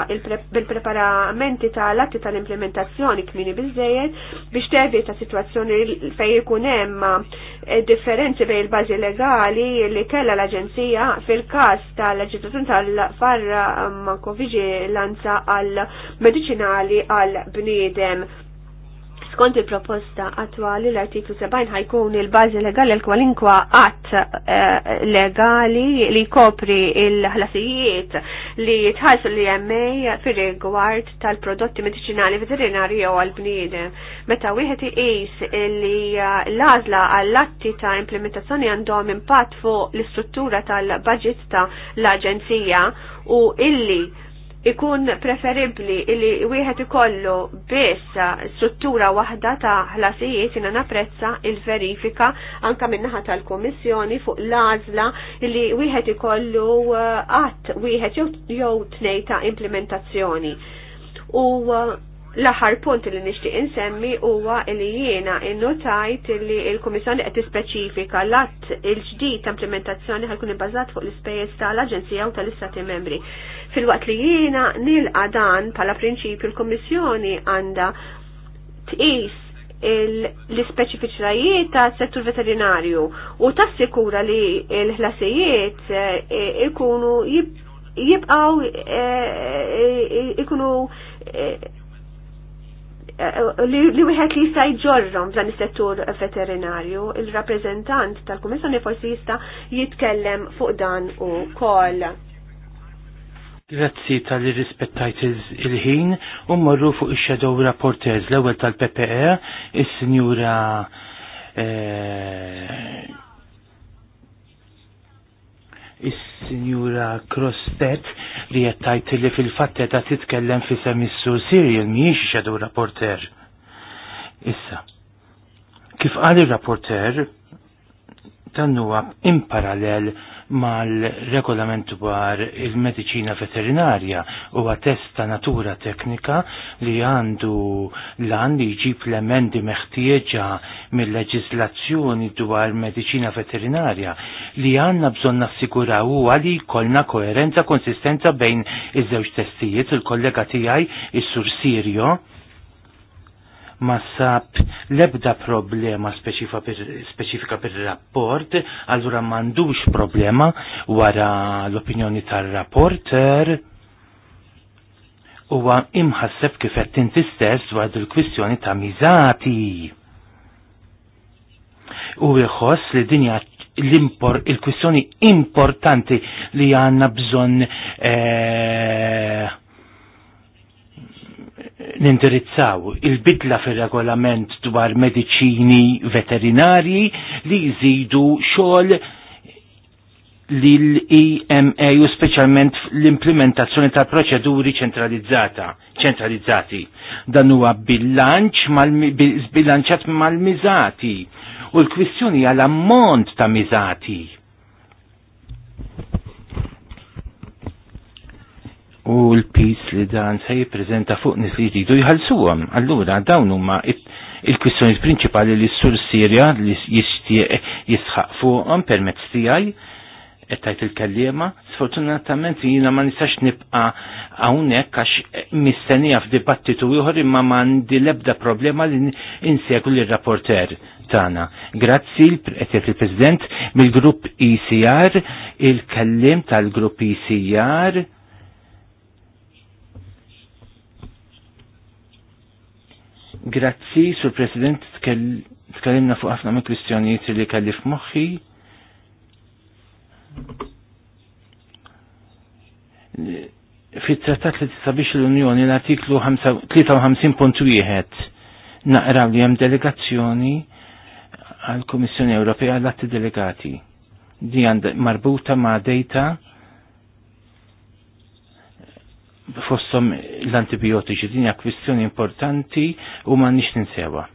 bil-preparamenti tal-atti tal-implementazzjoni kmini biżejjed biex tevita situazzjoni fejn ikun hemm eh, differenzi bejn il-bażi legali li kellha l-Aġenzija fil-każ tal-leġislazzjoni tal-farra ma' koviġi għal medicinali għal bniedem skont il-proposta attwali l-artiklu 70 ħajkun il-bażi legali l kwalinkwa att eh, legali li kopri il-ħlasijiet li jitħallsu li jemmej fir rigward tal-prodotti medicinali veterinari jew għal-bniedem. Meta wieħed iqis li eh, l-għażla għall-atti ta' implementazzjoni għandhom impatt fuq l-istruttura tal-budget ta' l-Aġenzija u illi ikun preferibli li wieħed ikollu biss struttura waħda ta' ħlasijiet jiena napprezza il-verifika anka minnaħa tal-Kummissjoni fuq l-għażla li wieħed ikollu qatt uh, wieħed jew tnejn ta' implementazzjoni. U uh, L-aħħar punt li nixtieq insemmi huwa li jiena innotajt li l-Kummissjoni qed tispeċifika l-att il-ġdid ta' implementazzjoni ħajkun ibbażat fuq l-ispejjeż tal-Aġenzija u tal-Istati Membri. Filwaqt li jiena nilqa' dan bħala prinċipju l-Kummissjoni għandha tqis l-ispeċifiċrajiet ta' settur veterinarju u tassikura li l-ħlasijiet eh, ikunu jibqaw eh, eh, ikunu Eh, li wieħed li jista' jġorrom dan is-settur veterinarju, il-rappreżentant tal-Kummissjoni forsi jista' jitkellem fuq dan ukoll. Grazzi tal-li rispettajt il-ħin u marru fuq ix-shadow rapporters l-ewwel tal-PPE, is-Sinjura eh, is-Sinjura Crostet li jettajt li fil-fatte ta' titkellem fi semissu Sirjel miex xedu rapporter. Issa, kif għal il-rapporter, tannuwa imparallel mal-regolament dwar il-medicina veterinarja u għatest ta' natura teknika li għandu lan li jġib l-emendi meħtieġa mill-leġislazzjoni dwar medicina veterinarja li għanna bżon nassiguraw u għali kolna koerenza konsistenza bejn iż-żewġ testijiet il-kollega tijaj, il-sur Sirjo ma sab lebda problema speċifika per rapport, allura mandux problema wara l-opinjoni tal-rapporter huwa imħasseb kif qed inti stess dwar il-kwistjoni ta' miżati. U jħoss li dinja l il-kwistjoni importanti li għanna bżon eh, nindirizzaw il-bidla fil-regolament dwar mediċini veterinari li jżidu xogħol l-EMA u specialment l-implementazzjoni ta' proċeduri ċentralizzata, ċentralizzati. Dan huwa bilanċ mal bilanċat mal-miżati u l-kwistjoni għal ammont ta' miżati u l-pis li dan se jippreżenta fuq nis du jridu jħallsuhom. Allura dawn huma il-kwistjoni prinċipali li s-sur Sirja li jisħaq fuqhom permezz tiegħi qed tajt il-kellima, sfortunatament jiena ma nistax nibqa' hawnhekk għax mistennija f'dibattitu ieħor imma m'għandi l-ebda problema li insegħu lir-rapporter tagħna. Grazzi qed il-President mill-grupp ICR, e il kallim tal-grupp ICR. E Grazzi, sur President, tkellimna fuq ħafna minn kwistjonijiet li kelli f'moħħi. Fit-trattat li tisabix l-Unjoni l-artiklu 53.1 naqraw li hemm delegazzjoni għal kummissjoni Ewropea għall atti delegati. Di marbuta ma' data fossom l-antibiotiċi din hija kwistjoni importanti u ma nix ninsewa.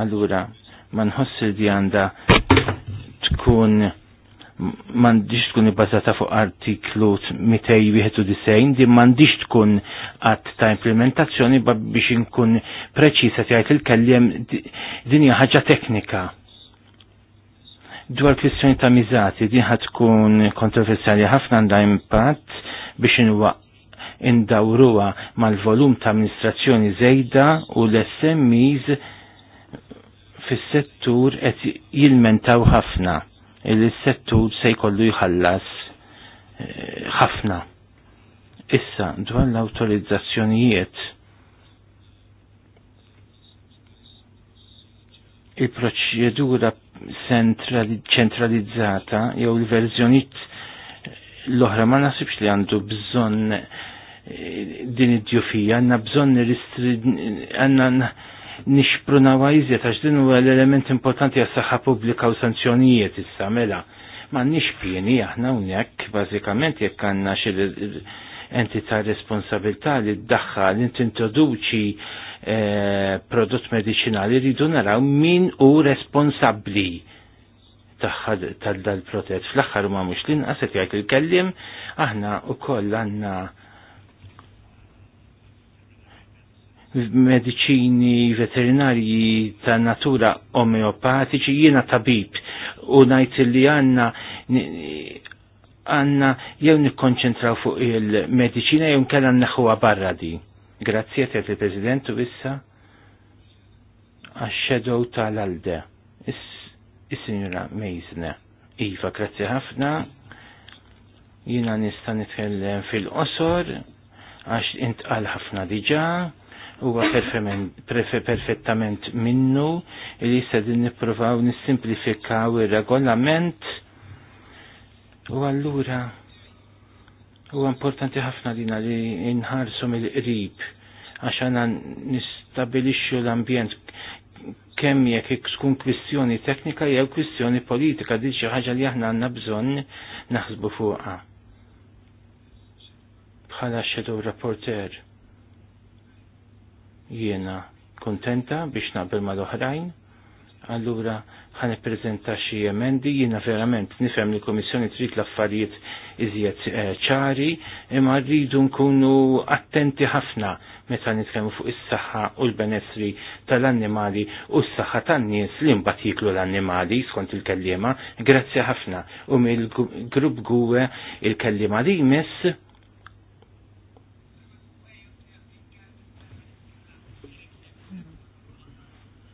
Allura, ma nħoss li għandha tkun mandiġ tkun ibbażata fuq artiklu 291 din mandiġ tkun għat ta' implementazzjoni biex inkun preċisa tgħid il-kellem din hija ħaġa teknika dwar kwistjoni ta' miżati din ħat tkun kontroversjali ħafna għandha impatt biex inwaq indawruha mal-volum ta' amministrazzjoni żejda u l-SMEs fis-settur qed jilmentaw ħafna il settur se jkollu jħallas eh, ħafna. Issa dwar l-awtorizzazzjonijiet il-proċedura ċentralizzata jew il verżjonijiet l-oħra ma nasibx li għandu bżonn din id-djufija, għanna bżon għanna nixpruna għajzja, għax din huwa l-element importanti għas saħħa publika u sanzjonijiet issa mela. Ma nix pieni aħna hawnhekk bażikament jekk għandna xi entità responsabilità li ddaħħal li tintroduċi eh, prodott medicinali rridu naraw min hu responsabbli tal-dal protet Fl-axħar ma mux l-inqas jgħid il-kellim, aħna u koll għanna medicini veterinarji ta' natura omeopatiċi jiena tabib u najt li għanna għanna jew nikkonċentraw fuq il-medicina jew nkella neħuha barra di. Grazzi għet il-President u issa għax-shadow tal-alde. Is-Sinjura Mejzne. Iva, grazzi ħafna. Jina nista' nitkellem fil-qosor għax intqal ħafna diġa' huwa perfettament minnu li se din nippruvaw nissimplifikaw ir-regolament u allura huwa importanti ħafna dina li nħarsu mill-qrib għaxana nistabilixxu l-ambjent kemm jekk tkun kwistjoni teknika jew kwistjoni politika di xi ħaġa li aħna għandna bżonn naħsbu fuqha. Bħala xedu rapporter jiena kontenta biex naqbel mal-oħrajn, allura ħan prezenta xi emendi, jiena verament nifhem li l-Komissjoni trid l-affarijiet iżjed eh, ċari, imma rridu nkunu attenti ħafna meta nitkellmu fuq is-saħħa u l-benessri tal-annimali u s-saħħa tan-nies li mbagħad jiklu l-annimali skont il-kellima, grazzi ħafna u mill-grupp Gwe il-kellima li jmiss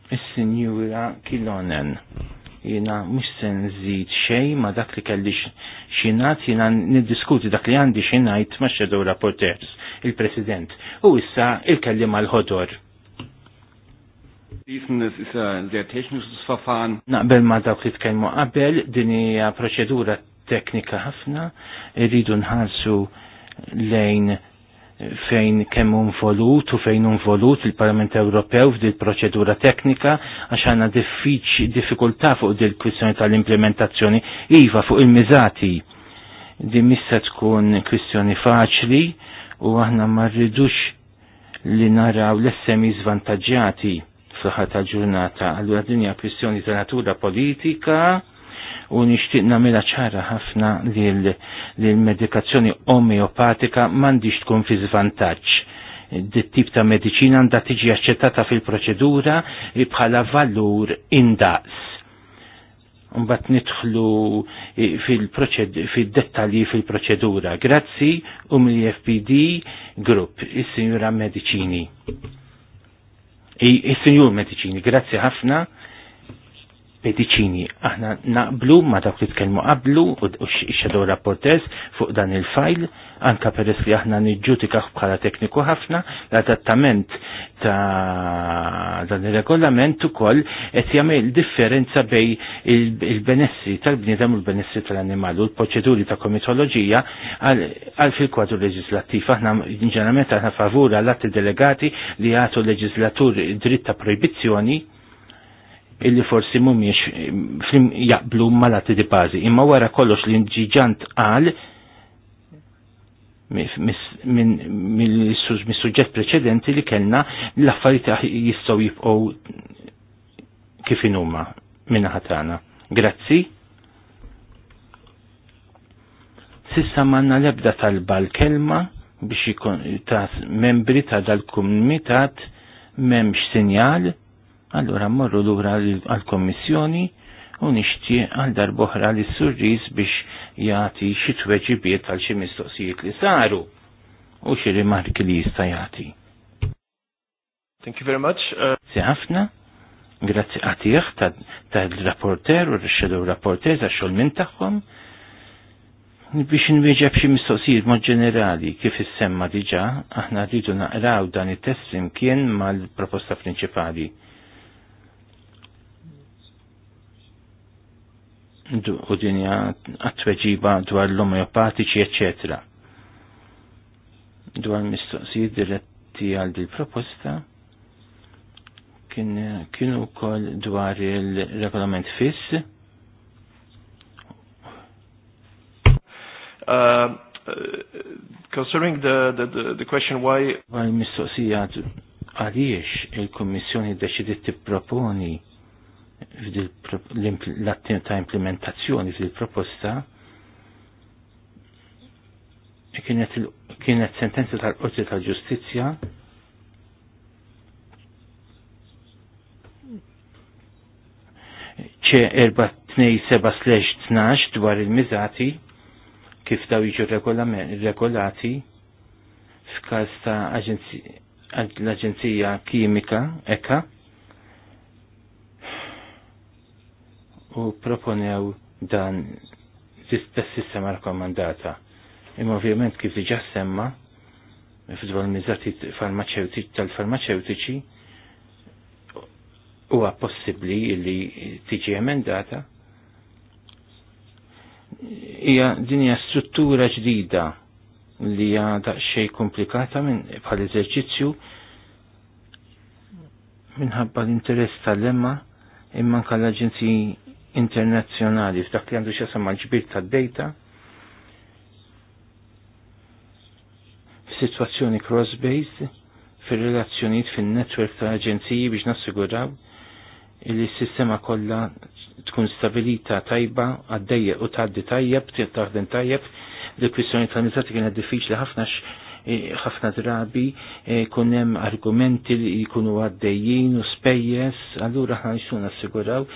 is-Sinjura Kilonen. Jina mux sen zid xej ma dak li kelli xinat jina niddiskuti dak li għandi xinajt ma xedu rapporters il-President u issa il-kelli mal-ħodor. Diesen, issa sehr technisches Verfahren. Naqbel ma dawk li tkellmu qabel, din hija proċedura teknika ħafna, irridu nħarsu lejn fejn kemm involut u fejn involut il-Parlament Ewropew f'dil proċedura teknika għax għandna diffikultà fuq dil kwistjoni tal-implementazzjoni iva fuq il-miżati. Din missa tkun kwistjoni faċli u aħna ma rridux li naraw l-SMI zvantaġġjati fl-ħata tal-ġurnata. Allura din hija kwistjoni ta' natura politika u nixtieq nagħmilha ċara ħafna li l-medikazzjoni omeopatika m'għandix tkun fi żvantaġġ dit-tip ta' medicina għandha tiġi aċċettata fil-proċedura bħala valur indaqs. Mbagħad nidħlu fil-dettalji fil-proċedura. Grazzi u mill-FPD Group, is-Sinjura Medicini. Is-Sinjur Medicini, grazzi ħafna pediċini, Aħna naqblu ma dak li tkellmu qablu u x-xedow rapportez fuq dan il-fajl, anka peress li aħna niġġutika bħala tekniku ħafna, l-adattament ta' dan il-regolament ukoll qed jagħmel differenza bej il-benessi tal-bniedem u l-benessi tal-animal u l-proċeduri ta' komitoloġija għal fil-kwadru leġislattiv. Aħna ġeneralment aħna favur l atti delegati li għatu l-leġislatur dritt ta' proibizzjoni illi forsi mumiex flim jaqblu malati di bazi. Imma wara kollox li nġiġant għal mis suġġett preċedenti li kellna l-affarijiet jistgħu jibqgħu kif inhuma minna ħatana. Grazzi. Sissa manna lebda talba l-kelma biex ikun ta' membri ta' dal-kumitat memx sinjal Allora morru lura għal-Kommissjoni u nixtieq għal darboħra li surriż biex jagħti xi tweġibiet għal xi mistoqsijiet li saru u xi rimarki li jista' jagħti. Thank you very much. Si uh, ħafna, grazzi ta' tal-rapporter u r-xedu rapporter ta' minn tagħhom biex nwieġeb xi mistoqsijiet mod ġenerali kif is-semma diġà aħna rridu naqraw dan it-test imkien mal-proposta prinċipali u dinja għat-tweġiba dwar l-omeopatiċi, ecc. Dwar mistoqsijiet diretti għal dil proposta kienu kol dwar il-regolament fiss. Uh, uh, concerning the, the, the, the question why... Għal mistoqsijat għaliex il-Kommissjoni deċidit tipproponi proponi l ta' implementazzjoni fil-proposta e kienet, sentenza tal-Qorti tal-Ġustizzja ċe 427-12 dwar il-mizati kif daw jiġu regolati f'każ ta' l-Aġenzija Kimika EKA u proponew dan l-istess sistema rakkomandata. Imma ovvjament kif diġa semma, fid-valmizzati tal-farmaceutiċi, huwa possibbli li tiġi emendata. Hija dinja struttura ġdida li hija daqsxej komplikata minn bħal eżerċizzju minħabba l-interess tal-lemma imma kalla l-aġenziji internazzjonali f'dak li għandu xasam mal-ġbir ta' data f'sitwazzjoni cross-based fil-relazzjoniet fil-network ta' aġenziji biex nassiguraw li s-sistema kollha tkun stabilita tajba għaddejja u tgħaddi tajjeb, taħdem tajjeb, li kwistjoni tal-nizzati kienet diffiċli ħafna e, ħafna drabi e, kun hemm argumenti li jkunu għaddejjin u spejjes, allura ħna jistgħu nassiguraw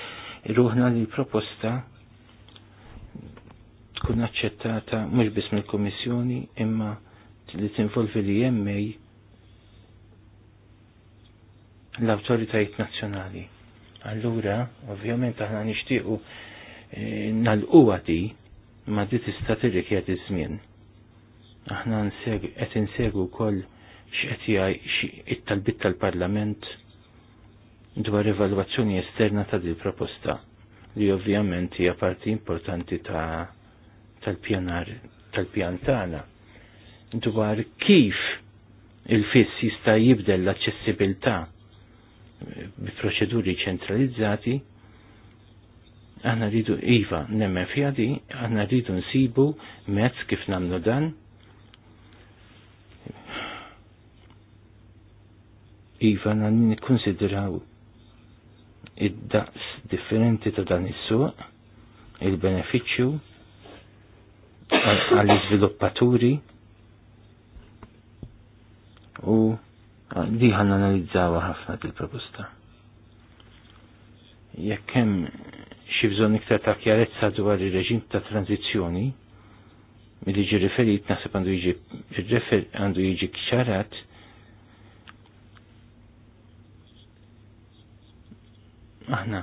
ruħna li l-proposta tkun aċċettata mhux biss mill-Kummissjoni imma li tinvolvi li jemmej l-awtoritajiet nazzjonali. Allura, ovvjament aħna nixtiequ eh, nal-quwa di ma di tista' tirrikjed iż-żmien. Aħna qed insegu wkoll x'qed jgħid it-talbit tal-Parlament dwar evalwazzjoni esterna ta' dil proposta li ovvjament hija parti importanti ta' tal-pjanar tal-pjan tagħna dwar kif il-fiss jista' jibdel l-aċċessibilità bi proċeduri ċentralizzati għanna rridu iva nemmen fjadi għanna rridu nsibu mezz kif namlu dan iva għanna nikkonsidraw id-daqs differenti ta' dan is-suq, il-benefiċċju għall-iżviluppaturi u li ħan analizzawa ħafna dil-proposta. Jekk hemm xi bżonn iktar ta' kjarezza dwar ir-reġim ta' tranzizzjoni, li ġi riferit naħseb għandu jiġi għandu jiġi kċarat aħna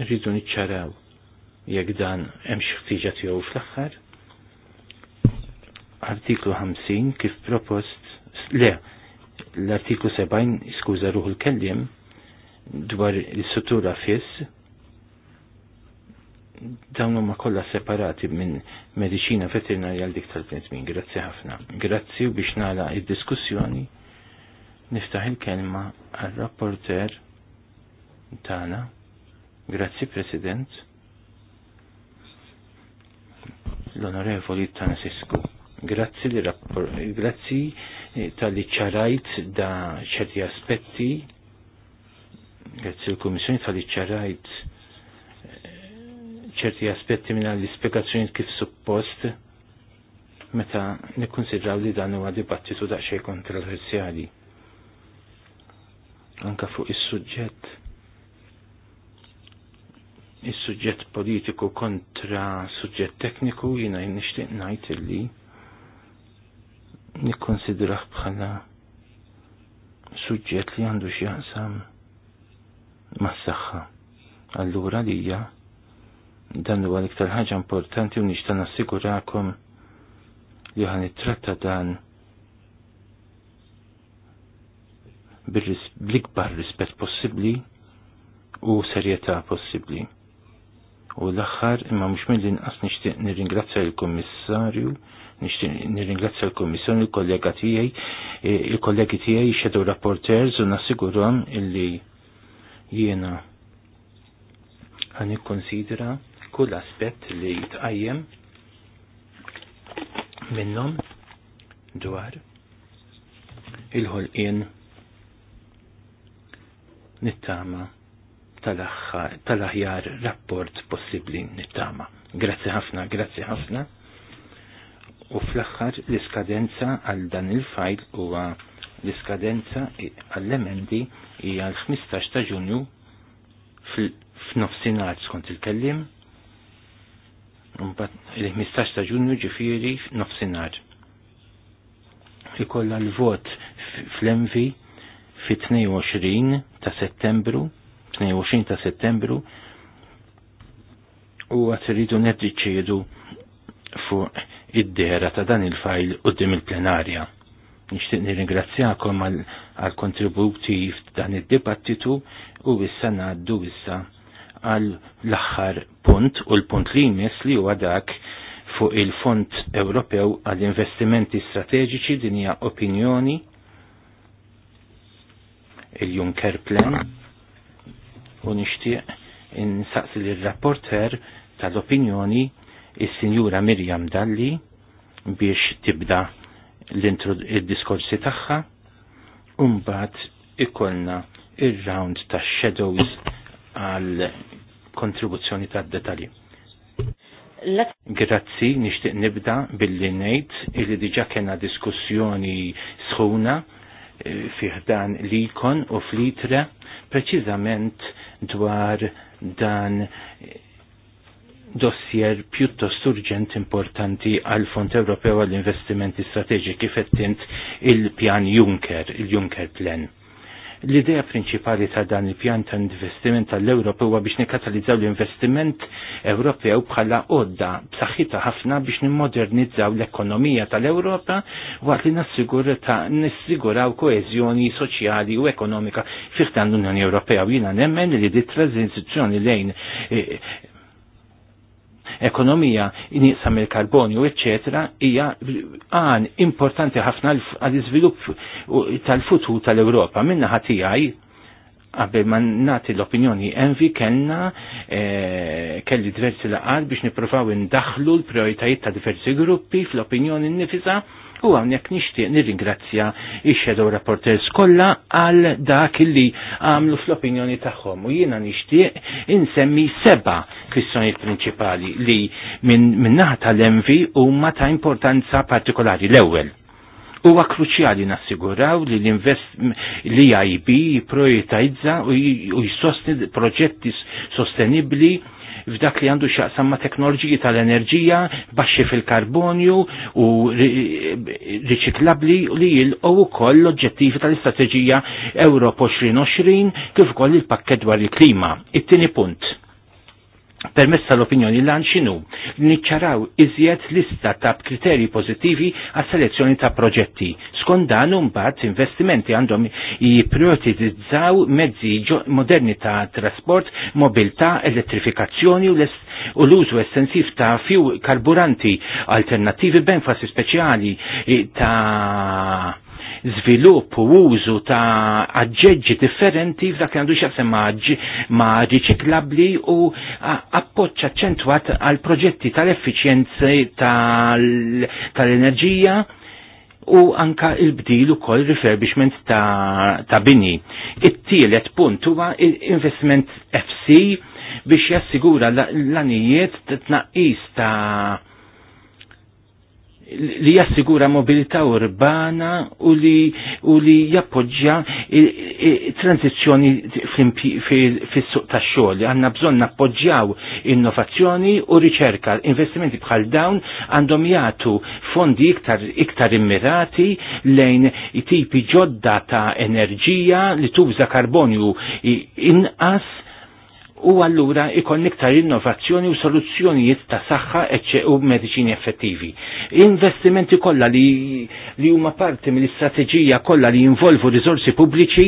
rridu niċċaraw jekk dan hemm xi ħtieġa tiegħu fl-aħħar. Artiklu 50 kif propost le l-artiklu 70 skuża ruħu l-kellim dwar is-sutura fiss dawn huma kollha separati minn mediċina veterinarja għal dik tal min. Grazzi ħafna. Grazzi u biex nagħlaq id-diskussjoni niftaħ il-kelma għal-rapporter Tana, Grazzi President. L-Onorevoli Tanasescu. Grazzi li rappor... grazzi eh, tal-li ċarajt da ċerti aspetti. Grazzi l-Komissjoni tal-li ċarajt eh, ċerti aspetti minna l-ispiegazzjoni kif suppost meta nikkonsidraw li dan huwa dibattitu daqsxejn kontroversjali. Anka fuq is-suġġett is-suġġett politiku kontra suġġett tekniku jina nixtieq najt illi nikkonsidraħ bħala suġġett li għandu x'jaqsam mas-saħħa. Allura lija dan huwa l-iktar ħaġa importanti u nixta' nassigurakom li ħan it-tratta dan bil-ikbar rispett possibbli u serjetà possibbli. U l-axħar imma mhux mill-inqas nixtieq nirringrazzja l-Kummissarju, nixtieq nirringrazzja l-Kummissjoni l-kollega tiegħi, eh, il-kollegi tiegħi xedu rapporters u nassiguram illi jiena għan konsidra kull aspett li jitqajjem minnhom dwar il-ħolqien nittama' tal-aħjar tal rapport possibli nittama. Grazzi ħafna, grazzi ħafna. U fl-axħar l-iskadenza għal dan il-fajl huwa l-iskadenza għall-emendi hija l-15 ta' Ġunju f'nofsinhar skont il-kellim. il-15 ta' Ġunju ġifieri f'nofsinhar. Ikolla l-vot fl-MV fit-22 ta' Settembru 22 ta' settembru u għat rridu neddiċedu fuq id-dera ta' dan il-fajl dim il-plenarja. Nixtieq nirringrazzjakom għal kontributi f'dan id-dibattitu u issa ngħaddu issa għal laħħar aħħar punt u l-punt li jmiss li huwa dak fuq il-Fond Ewropew għall investimenti strateġiċi din hija opinjoni il-Juncker Plan u nixtieq insaqsi lir rapporter tal-opinjoni is-Sinjura Mirjam Dalli biex tibda l-diskorsi tagħha u mbagħad ikollna ir-round tax-shadows għal kontribuzzjoni tad-detalji. Grazzi, nixtieq nibda billi ngħid illi diġa' kellna diskussjoni sħuna fiħdan likon u flitra preċiżament dwar dan dossier pjuttost urġent importanti għal Fond Ewropew għall investimenti Strateġiki fettint il-pjan Juncker, il-Juncker Plan. L-idea prinċipali ta' dan il-pjan ta' investiment tal-Ewropa huwa biex nikatalizzaw l-investiment Ewropew bħala għodda b'saħħitha ħafna biex nimmodernizzaw l-ekonomija tal-Ewropa waqt li nassigura ta' nissiguraw koeżjoni soċjali u ekonomika fiħtan l-Unjoni Ewropea. u Jiena nemmen li di tranzizzjoni lejn eh, ekonomija nieqsa mill-karbonju, eċetera, hija għan importanti ħafna għal iżvilupp tal-futur tal-Ewropa. Minna ħatijaj, qabel ma nagħti l-opinjoni envi kellna eh, kelli diversi laqad biex nippruvaw indaħlu l-prioritajiet ta' diversi gruppi fl-opinjoni nnifisa' U għamnek nishtiq nirringrazzja ix-shadow rapporters kollha għal dak li għamlu fl-opinjoni tagħhom u jiena nixtieq insemmi seba' kwistjonijiet prinċipali li minn naħta tal-envi huma ta' importanza partikolari l-ewwel. Huwa kruċjali nassiguraw li l-invest li IB prioritizza u jistostni proġetti sostenibli f'dak li għandu xaqsam ma' teknoloġiji tal-enerġija, baxxi fil-karbonju u riċiklabli li u wkoll l-oġġettivi tal-istrateġija Europa 2020 kif ukoll il-pakket dwar il-klima. It-tieni punt permess tal-opinjoni lan xinu niċċaraw iżjed lista ta' kriteri pozittivi għas selezzjoni ta' proġetti. Skont dan mbagħad investimenti għandhom jipprioritizzaw mezzi moderni ta' trasport, mobilità, elettrifikazzjoni u l-użu estensiv ta' fiw karburanti alternattivi b'enfasi speċjali e, ta' żvilupp u użu ta' aġġeġġi differenti f'dak li għandu x'jaqsem ma' riċiklabli u appoġġ aċċentwat għal proġetti tal-effiċjenzi tal-enerġija u anka il-bdil ukoll refurbishment ta', ta bini. It-tielet punt huwa investment FC biex jassigura l-anijiet t-tnaqqis ta' li jassigura mobilità urbana u li, u li jappoġġja tranzizjoni fis-suq tax xogħol. Għandna bżonn nappoġġjaw innovazzjoni u riċerka. Investimenti bħal dawn għandhom jagħtu fondi iktar, iktar immirati lejn tipi ġodda ta' enerġija li tuża karbonju inqas u allura ikon iktar innovazzjoni u soluzzjonijiet ta' saħħa e u mediċini effettivi. Investimenti kollha li huma parti mill-istrateġija kollha li jinvolvu risorsi pubbliċi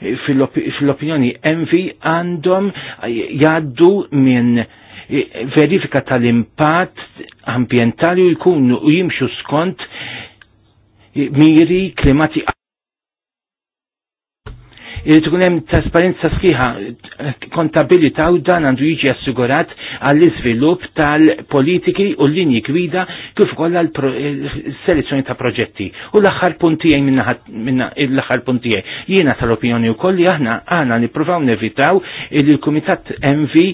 eh, fil-opinjoni envi għandhom eh, jaddu minn eh, verifika tal-impatt ambientali u jkunu u jimxu skont miri klimati Irid tkun hemm trasparenza sħiħa, kontabilità u dan għandu jiġi assigurat għall-iżvilupp tal-politiki u l linji gwida kif ukoll għall-selezzjoni ta' proġetti. U l-aħħar puntijaj minna l-aħħar puntijaj. Jiena tal-opinjoni wkoll li aħna għana nippruvaw nevitaw li l-Kumitat MV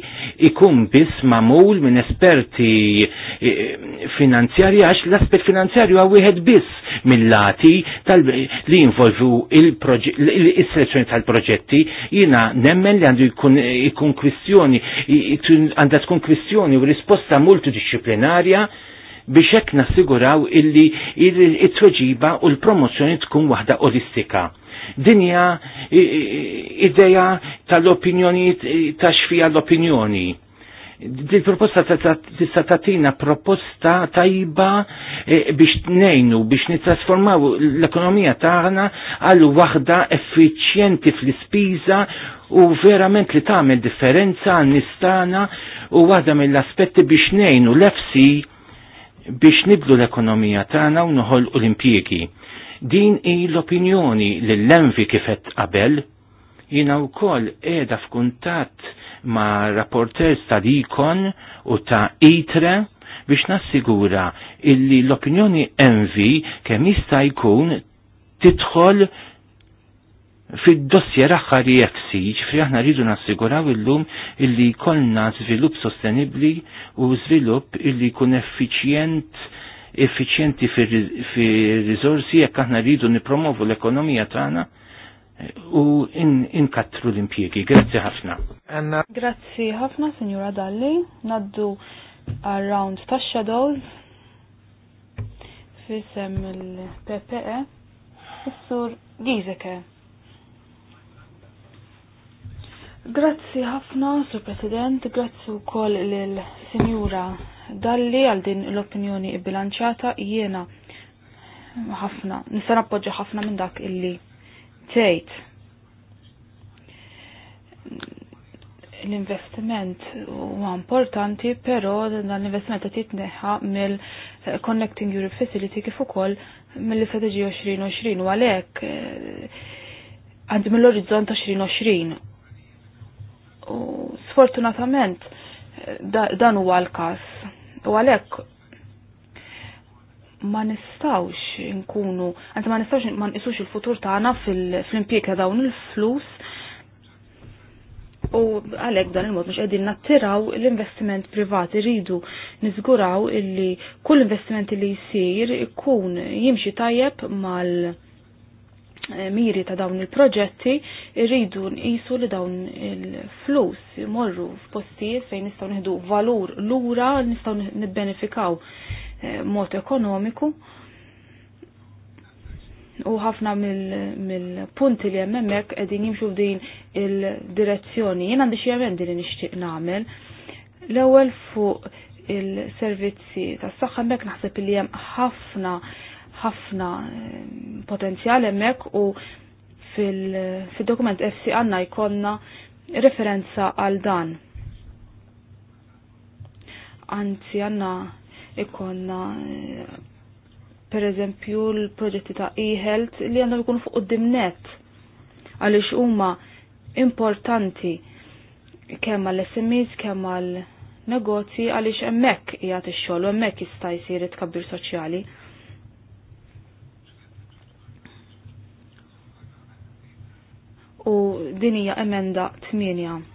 ikun biss mamul minn esperti e, e, finanzjarji għax l-aspett finanzjarju għaw wieħed biss mill-lati li jinvolvu il-selezzjoni tal għal proġetti, jina nemmen li għandu jkun kwistjoni, għandha tkun kwistjoni u risposta multidisciplinarja biex hekk nassiguraw illi it-tweġiba u l-promozzjoni tkun waħda olistika. Dinja ideja tal-opinjoni, ta' xfija l-opinjoni Dil proposta tista' tagħtina proposta tajba e, biex nejnu biex nittrasformaw l-ekonomija tagħna għal waħda effiċjenti fl-ispiża u verament li tagħmel differenza għan nistana u waħda mill-aspetti biex nejnu l-efsi biex niblu l-ekonomija tagħna u nħol l-impjiegi. Din hi l-opinjoni li l-envi kifet qabel jina u kol edha f'kuntat ma' rapporters ta' Dikon u ta' Itre biex nassigura illi l-opinjoni envi kemm jista' jkun tidħol fid dossier aħħar jeksi, ġifri aħna rridu nassiguraw illum illi kolna żvilupp sostenibli u żvilupp illi jkun effiċjent effiċjenti fir-riżorsi jekk aħna rridu nipromovu l-ekonomija tagħna u inkattru l impiegi Grazzi ħafna. Grazzi ħafna, Signora Dalli. Naddu around round ta' shadows fisem il-PPE, s-sur Gizeke. Grazzi ħafna, Sur President, grazzi u koll l-Signora Dalli għal din l-opinjoni bilanċata jiena ħafna, nista' nappoġġa ħafna minn dak illi tgħid l-investiment huwa importanti, però dan l-investiment qed jitneħħa mill-Connecting eh, Europe Facility kif ukoll mill-Istrateġija 2020 u għalhekk eh, għandi mill-orizzont 2020. U sfortunatament eh, dan huwa l-każ. U għalhekk ma nistawx nkunu, għanzi ma nistawx ma nqisux il-futur tagħna fil ta' dawn il-flus u għalek dan il-mod mux għedin nattiraw l-investiment privati rridu nizguraw illi kull investiment li jisir ikun jimxi tajjeb mal eh, miri ta' dawn il-proġetti rridu nqisu li dawn il-flus imorru f'postijiet fejn nistgħu nieħdu valur lura nistgħu nibbenefikaw mod ekonomiku u ħafna mill-punti li jemmemmek edin jimxu din il-direzzjoni. Jien għandi xie din li nixtieq nagħmel. L-ewwel fuq il-servizzi tas-saħħa mek naħseb li hemm ħafna ħafna eh, potenzjal hemmhekk u fil-dokument FC għanna jkonna referenza għal dan. Anzi għanna ikonna eh, per eżempju l-proġetti ta' e-health li għandhom ikunu fuq dimnet għaliex huma importanti kemm għall SMEs, kemm għal negozji għaliex hemmhekk qiegħed ix-xogħol u hemmhekk jista' jsir it-tkabbir soċjali. U din hija emenda 8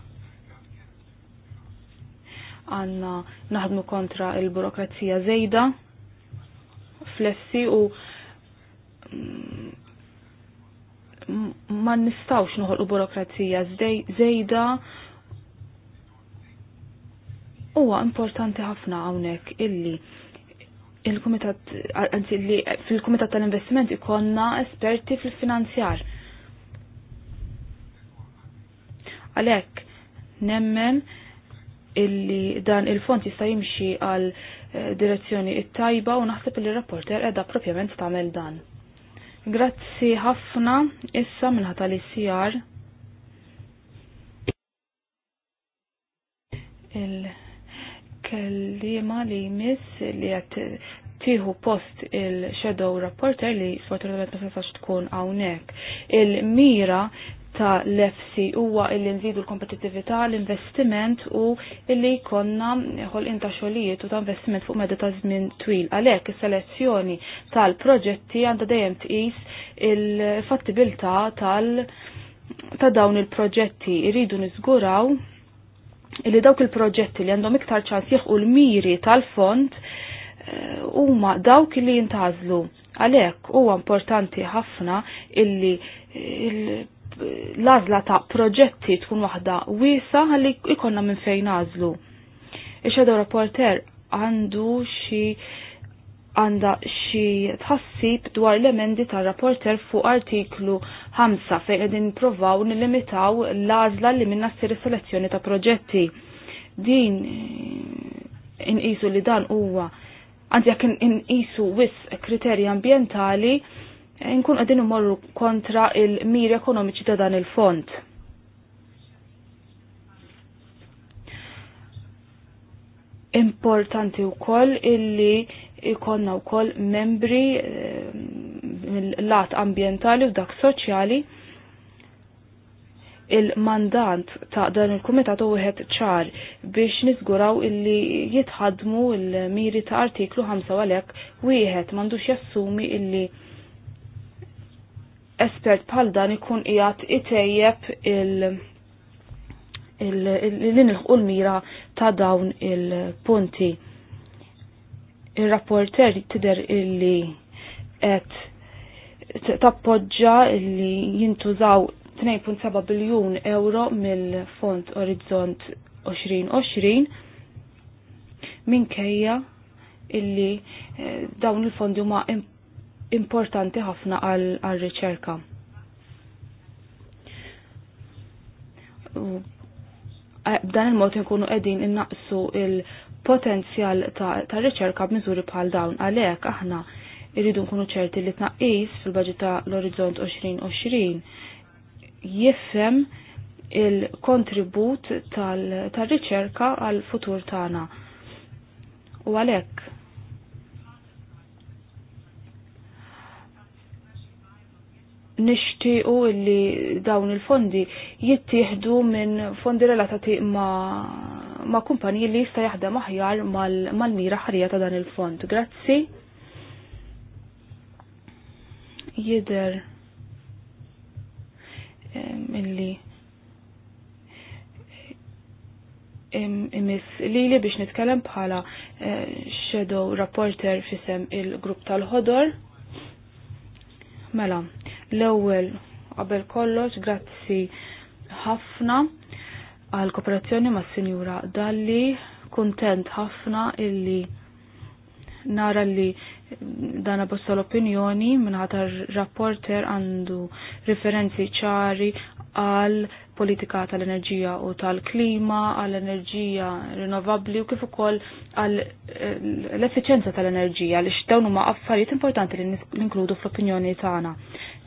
għanna naħdmu kontra il-burokrazija zejda, flessi u mm, ma nistawx noħolqu burokrazija zejda huwa importanti ħafna hawnhekk illi il-kumitat fil-kumitat tal-investiment ikonna esperti fil-finanzjar. Għalhekk nemmen illi dan il-font jista' jimxi għal eh, direzzjoni it-tajba u naħseb li rapporter edha propjament tagħmel dan. Grazzi ħafna issa minħata li sijar il-kellima li jmiss li għat tiħu post il-shadow rapporter li sfortunatament ma tkun hawnhekk. Il-mira ta' l e huwa illi nżidu l-kompetittività, l-investiment u illi konna ħolqin inta xogħlijiet u ta' investiment fuq meda ta' żmien twil. Għalhekk is-selezzjoni tal-proġetti għandha dejjem tqis il-fattibilità tal- ta' dawn il-proġetti iridu niżguraw illi dawk il-proġetti li għandhom iktar ċans jieħu l-miri tal-fond eh, huma dawk li jintazlu. Għalhekk huwa importanti ħafna illi il l ta' proġetti tkun waħda wiesa għalli ikonna minn fejn nażlu. Ix-xedaw rapporter għandu xi għanda xi tħassib dwar l-emendi tar rapporter fuq artiklu 5 fejn qegħdin nipprovaw nilimitaw l-għażla li minna ssir selezzjoni ta' proġetti. Din eh, inqisu li dan huwa għandi jekk inqisu wis kriterji ambjentali nkun għadin morru kontra il-miri ekonomiċi ta' dan il-fond. Importanti u koll illi ikonna u koll membri eh, l-lat ambientali u dak soċjali il-mandant ta' dan il-kumitat u wieħed ċar biex nizguraw illi jitħadmu il-miri ta' artiklu 5 għalek wieħed mandux jassumi illi espert bħal dan ikun qiegħed itejjeb il- l u l-mira ta' dawn il-punti. Il-rapporter tider illi et tappoġġa illi jintużaw 2.7 biljun euro mill-Fond Orizzont 2020 minkejja illi eh, dawn il-fondi huma imp importanti ħafna għal riċerka B'dan eh, il-mod nkunu qegħdin innaqsu il-potenzjal ta' riċerka b'miżuri bħal dawn għalhekk aħna irridu nkunu ċerti li tnaqqis fil-baġit ta' l-Orizzont 2020 jifhem il-kontribut tal-riċerka għal futur tagħna. U għalhekk nishtiqu illi dawn il-fondi jittieħdu minn fondi relatati ma, ma kumpanji li jista jaħdem aħjar mal-mira ħarija ta' dan il-fond. Grazzi. Jider illi imis li li biex nitkellem bħala eh, shadow rapporter fisem il-grupp tal-ħodor. Mela, L-ewwel qabel kollox grazzi ħafna għal kooperazzjoni ma' Sinjura Dalli, kuntent ħafna illi nara li dana bosta l-opinjoni minnħata rapporter għandu referenzi ċari għal politika tal-enerġija u tal-klima, għal enerġija rinnovabli u kif ukoll għal eh, l-effiċenza tal-enerġija li x'dawn huma affarijiet importanti li ninkludu fl-opinjoni tagħna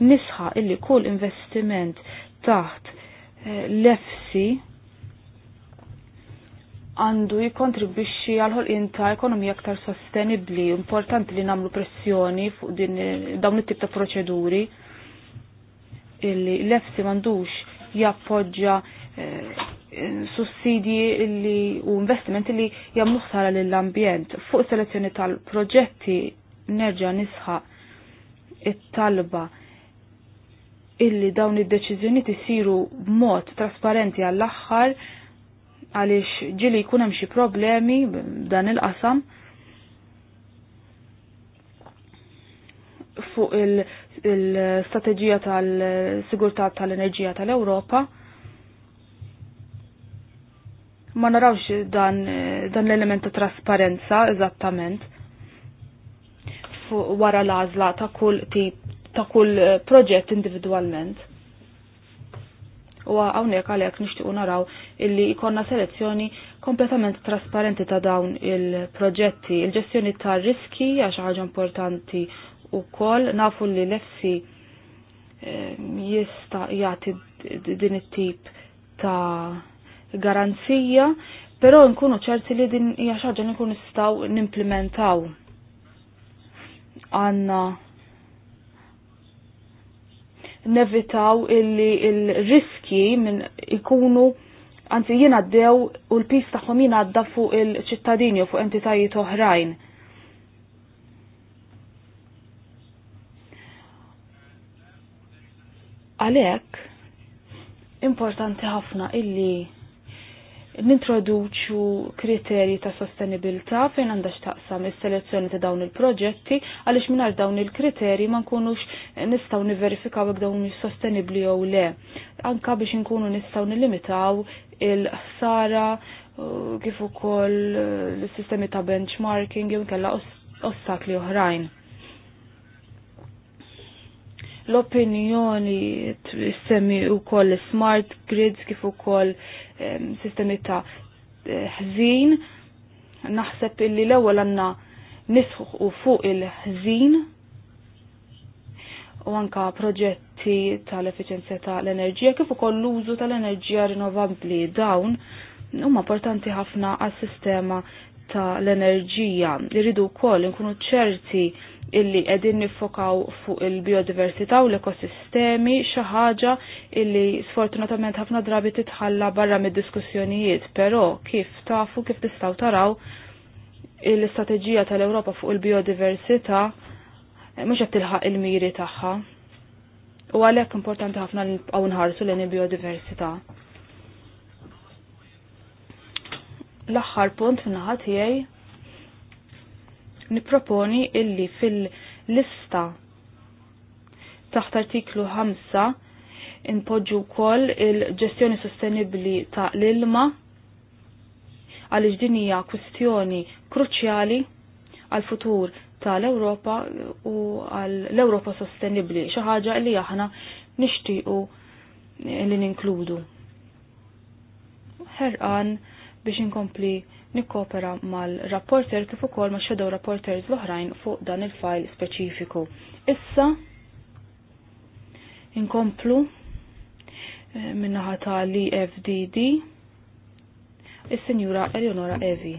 nisħa illi kull investiment taħt eh, l għandu jikontribwixxi għal ħolqien ta' ekonomija aktar sostenibbli, importanti li nagħmlu pressjoni fuq din dawn it-tip ta' proċeduri illi l-EFSI m'għandux jappoġġja eh, sussidji u investimenti li jagħmlu ħsara lill-ambjent. Fuq selezzjoni tal-proġetti nerġa' nisħa it-talba illi dawn id-deċiżjoni tisiru b'mod trasparenti għall-aħħar għaliex ġili jkun hemm xi problemi dan il-qasam fuq il-strateġija il tal-sigurtà tal-enerġija tal-Ewropa ma narawx dan, dan l-element ta' trasparenza eżattament wara l-għażla ta' kull tip ta' kull eh, proġett individualment. U għawnek għalek nishtiqu naraw illi ikonna selezzjoni kompletament trasparenti ta' dawn il-proġetti, il-ġestjoni ta' riski għax ħaġa importanti u koll, nafu li l-efsi eh, jista jgħati din it-tip ta' garanzija, pero nkunu ċerti li din hija xaġa li nkunu nistgħu nimplementaw. Għandna nevitaw illi il-riski minn ikunu għanzi jiena d-dew u l-pis taħħom jiena għadda fuq il-ċittadini u fuq entitajiet oħrajn. Għalek, importanti ħafna illi nintroduċu kriterji ta' sostenibilità fejn għandha x'taqsam is-selezzjoni ta' dawn il-proġetti għaliex mingħajr dawn il-kriterji ma nkunux nistgħu niverifikaw jekk dawn sostenibbli jew le. Anka biex nkunu nistgħu nilimitaw il-ħsara kif ukoll is sistemi ta' benchmarking jew kella ostakli oħrajn l-opinjoni semmi u koll smart grids kif u koll sistemi ta' ħżin. Naħseb illi l-ewwel għandna nisħu fuq il-ħżin u anka proġetti tal-efficienza tal-enerġija kif ukoll l-użu tal-enerġija rinnovabbli dawn huma importanti ħafna għas-sistema tal-enerġija. Irridu wkoll inkunu ċerti illi qegħdin nifokaw fuq il-biodiversità u l-ekosistemi xi ħaġa illi sfortunatament ħafna drabi titħalla barra mid-diskussjonijiet, però kif tafu kif tistaw taraw l-istrateġija tal-Ewropa fuq il-biodiversità mhux qed tilħaq il-miri tagħha. U għalhekk importanti ħafna għaw nħarsu lejn il-biodiversità. L-aħħar punt fin-naħa tiegħi niproponi illi fil-lista taħt artiklu 5 inpoġġu wkoll il-ġestjoni sostenibbli ta' l-ilma għaliex din hija kwistjoni kruċjali għal futur tal-Ewropa u għall-Ewropa sostenibbli xi ħaġa li aħna nixtiequ li ninkludu. Herqan biex inkompli nikkopera mal-rapporter kif ukoll ma' shadow rapporters l-oħrajn fuq dan il file speċifiku. Issa inkomplu eh, minnaħa ta' li FDD il sinjura Eleonora Evi.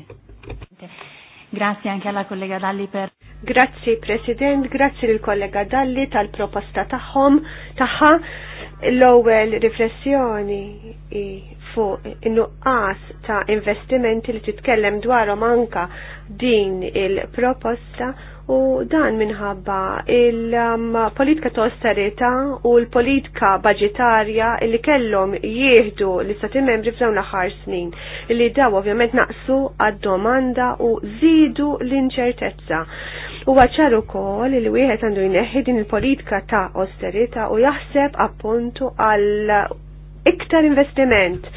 Grazie anke alla kollega Dalli per Grazzi President, grazzi lill kollega Dalli tal-proposta tagħhom taħħa L-ewwel riflessjoni fuq in-nuqqas ta' investimenti li titkellem dwarhom anka din il-proposta u dan minħabba il-politika ta' austerità u l-politika budgetarja li kellhom jieħdu l-istati membri f'dawn l-aħħar snin li daw ovvjament naqsu għad-domanda u żidu l-inċertezza. Huwa ċar ukoll li wieħed għandu jneħħi din il-politika ta' austerita u jaħseb appuntu għal iktar investiment.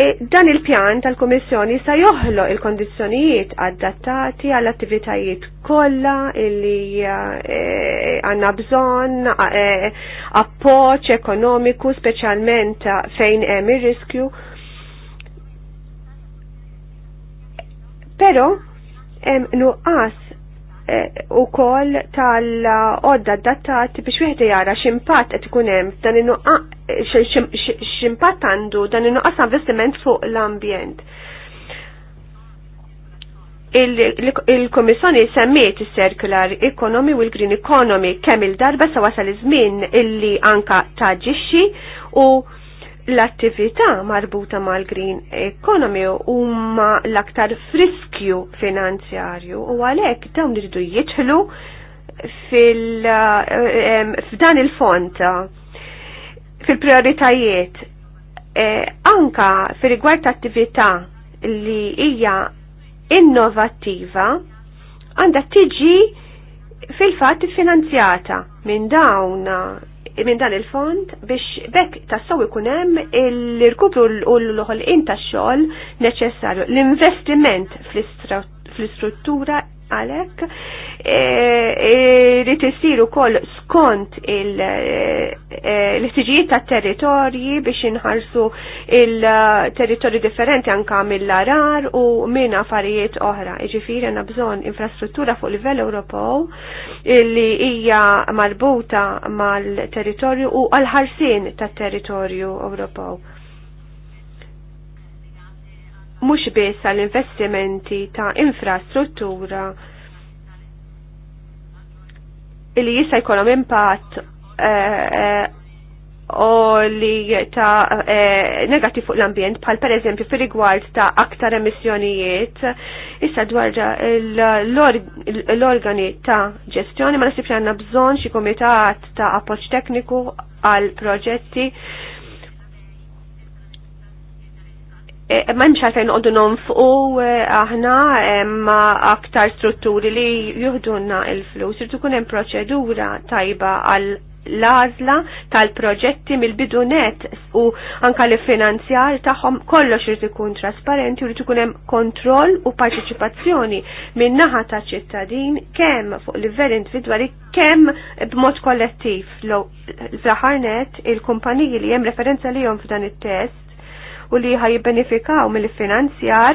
E dan il-pjan tal-Komissjoni sa joħlo il-kondizjonijiet adattati għall attivitajiet kollha illi e, għandna e, bżonn e, appoġġ ekonomiku speċjalment fejn hemm ir-riskju. Però hemm nuqqas u kol tal-odda datat biex wieħed jara ximpat qed ikun hemm dan ximpat għandu dan inuqqas investiment fuq l-ambjent. Il-Komissjoni semmiet is-Circular Economy u l-Green Economy kemm il-darba sa wasal iż-żmien illi anka taġixxi u l-attività marbuta mal-green economy huma l-aktar friskju finanzjarju u għalhekk dawn iridu jidħlu f'dan il-font fil-prioritajiet e, anka fir rigward attività li hija innovattiva għandha tiġi fil-fatt finanzjata minn dawn minn dan il-fond biex bekk tassaw ikunem il-rkupru u l ħol tax xogħol neċessarju l-investiment fl-istruttura għalek li e, e, tisiru kol skont e, l-ħtiġijiet ta' territorji biex inħarsu il-territorji differenti anka mill-arar u minn affarijiet oħra. Iġifiri għanna bżon infrastruttura fuq livell Ewropew li hija marbuta mal-territorju u għal-ħarsin tat-territorju Ewropew mhux biss għall investimenti ta' infrastruttura illi jista' jkollhom impatt u eh, eh, li ta' eh, negattiv fuq l-ambjent, pal per eżempju fil rigward ta' aktar emissjonijiet, issa dwar l-organi ta' ġestjoni, ma nasibx għanna bżon xi komitat ta' appoġġ tekniku għal proġetti Eh, ma fejn għalfejn għoddu fuq eh, aħna eh, ma aktar strutturi li juhdunna il-flus, irtu kunem proċedura tajba għal l-azla tal-proġetti mill-bidunet u anka li finanzjar taħħom kollox irid ikun trasparenti u irid ikun hemm kontroll u parteċipazzjoni minn naħa ta' ċittadin kemm fuq livell individwali kemm b'mod kollettiv. L-aħħar net il-kumpaniji li hemm referenza lihom f'dan it-test u li benefikaw mill-finanzjar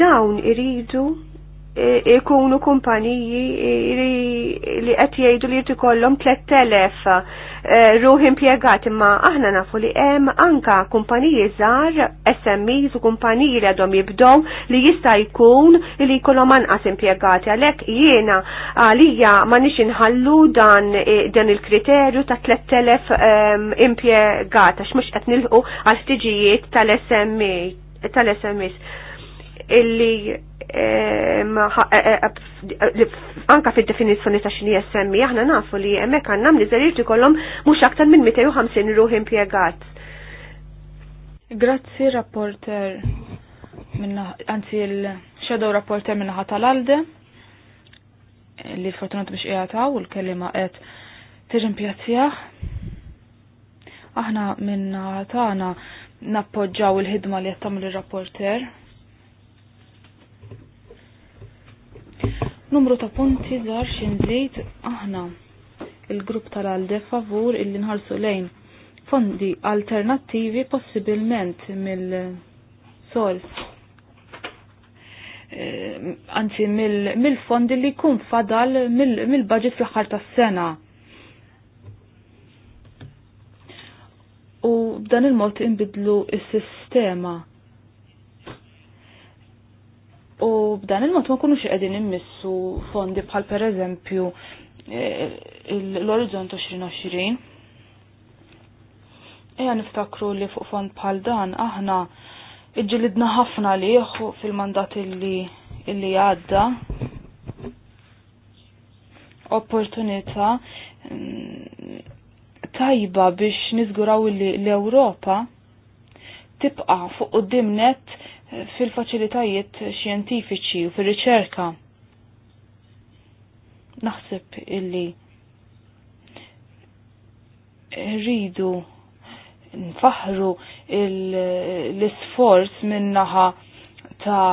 dawn iridu ikunu kumpaniji li qed jgħidu li tikollhom 3000 eh, ruħ impjegat imma aħna nafu li hemm anka kumpaniji żgħar, SMEs u kumpaniji li għadhom jibdow li jista' jkun li jkollhom anqas impjegati għalhekk jiena għalija ma nix inħallu dan eh, dan il-kriterju ta' 3000 ehm, impjegata mhux qed nilħu għal ħtiġijiet tal-SMEs. E, illi e, e, e, anka fid definizzjoni ta' xini jessemmi, aħna nafu li hemmhekk għandna mniżerir ikollhom mhux aktar minn 250 ruħ impjegat. Grazzi rapporter minna, anzi il-shadow rapporter minna tal-alde li fortunat biex jgħataw u l-kelima qed tiġin pjazzjaħ. Aħna minna tagħna nappoġġaw il-ħidma li qed tagħmel ir rapporter Numru ta' punti żgħar xinżejt aħna il-grupp tal-għalde favur illi nħarsu lejn fondi alternattivi possibilment mill-sors eh, anzi mill-fondi li jkun fadal mill-budget fl-aħħar tas-sena. U b'dan il-mod inbidlu is-sistema. il mod imbidlu il sistema il U b'dan il-mod ma kunux qegħdin immissu fondi bħal pereżempju eh, l-Orizzont 2020. Eja niftakru li fuq fond bħal dan aħna iġġilidna ħafna liħ fil-mandat illi għadda opportunità mm, tajba biex nizguraw li l-Europa tibqa fuq qudiem dimnet fil-faċilitajiet xjentifiċi u fil-riċerka. Naħseb illi rridu nfaħru l-isforz minnaħa ta'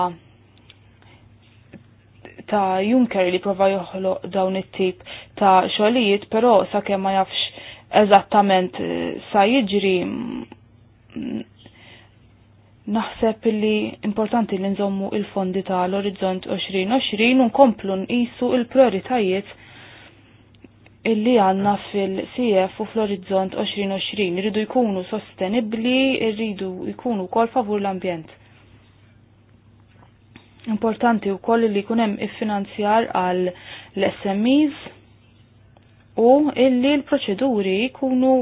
ta' Juncker li prova joħloq dawn it-tip ta' xogħlijiet, però sakemm ma jafx eżattament sa jiġri Naħseb li importanti li nżommu il-fondi tal-Orizzont 2020 u nkomplu nqisu il-prioritajiet illi għanna fil-CF u fl-Orizzont 2020. Irridu jkunu sostenibli, irridu jkunu kol favur l-ambjent. Importanti u koll li kunem il-finanzjar għal l-SMEs u illi l-proċeduri jkunu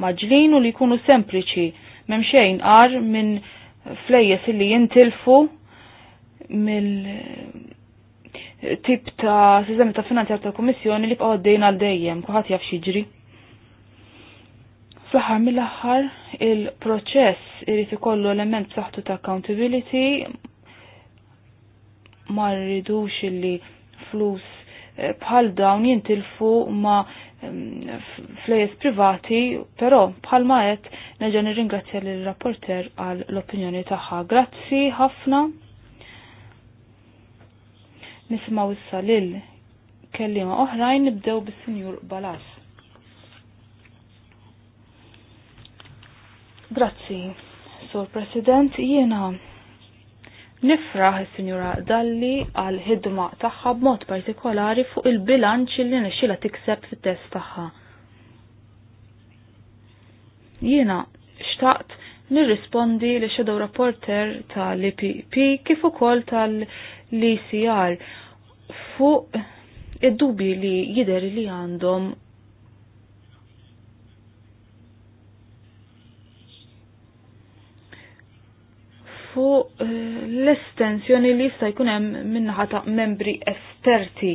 maġlin u li jkunu sempliċi memxejn għar minn flejjes illi jintilfu mill tip ta' sistemi ta' finanzjar ta' kommissjoni li bqgħu għaddejn għal dejjem, kuħat jaf xiġri. Fl-aħħar mill-aħħar il-proċess irid ikollu element b'saħħtu ta' accountability ma rridux illi flus eh, bħal dawn jintilfu ma flejes privati, però bħalma qed neġa' nirringrazzja lill rapporter għal l-opinjoni tagħha. Grazzi ħafna. Nisimgħu wissa lil kellima oħrajn nibdew bis-Sinjur Balas. Grazzi, Sur President, jiena Nifraħ is-Sinjura Dalli għal ħidma tagħha b'mod partikolari fuq il-bilanċ li nixxila tikseb fit-test tagħha. Jiena xtaqt nirrispondi li shadow rapporter tal-IPP kif ukoll tal ecr fuq id-dubi li jider li għandhom nafu eh, l-estensjoni li jista' jkun hemm minnaħa ta' membri esperti.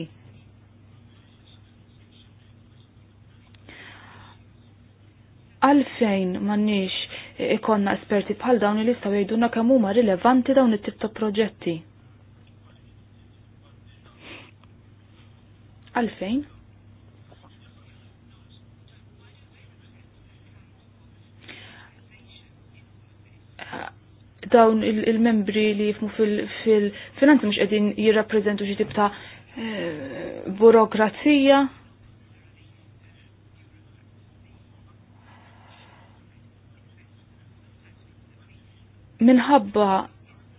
Għalfejn m'għandniex ikonna esperti bħal dawn li jistgħu jgħidulna kemm huma rilevanti dawn it-tip ta' proġetti. Għalfejn? dawn il-membri li jifmu fil-finanzi mux qegħdin jirrappreżentu xi tip eh, burokrazija. Minħabba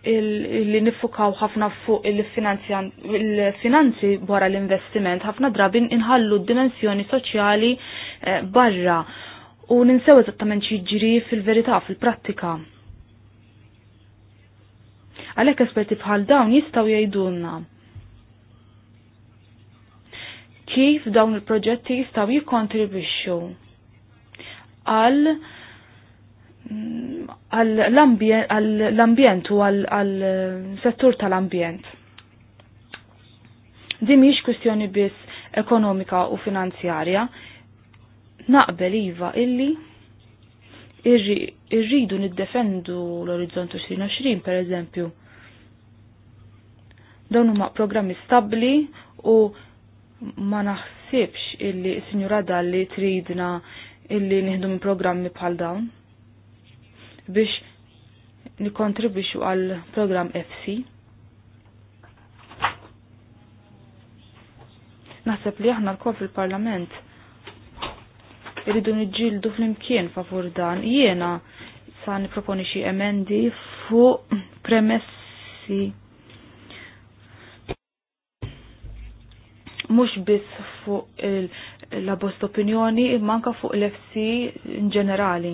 li nifukaw ħafna fuq il-finanzi wara l-investiment, ħafna drabin inħallu d-dimensjoni soċjali eh, barra u ninsew eżattament xi jiġri fil-verità, fil-prattika. fil verità fil prattika Għalhekk esperti bħal dawn jistgħu jgħidulna kif dawn il-proġetti jistgħu jikkontribwixxu għal għall-ambjent u għall-settur tal-ambjent. Din mhix kwistjoni biss ekonomika u finanzjarja, naqbel iva illi irridu niddefendu l orizzontu 2020 per eżempju. Dawn huma programmi stabbli u ma naħsibx illi s-sinjura dalli tridna illi nieħdu minn programmi bħal dawn biex nikontribuxu għal programm FC. Naħseb li aħna l-kol fil-parlament irridu nġildu fl-imkien favur dan. Jiena sa' niproponi xi emendi fuq premessi mhux biss fuq la bost opinjoni manka fuq l-FC in ġenerali.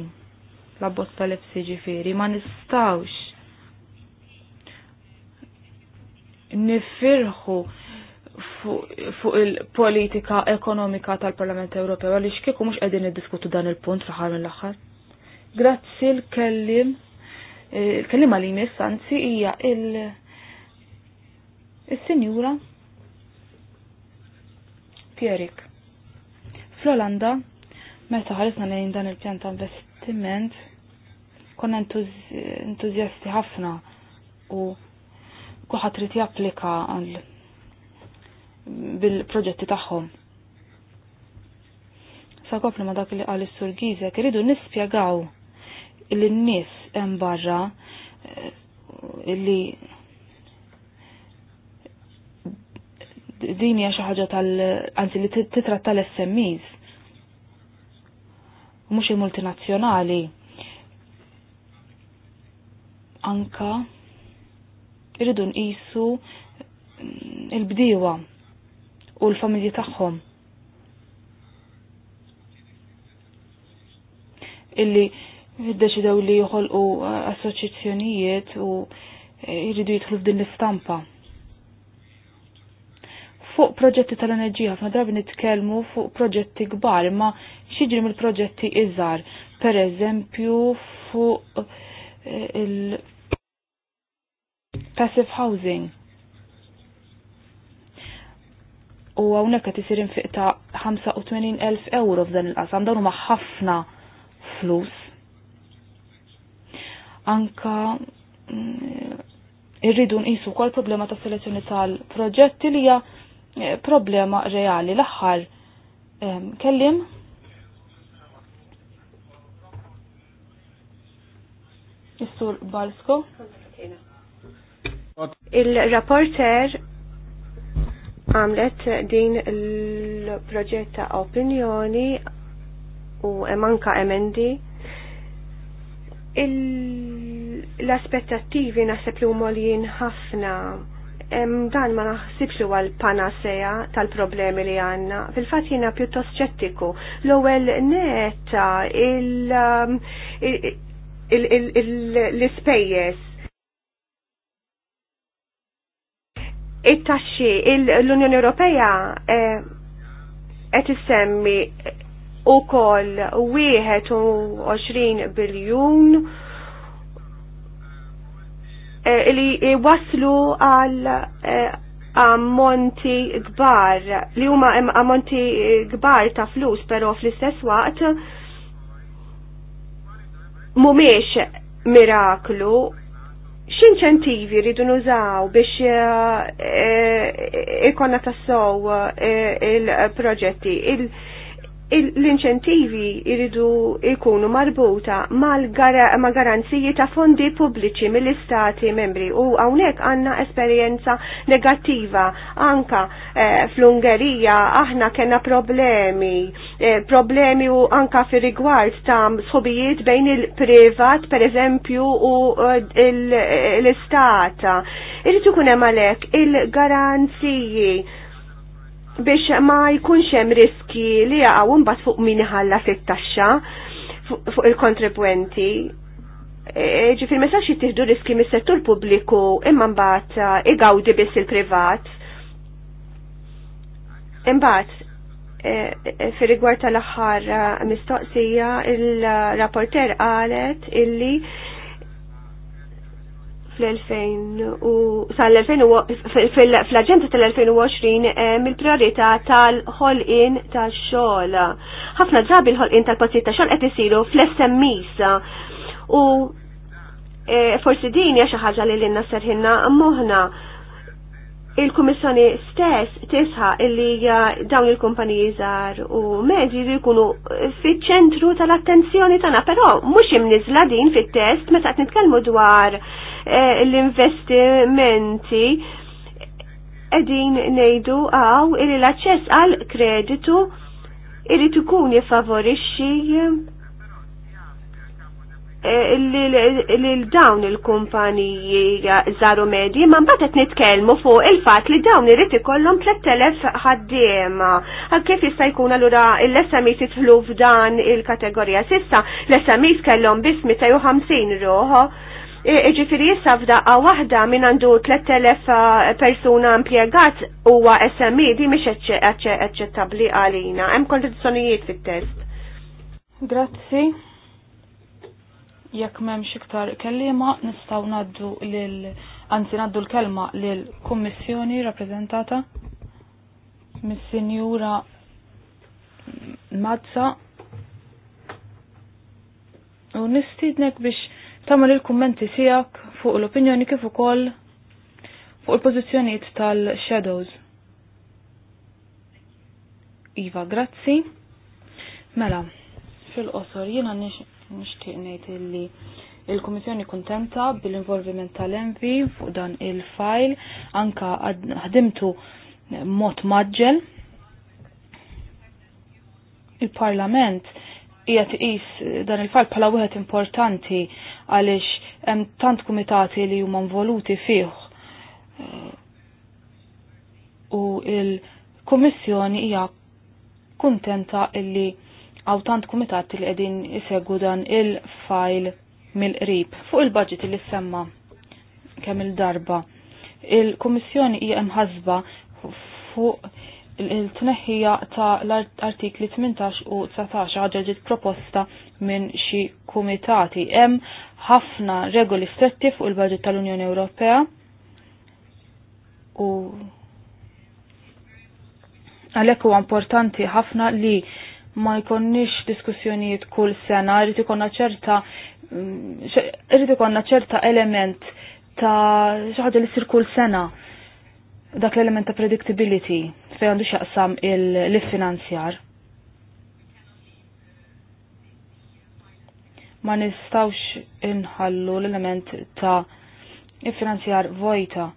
L-abbost tal-FC ġifieri ma nistawx nifirħu fuq il-politika ekonomika tal-Parlament Ewropew għaliex kieku mhux qegħdin diskutu dan il-punt fl-aħħar mill-aħħar. Grazzi l-kellim eh, il kellim li jmiss anzi hija il-sinjura il, sinjura Pierik. Fl-Olanda, meta ħarisna lejn dan il-pjan ta' investiment, konna entuzjasti ħafna u kuħat trid japplika bil-proġetti tagħhom. Sa koplu ma dak li għal sur Gizek, iridu nispjegaw l-nies hemm barra eh, li din hija xi ħaġa tal anzi li titra tal-SMEs mhux il-multinazzjonali. Anka irridu nqisu il-bdiewa u l-familji tagħhom. Illi iddeċidew li joħolqu assoċjazzjonijiet u jridu jidħlu f'din l-istampa fuq proġetti tal-enerġija, ħafna drabi nitkellmu fuq proġetti kbar, imma xiġri mill-proġetti iżgħar, per eżempju fuq eh, il-passive housing. U hawnhekk qed isir fiq ta' 85,000 euro f'dan il-qasam, dawn huma ħafna flus. Anka mm, irridu nqisu kol problema ta' selezzjoni tal-proġetti li hija Eh, problema reali l-aħħar eh, kellim. Istur Balsko. Il-rapporter għamlet din l-proġett ta' opinjoni u emanka emendi. L-aspettativi nasib li huma ħafna dan ma naħsibx li għal panasea tal-problemi li għanna. Fil-fat jina pjuttost ċettiku. L-ewel neta l spejjes it-taxxi l-Unjoni Ewropea eh, qed issemmi ukoll 21 biljun Eh, li waslu għal eh, ammonti gbar li huma ammonti eh, gbar ta' flus però fl-istess waqt mumiex miraklu x'inċentivi rridu nużaw biex ikonna tassow il-proġetti il-, -proġetti, il l-inċentivi iridu ikunu marbuta ma' garanziji ta' fondi pubbliċi mill-istati membri u hawnhekk għandna esperjenza negattiva anka eh, fl-Ungerija aħna kena problemi eh, problemi u anka fi rigward ta' sħobijiet bejn il-privat per eżempju u eh, l istata iridu kunem għalhekk il-garanziji biex ma jkunx hemm riski li jaqgħu mbagħad fuq min iħallas fit taxxa fuq il-kontribwenti. E, ġifir ma sax jittieħdu riski mis-settur pubbliku imma mbagħad e, igawdi biss il-privat. Imbagħad e, fir rigward tal-aħħar mistoqsija il-rapporter qalet illi fl-2000 u sal-2000 fl-agenda tal-2020 il-priorità tal-ħolqin tax-xogħol. Ħafna drabi l-ħolqin tal-pozzijiet tax-xogħol qed isiru fl-SMEs u e, forsi din hija xi ħaġa li lilna serħinna moħħna il-Kummissjoni stess tisħa illi dawn il-kumpaniji żgħar u medji li jkunu fiċ-ċentru tal-attenzjoni tagħna, però mhux imniżla din fit-test meta qed nitkellmu dwar Eh, l-investimenti edin nejdu għaw il l-aċċess għal kreditu irrid ikun jifavorixxi eh, lil dawn il-kumpaniji Zaru medji, ma mbagħad qed nitkellmu fuq il-fatt li dawn irid ikollhom 3000 ħaddiema. Għal kif jista' jkun allura l-SMIs jidħlu f'dan il-kategorija sissa, l-SMIs kellhom biss 250 ruħu Ġifiri jissa f'daqqa wahda minn għandu 3000 persuna impiegat huwa SME di mhix aċċettabbli għalina. Hemm kondizjonijiet fit-test. Grazzi. Jekk m'hemmx iktar kellima nistgħu ngħaddu lil anzi ngħaddu l-kelma lil kummissjoni rappreżentata mis-Sinjura Mazza u nistidnek biex tagħmel il-kummenti tiegħek fuq l-opinjoni kif ukoll fuq il-pożizzjonijiet tal-shadows. Iva, grazzi. Mela, fil-qosor jiena nixtieq ngħid illi il-Komissjoni kontenta bil-involviment tal-Envi fuq dan il-fajl anka ħdimtu mod maġġel. Il-Parlament jgħat iqis dan il-fajl bħala wieħed importanti għaliex hemm tant kumitati li huma voluti fih. U il-Kummissjoni hija kuntenta illi għaw tant kumitati li qegħdin isegwu dan il-fajl mill-qrib fuq il-budget li semma kemm il-darba. Il-Kummissjoni hija imħasba fuq il-tneħħija ta' l-artikli 18 u 19 għadġaġit proposta minn xi kumitati. Hemm ħafna regoli stretti fuq il-budget tal-Unjoni Ewropea u għalhekk huwa importanti ħafna li ma jkonniex diskussjonijiet kull sena, rrid ikonna ċerta mm, ikonna ċerta element ta' xi ħaġa li ssir kull sena dak l-element ta' predictability fej għandu xaqsam il-finanzjar. Ma nistawx inħallu l-element ta' il-finanzjar vojta.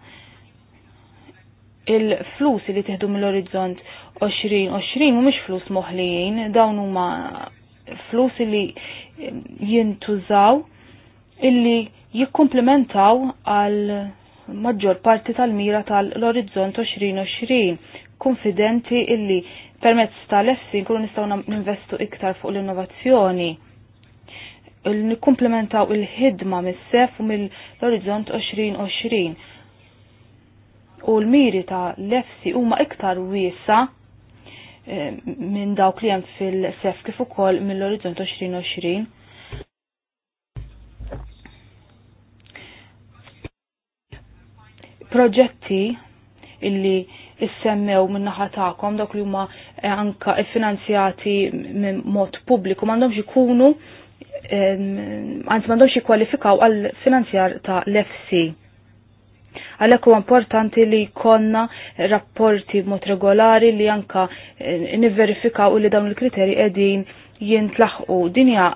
Il-flus li teħdu mill-orizzont 20-20 mhumiex flus moħlijin, dawn huma flus li jintużaw illi jikkumplementaw għal maġġor parti tal-mira tal-Orizzont 2020 konfidenti illi permezz tal-efsi nkunu nistgħu ninvestu iktar fuq l-innovazzjoni. Nikkumplementaw il-ħidma mis-sef u mill-Orizzont 2020. U l-miri ta' l-efsi huma iktar wiesa eh, minn dawk li hemm fil-sef kif ukoll mill-Orizzont 2020. Proġetti illi issemmew min-naħa tagħkom dak li huma eh, anka finanzjati minn mod pubbliku m'għandhomx ikunu eh, anzi m'għandhomx jikkwalifikaw għal finanzjar ta' l-FC. Għalhekk huwa importanti li jkollna rapporti mod regolari li anka eh, nivverifikaw li dawn il-kriterji qegħdin jintlaħqu dinja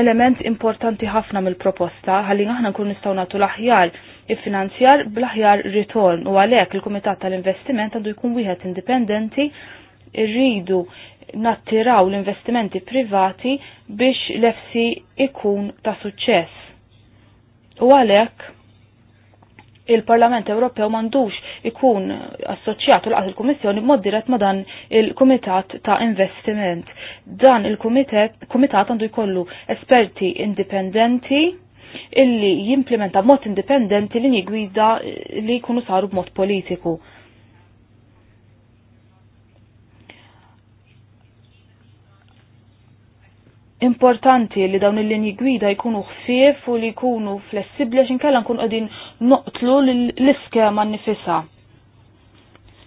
element importanti ħafna mill-proposta ħalli aħna nkun nistgħu nagħtu l-aħjar iffinanzjar bl-aħjar ritorn u għalhekk il-Kumitat tal-Investiment għandu jkun wieħed indipendenti rridu nattiraw l-investimenti privati biex l-efsi ikun ta' suċċess. U għalhekk il-Parlament Ewropew mandux ikun assoċjat l-għad il-Kummissjoni b'mod dirett ma' dan il-Kumitat ta' Investiment. Dan il-Kumitat għandu jkollu esperti indipendenti illi jimplementa mod indipendenti li jgwida li jkunu saru b'mod politiku. importanti li dawn il-linji gwida jkunu ħfief u li jkunu flessibli għax inkella nkun qegħdin noqtlu l-iskema nifisa.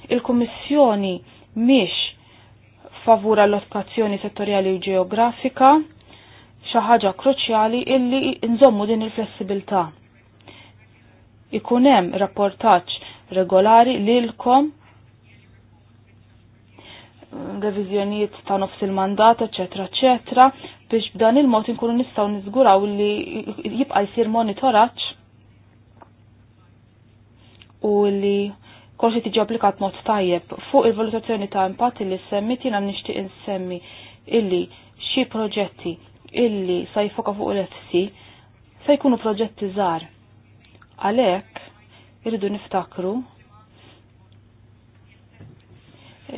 Il-Kummissjoni miex favura l-lokazzjoni settorjali u ġeografika xi ħaġa kruċjali illi nżommu din il-flessibilità. Ikun hemm rapportaġġ regolari lilkom revizjonijiet ta' nofs il-mandat, eċetera, eċetera, biex b'dan il-mod inkunu nistgħu niżguraw li jibqa' jsir monitoraġġ u li kolxi tiġi applikat mod tajjeb fuq il-valutazzjoni ta' impatt li semmi tina nixtieq insemmi illi xi proġetti illi sa jfoka fuq l-FC se jkunu proġetti żgħar. Għalhekk irridu niftakru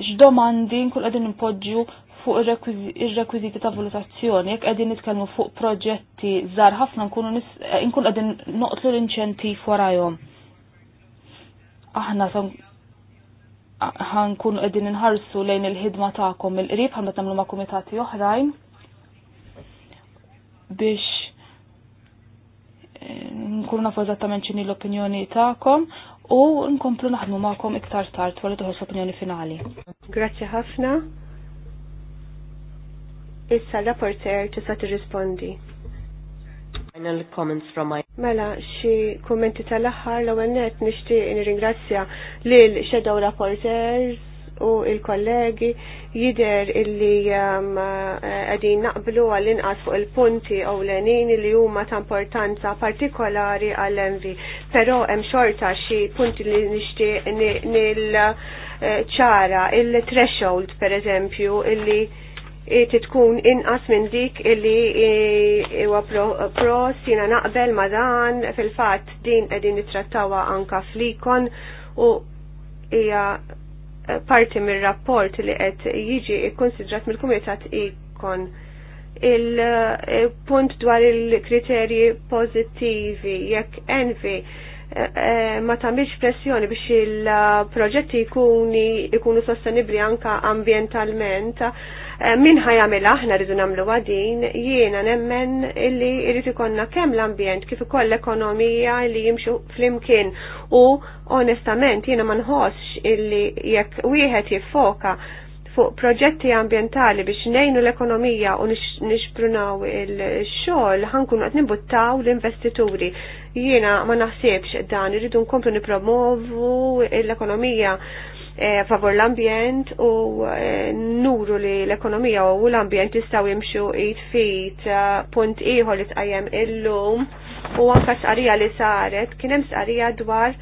x'domandi nkun qegħdin impoġġu fuq ir-rekwiżiti ta' valutazzjoni, jekk qegħdin nitkellmu fuq proġetti żgħar ħafna nkunu eh, nkun qegħdin noqtlu l-inċentiv warajhom. Aħna ħankun qegħdin inħarsu lejn il-ħidma tagħkom il-qrib ħalma tagħmlu ma' kumitati oħrajn biex eh, nkunu nafu eżattament x'inhi l-opinjoni tagħkom u nkomplu naħdmu ma'kom iktar tard wara toħos opinjoni finali. Grazzi ħafna. Issa l-rapporter tista' tirrispondi. Final comments from my Mela, xi kummenti tal-aħħar l-ewwel nett nixtieq nirringrazzja lil shadow rapporters u il-kollegi jider illi għadin um, eh, naqblu għall-inqas fuq il-punti u l-enin li huma ta' importanza partikolari għall-envi. Pero hemm xorta xi punti li nixtieq nil-ċara, il-threshold per eżempju, illi titkun inqas minn dik illi eh, huwa pros jina naqbel ma dan fil-fatt din qegħdin nittrattawha anka flikon u hija parti mir-rapport li qed jiġi ikkonsidrat mill-kumitat ikon il-punt dwar il-kriterji pożittivi jekk envi eh, eh, ma tagħmilx pressjoni biex il-proġetti jkunu sostenibbli anka ambientalment Eh, min ħajamil aħna rridu namlu għadin, jiena nemmen illi rridu konna kemm l-ambjent kif ukoll l-ekonomija li jimxu flimkien u onestament jiena ma nħossx illi jekk wieħed jiffoka fuq proġetti ambientali biex nejnu l-ekonomija u nixprunaw il-xol ħankun għat nimbuttaw l-investituri. Jiena ma naħsibx dan irridu nkomplu nipromovu l-ekonomija Eh, favor l-ambjent u eh, nuru li l-ekonomija u l-ambjent jistaw jimxu it fit eh, punt iħor li tqajjem illum u anka sqarija li saret kienem sqarija dwar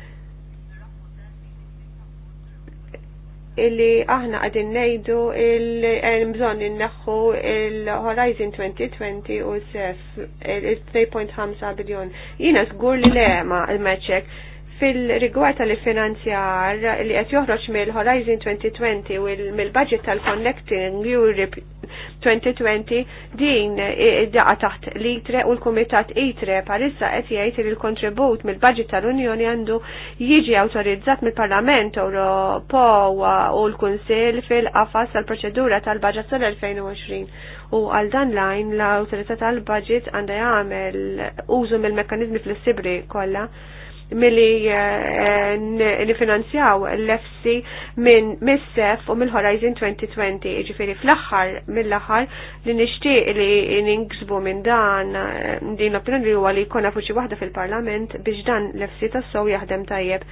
illi aħna għadin nejdu il-mżon inneħu il-Horizon 2020 u s-sef il-3.5 biljon. Jina zgur li lema ma il-meċek Fil-rigward tal-finanzjar li qed joħroġ mill-Horizon 2020 u mill-budget tal-Connecting Europe 2020 din id-daqa taħt l-ITRE u l-Kumitat ITRE parissa qed jgħid li l-kontribut mill-budget tal-Unjoni għandu jiġi awtorizzat mill-Parlament Ewropew u l-Kunsill fil-qafas tal-proċedura tal-budget tal-2020 u għal dan lajn l-autorità tal-budget għandha jagħmel użu mill-mekkaniżmi fl-sibri kollha milli eh, eh, nifinanzjaw l fc minn mis e u mill-Horizon 2020. iġifiri fl-axħar mill-axħar li nixtieq li ningsbu minn dan eh, din l opinjon li huwa li jkun fuċi waħda fil-Parlament biex dan l-EFSI tassew jaħdem tajjeb.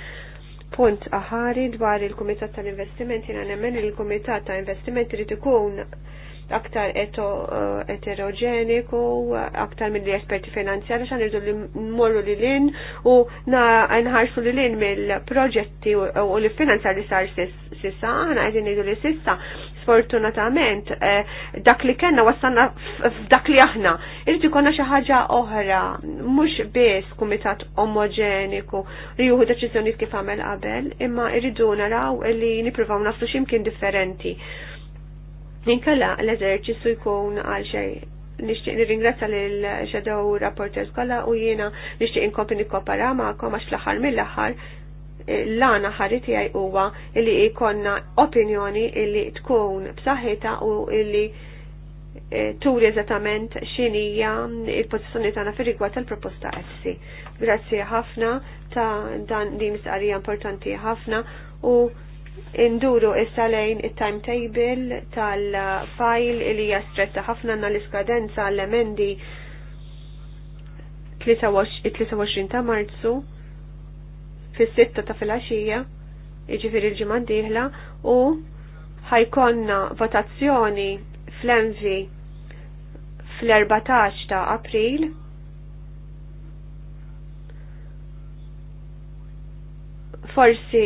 Punt aħari dwar il-Kumitat tal-Investimenti, jena nemmen il-Kumitat tal-Investimenti li tkun aktar eh, eterogeniku, aktar mill esperti finanzjari, xan irdu li morru li in u nħarsu li l-in mill-proġetti u li finanzjari li sar sissa, għana għedin irdu li sissa, sfortunatament, eh, dak li kena wassanna f'dak li aħna. Irdu konna xaħġa oħra, mux bes kumitat omogeniku li juhu deċizjoni kif għamel qabel, imma irdu naraw li niprofaw nafsu ximkien differenti. Ninkella l-eżerċissu jkun għal xejn nishtiq nirringrazzja l Shadow Rapporters kollha u jiena nixtieq inkompli nikkopara magħkom għax l-aħħar mill-aħħar l-għana ħarri tiegħi huwa li jkollna opinjoni li tkun b'saħħita u illi e, turi eżattament x'inija il-pożizzjoni tagħna fir-rigward tal-proposta essi. Grazzi ħafna ta' dan din mistqarrija importanti ħafna u Induru issa lejn it-timetable tal-fajl li jastretta stretta ħafna na l-iskadenza l-emendi 23 ta' Marzu fis-6 ta' filgħaxija, jiġifieri l-ġimgħa d-dieħla u ħajkonna votazzjoni fl-envi fl-14 ta' April forsi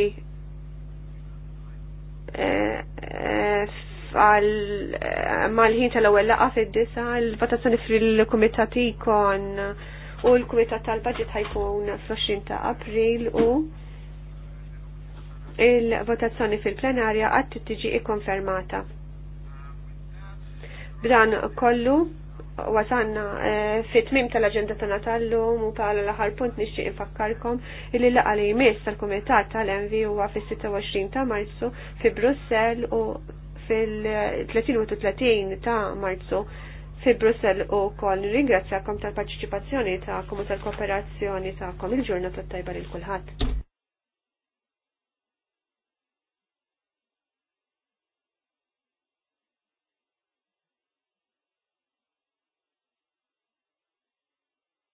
mal-ħin tal-ewwel laqa fid-disa l-votazzjoni fil-kumitat ikon u l-kumitat tal-budget ħajkun fl-20 ta' April u il-votazzjoni fil-plenarja għad tiġi ikkonfermata. B'dan kollu wasanna eh, fit-tmim tal-agenda ta' natallu u bħala l-aħħar punt nixtieq infakkarkom illi laqa li jmiss tal-Kumitat tal-Envi huwa fis-26 ta' Marzu fi Brussell u fil-30 ta' Marzu fi Brussell u kol ringrazzjakom tal parċiċipazzjoni ta'kom u tal-kooperazzjoni ta'kom il-ġurnata tajba lil kulħadd.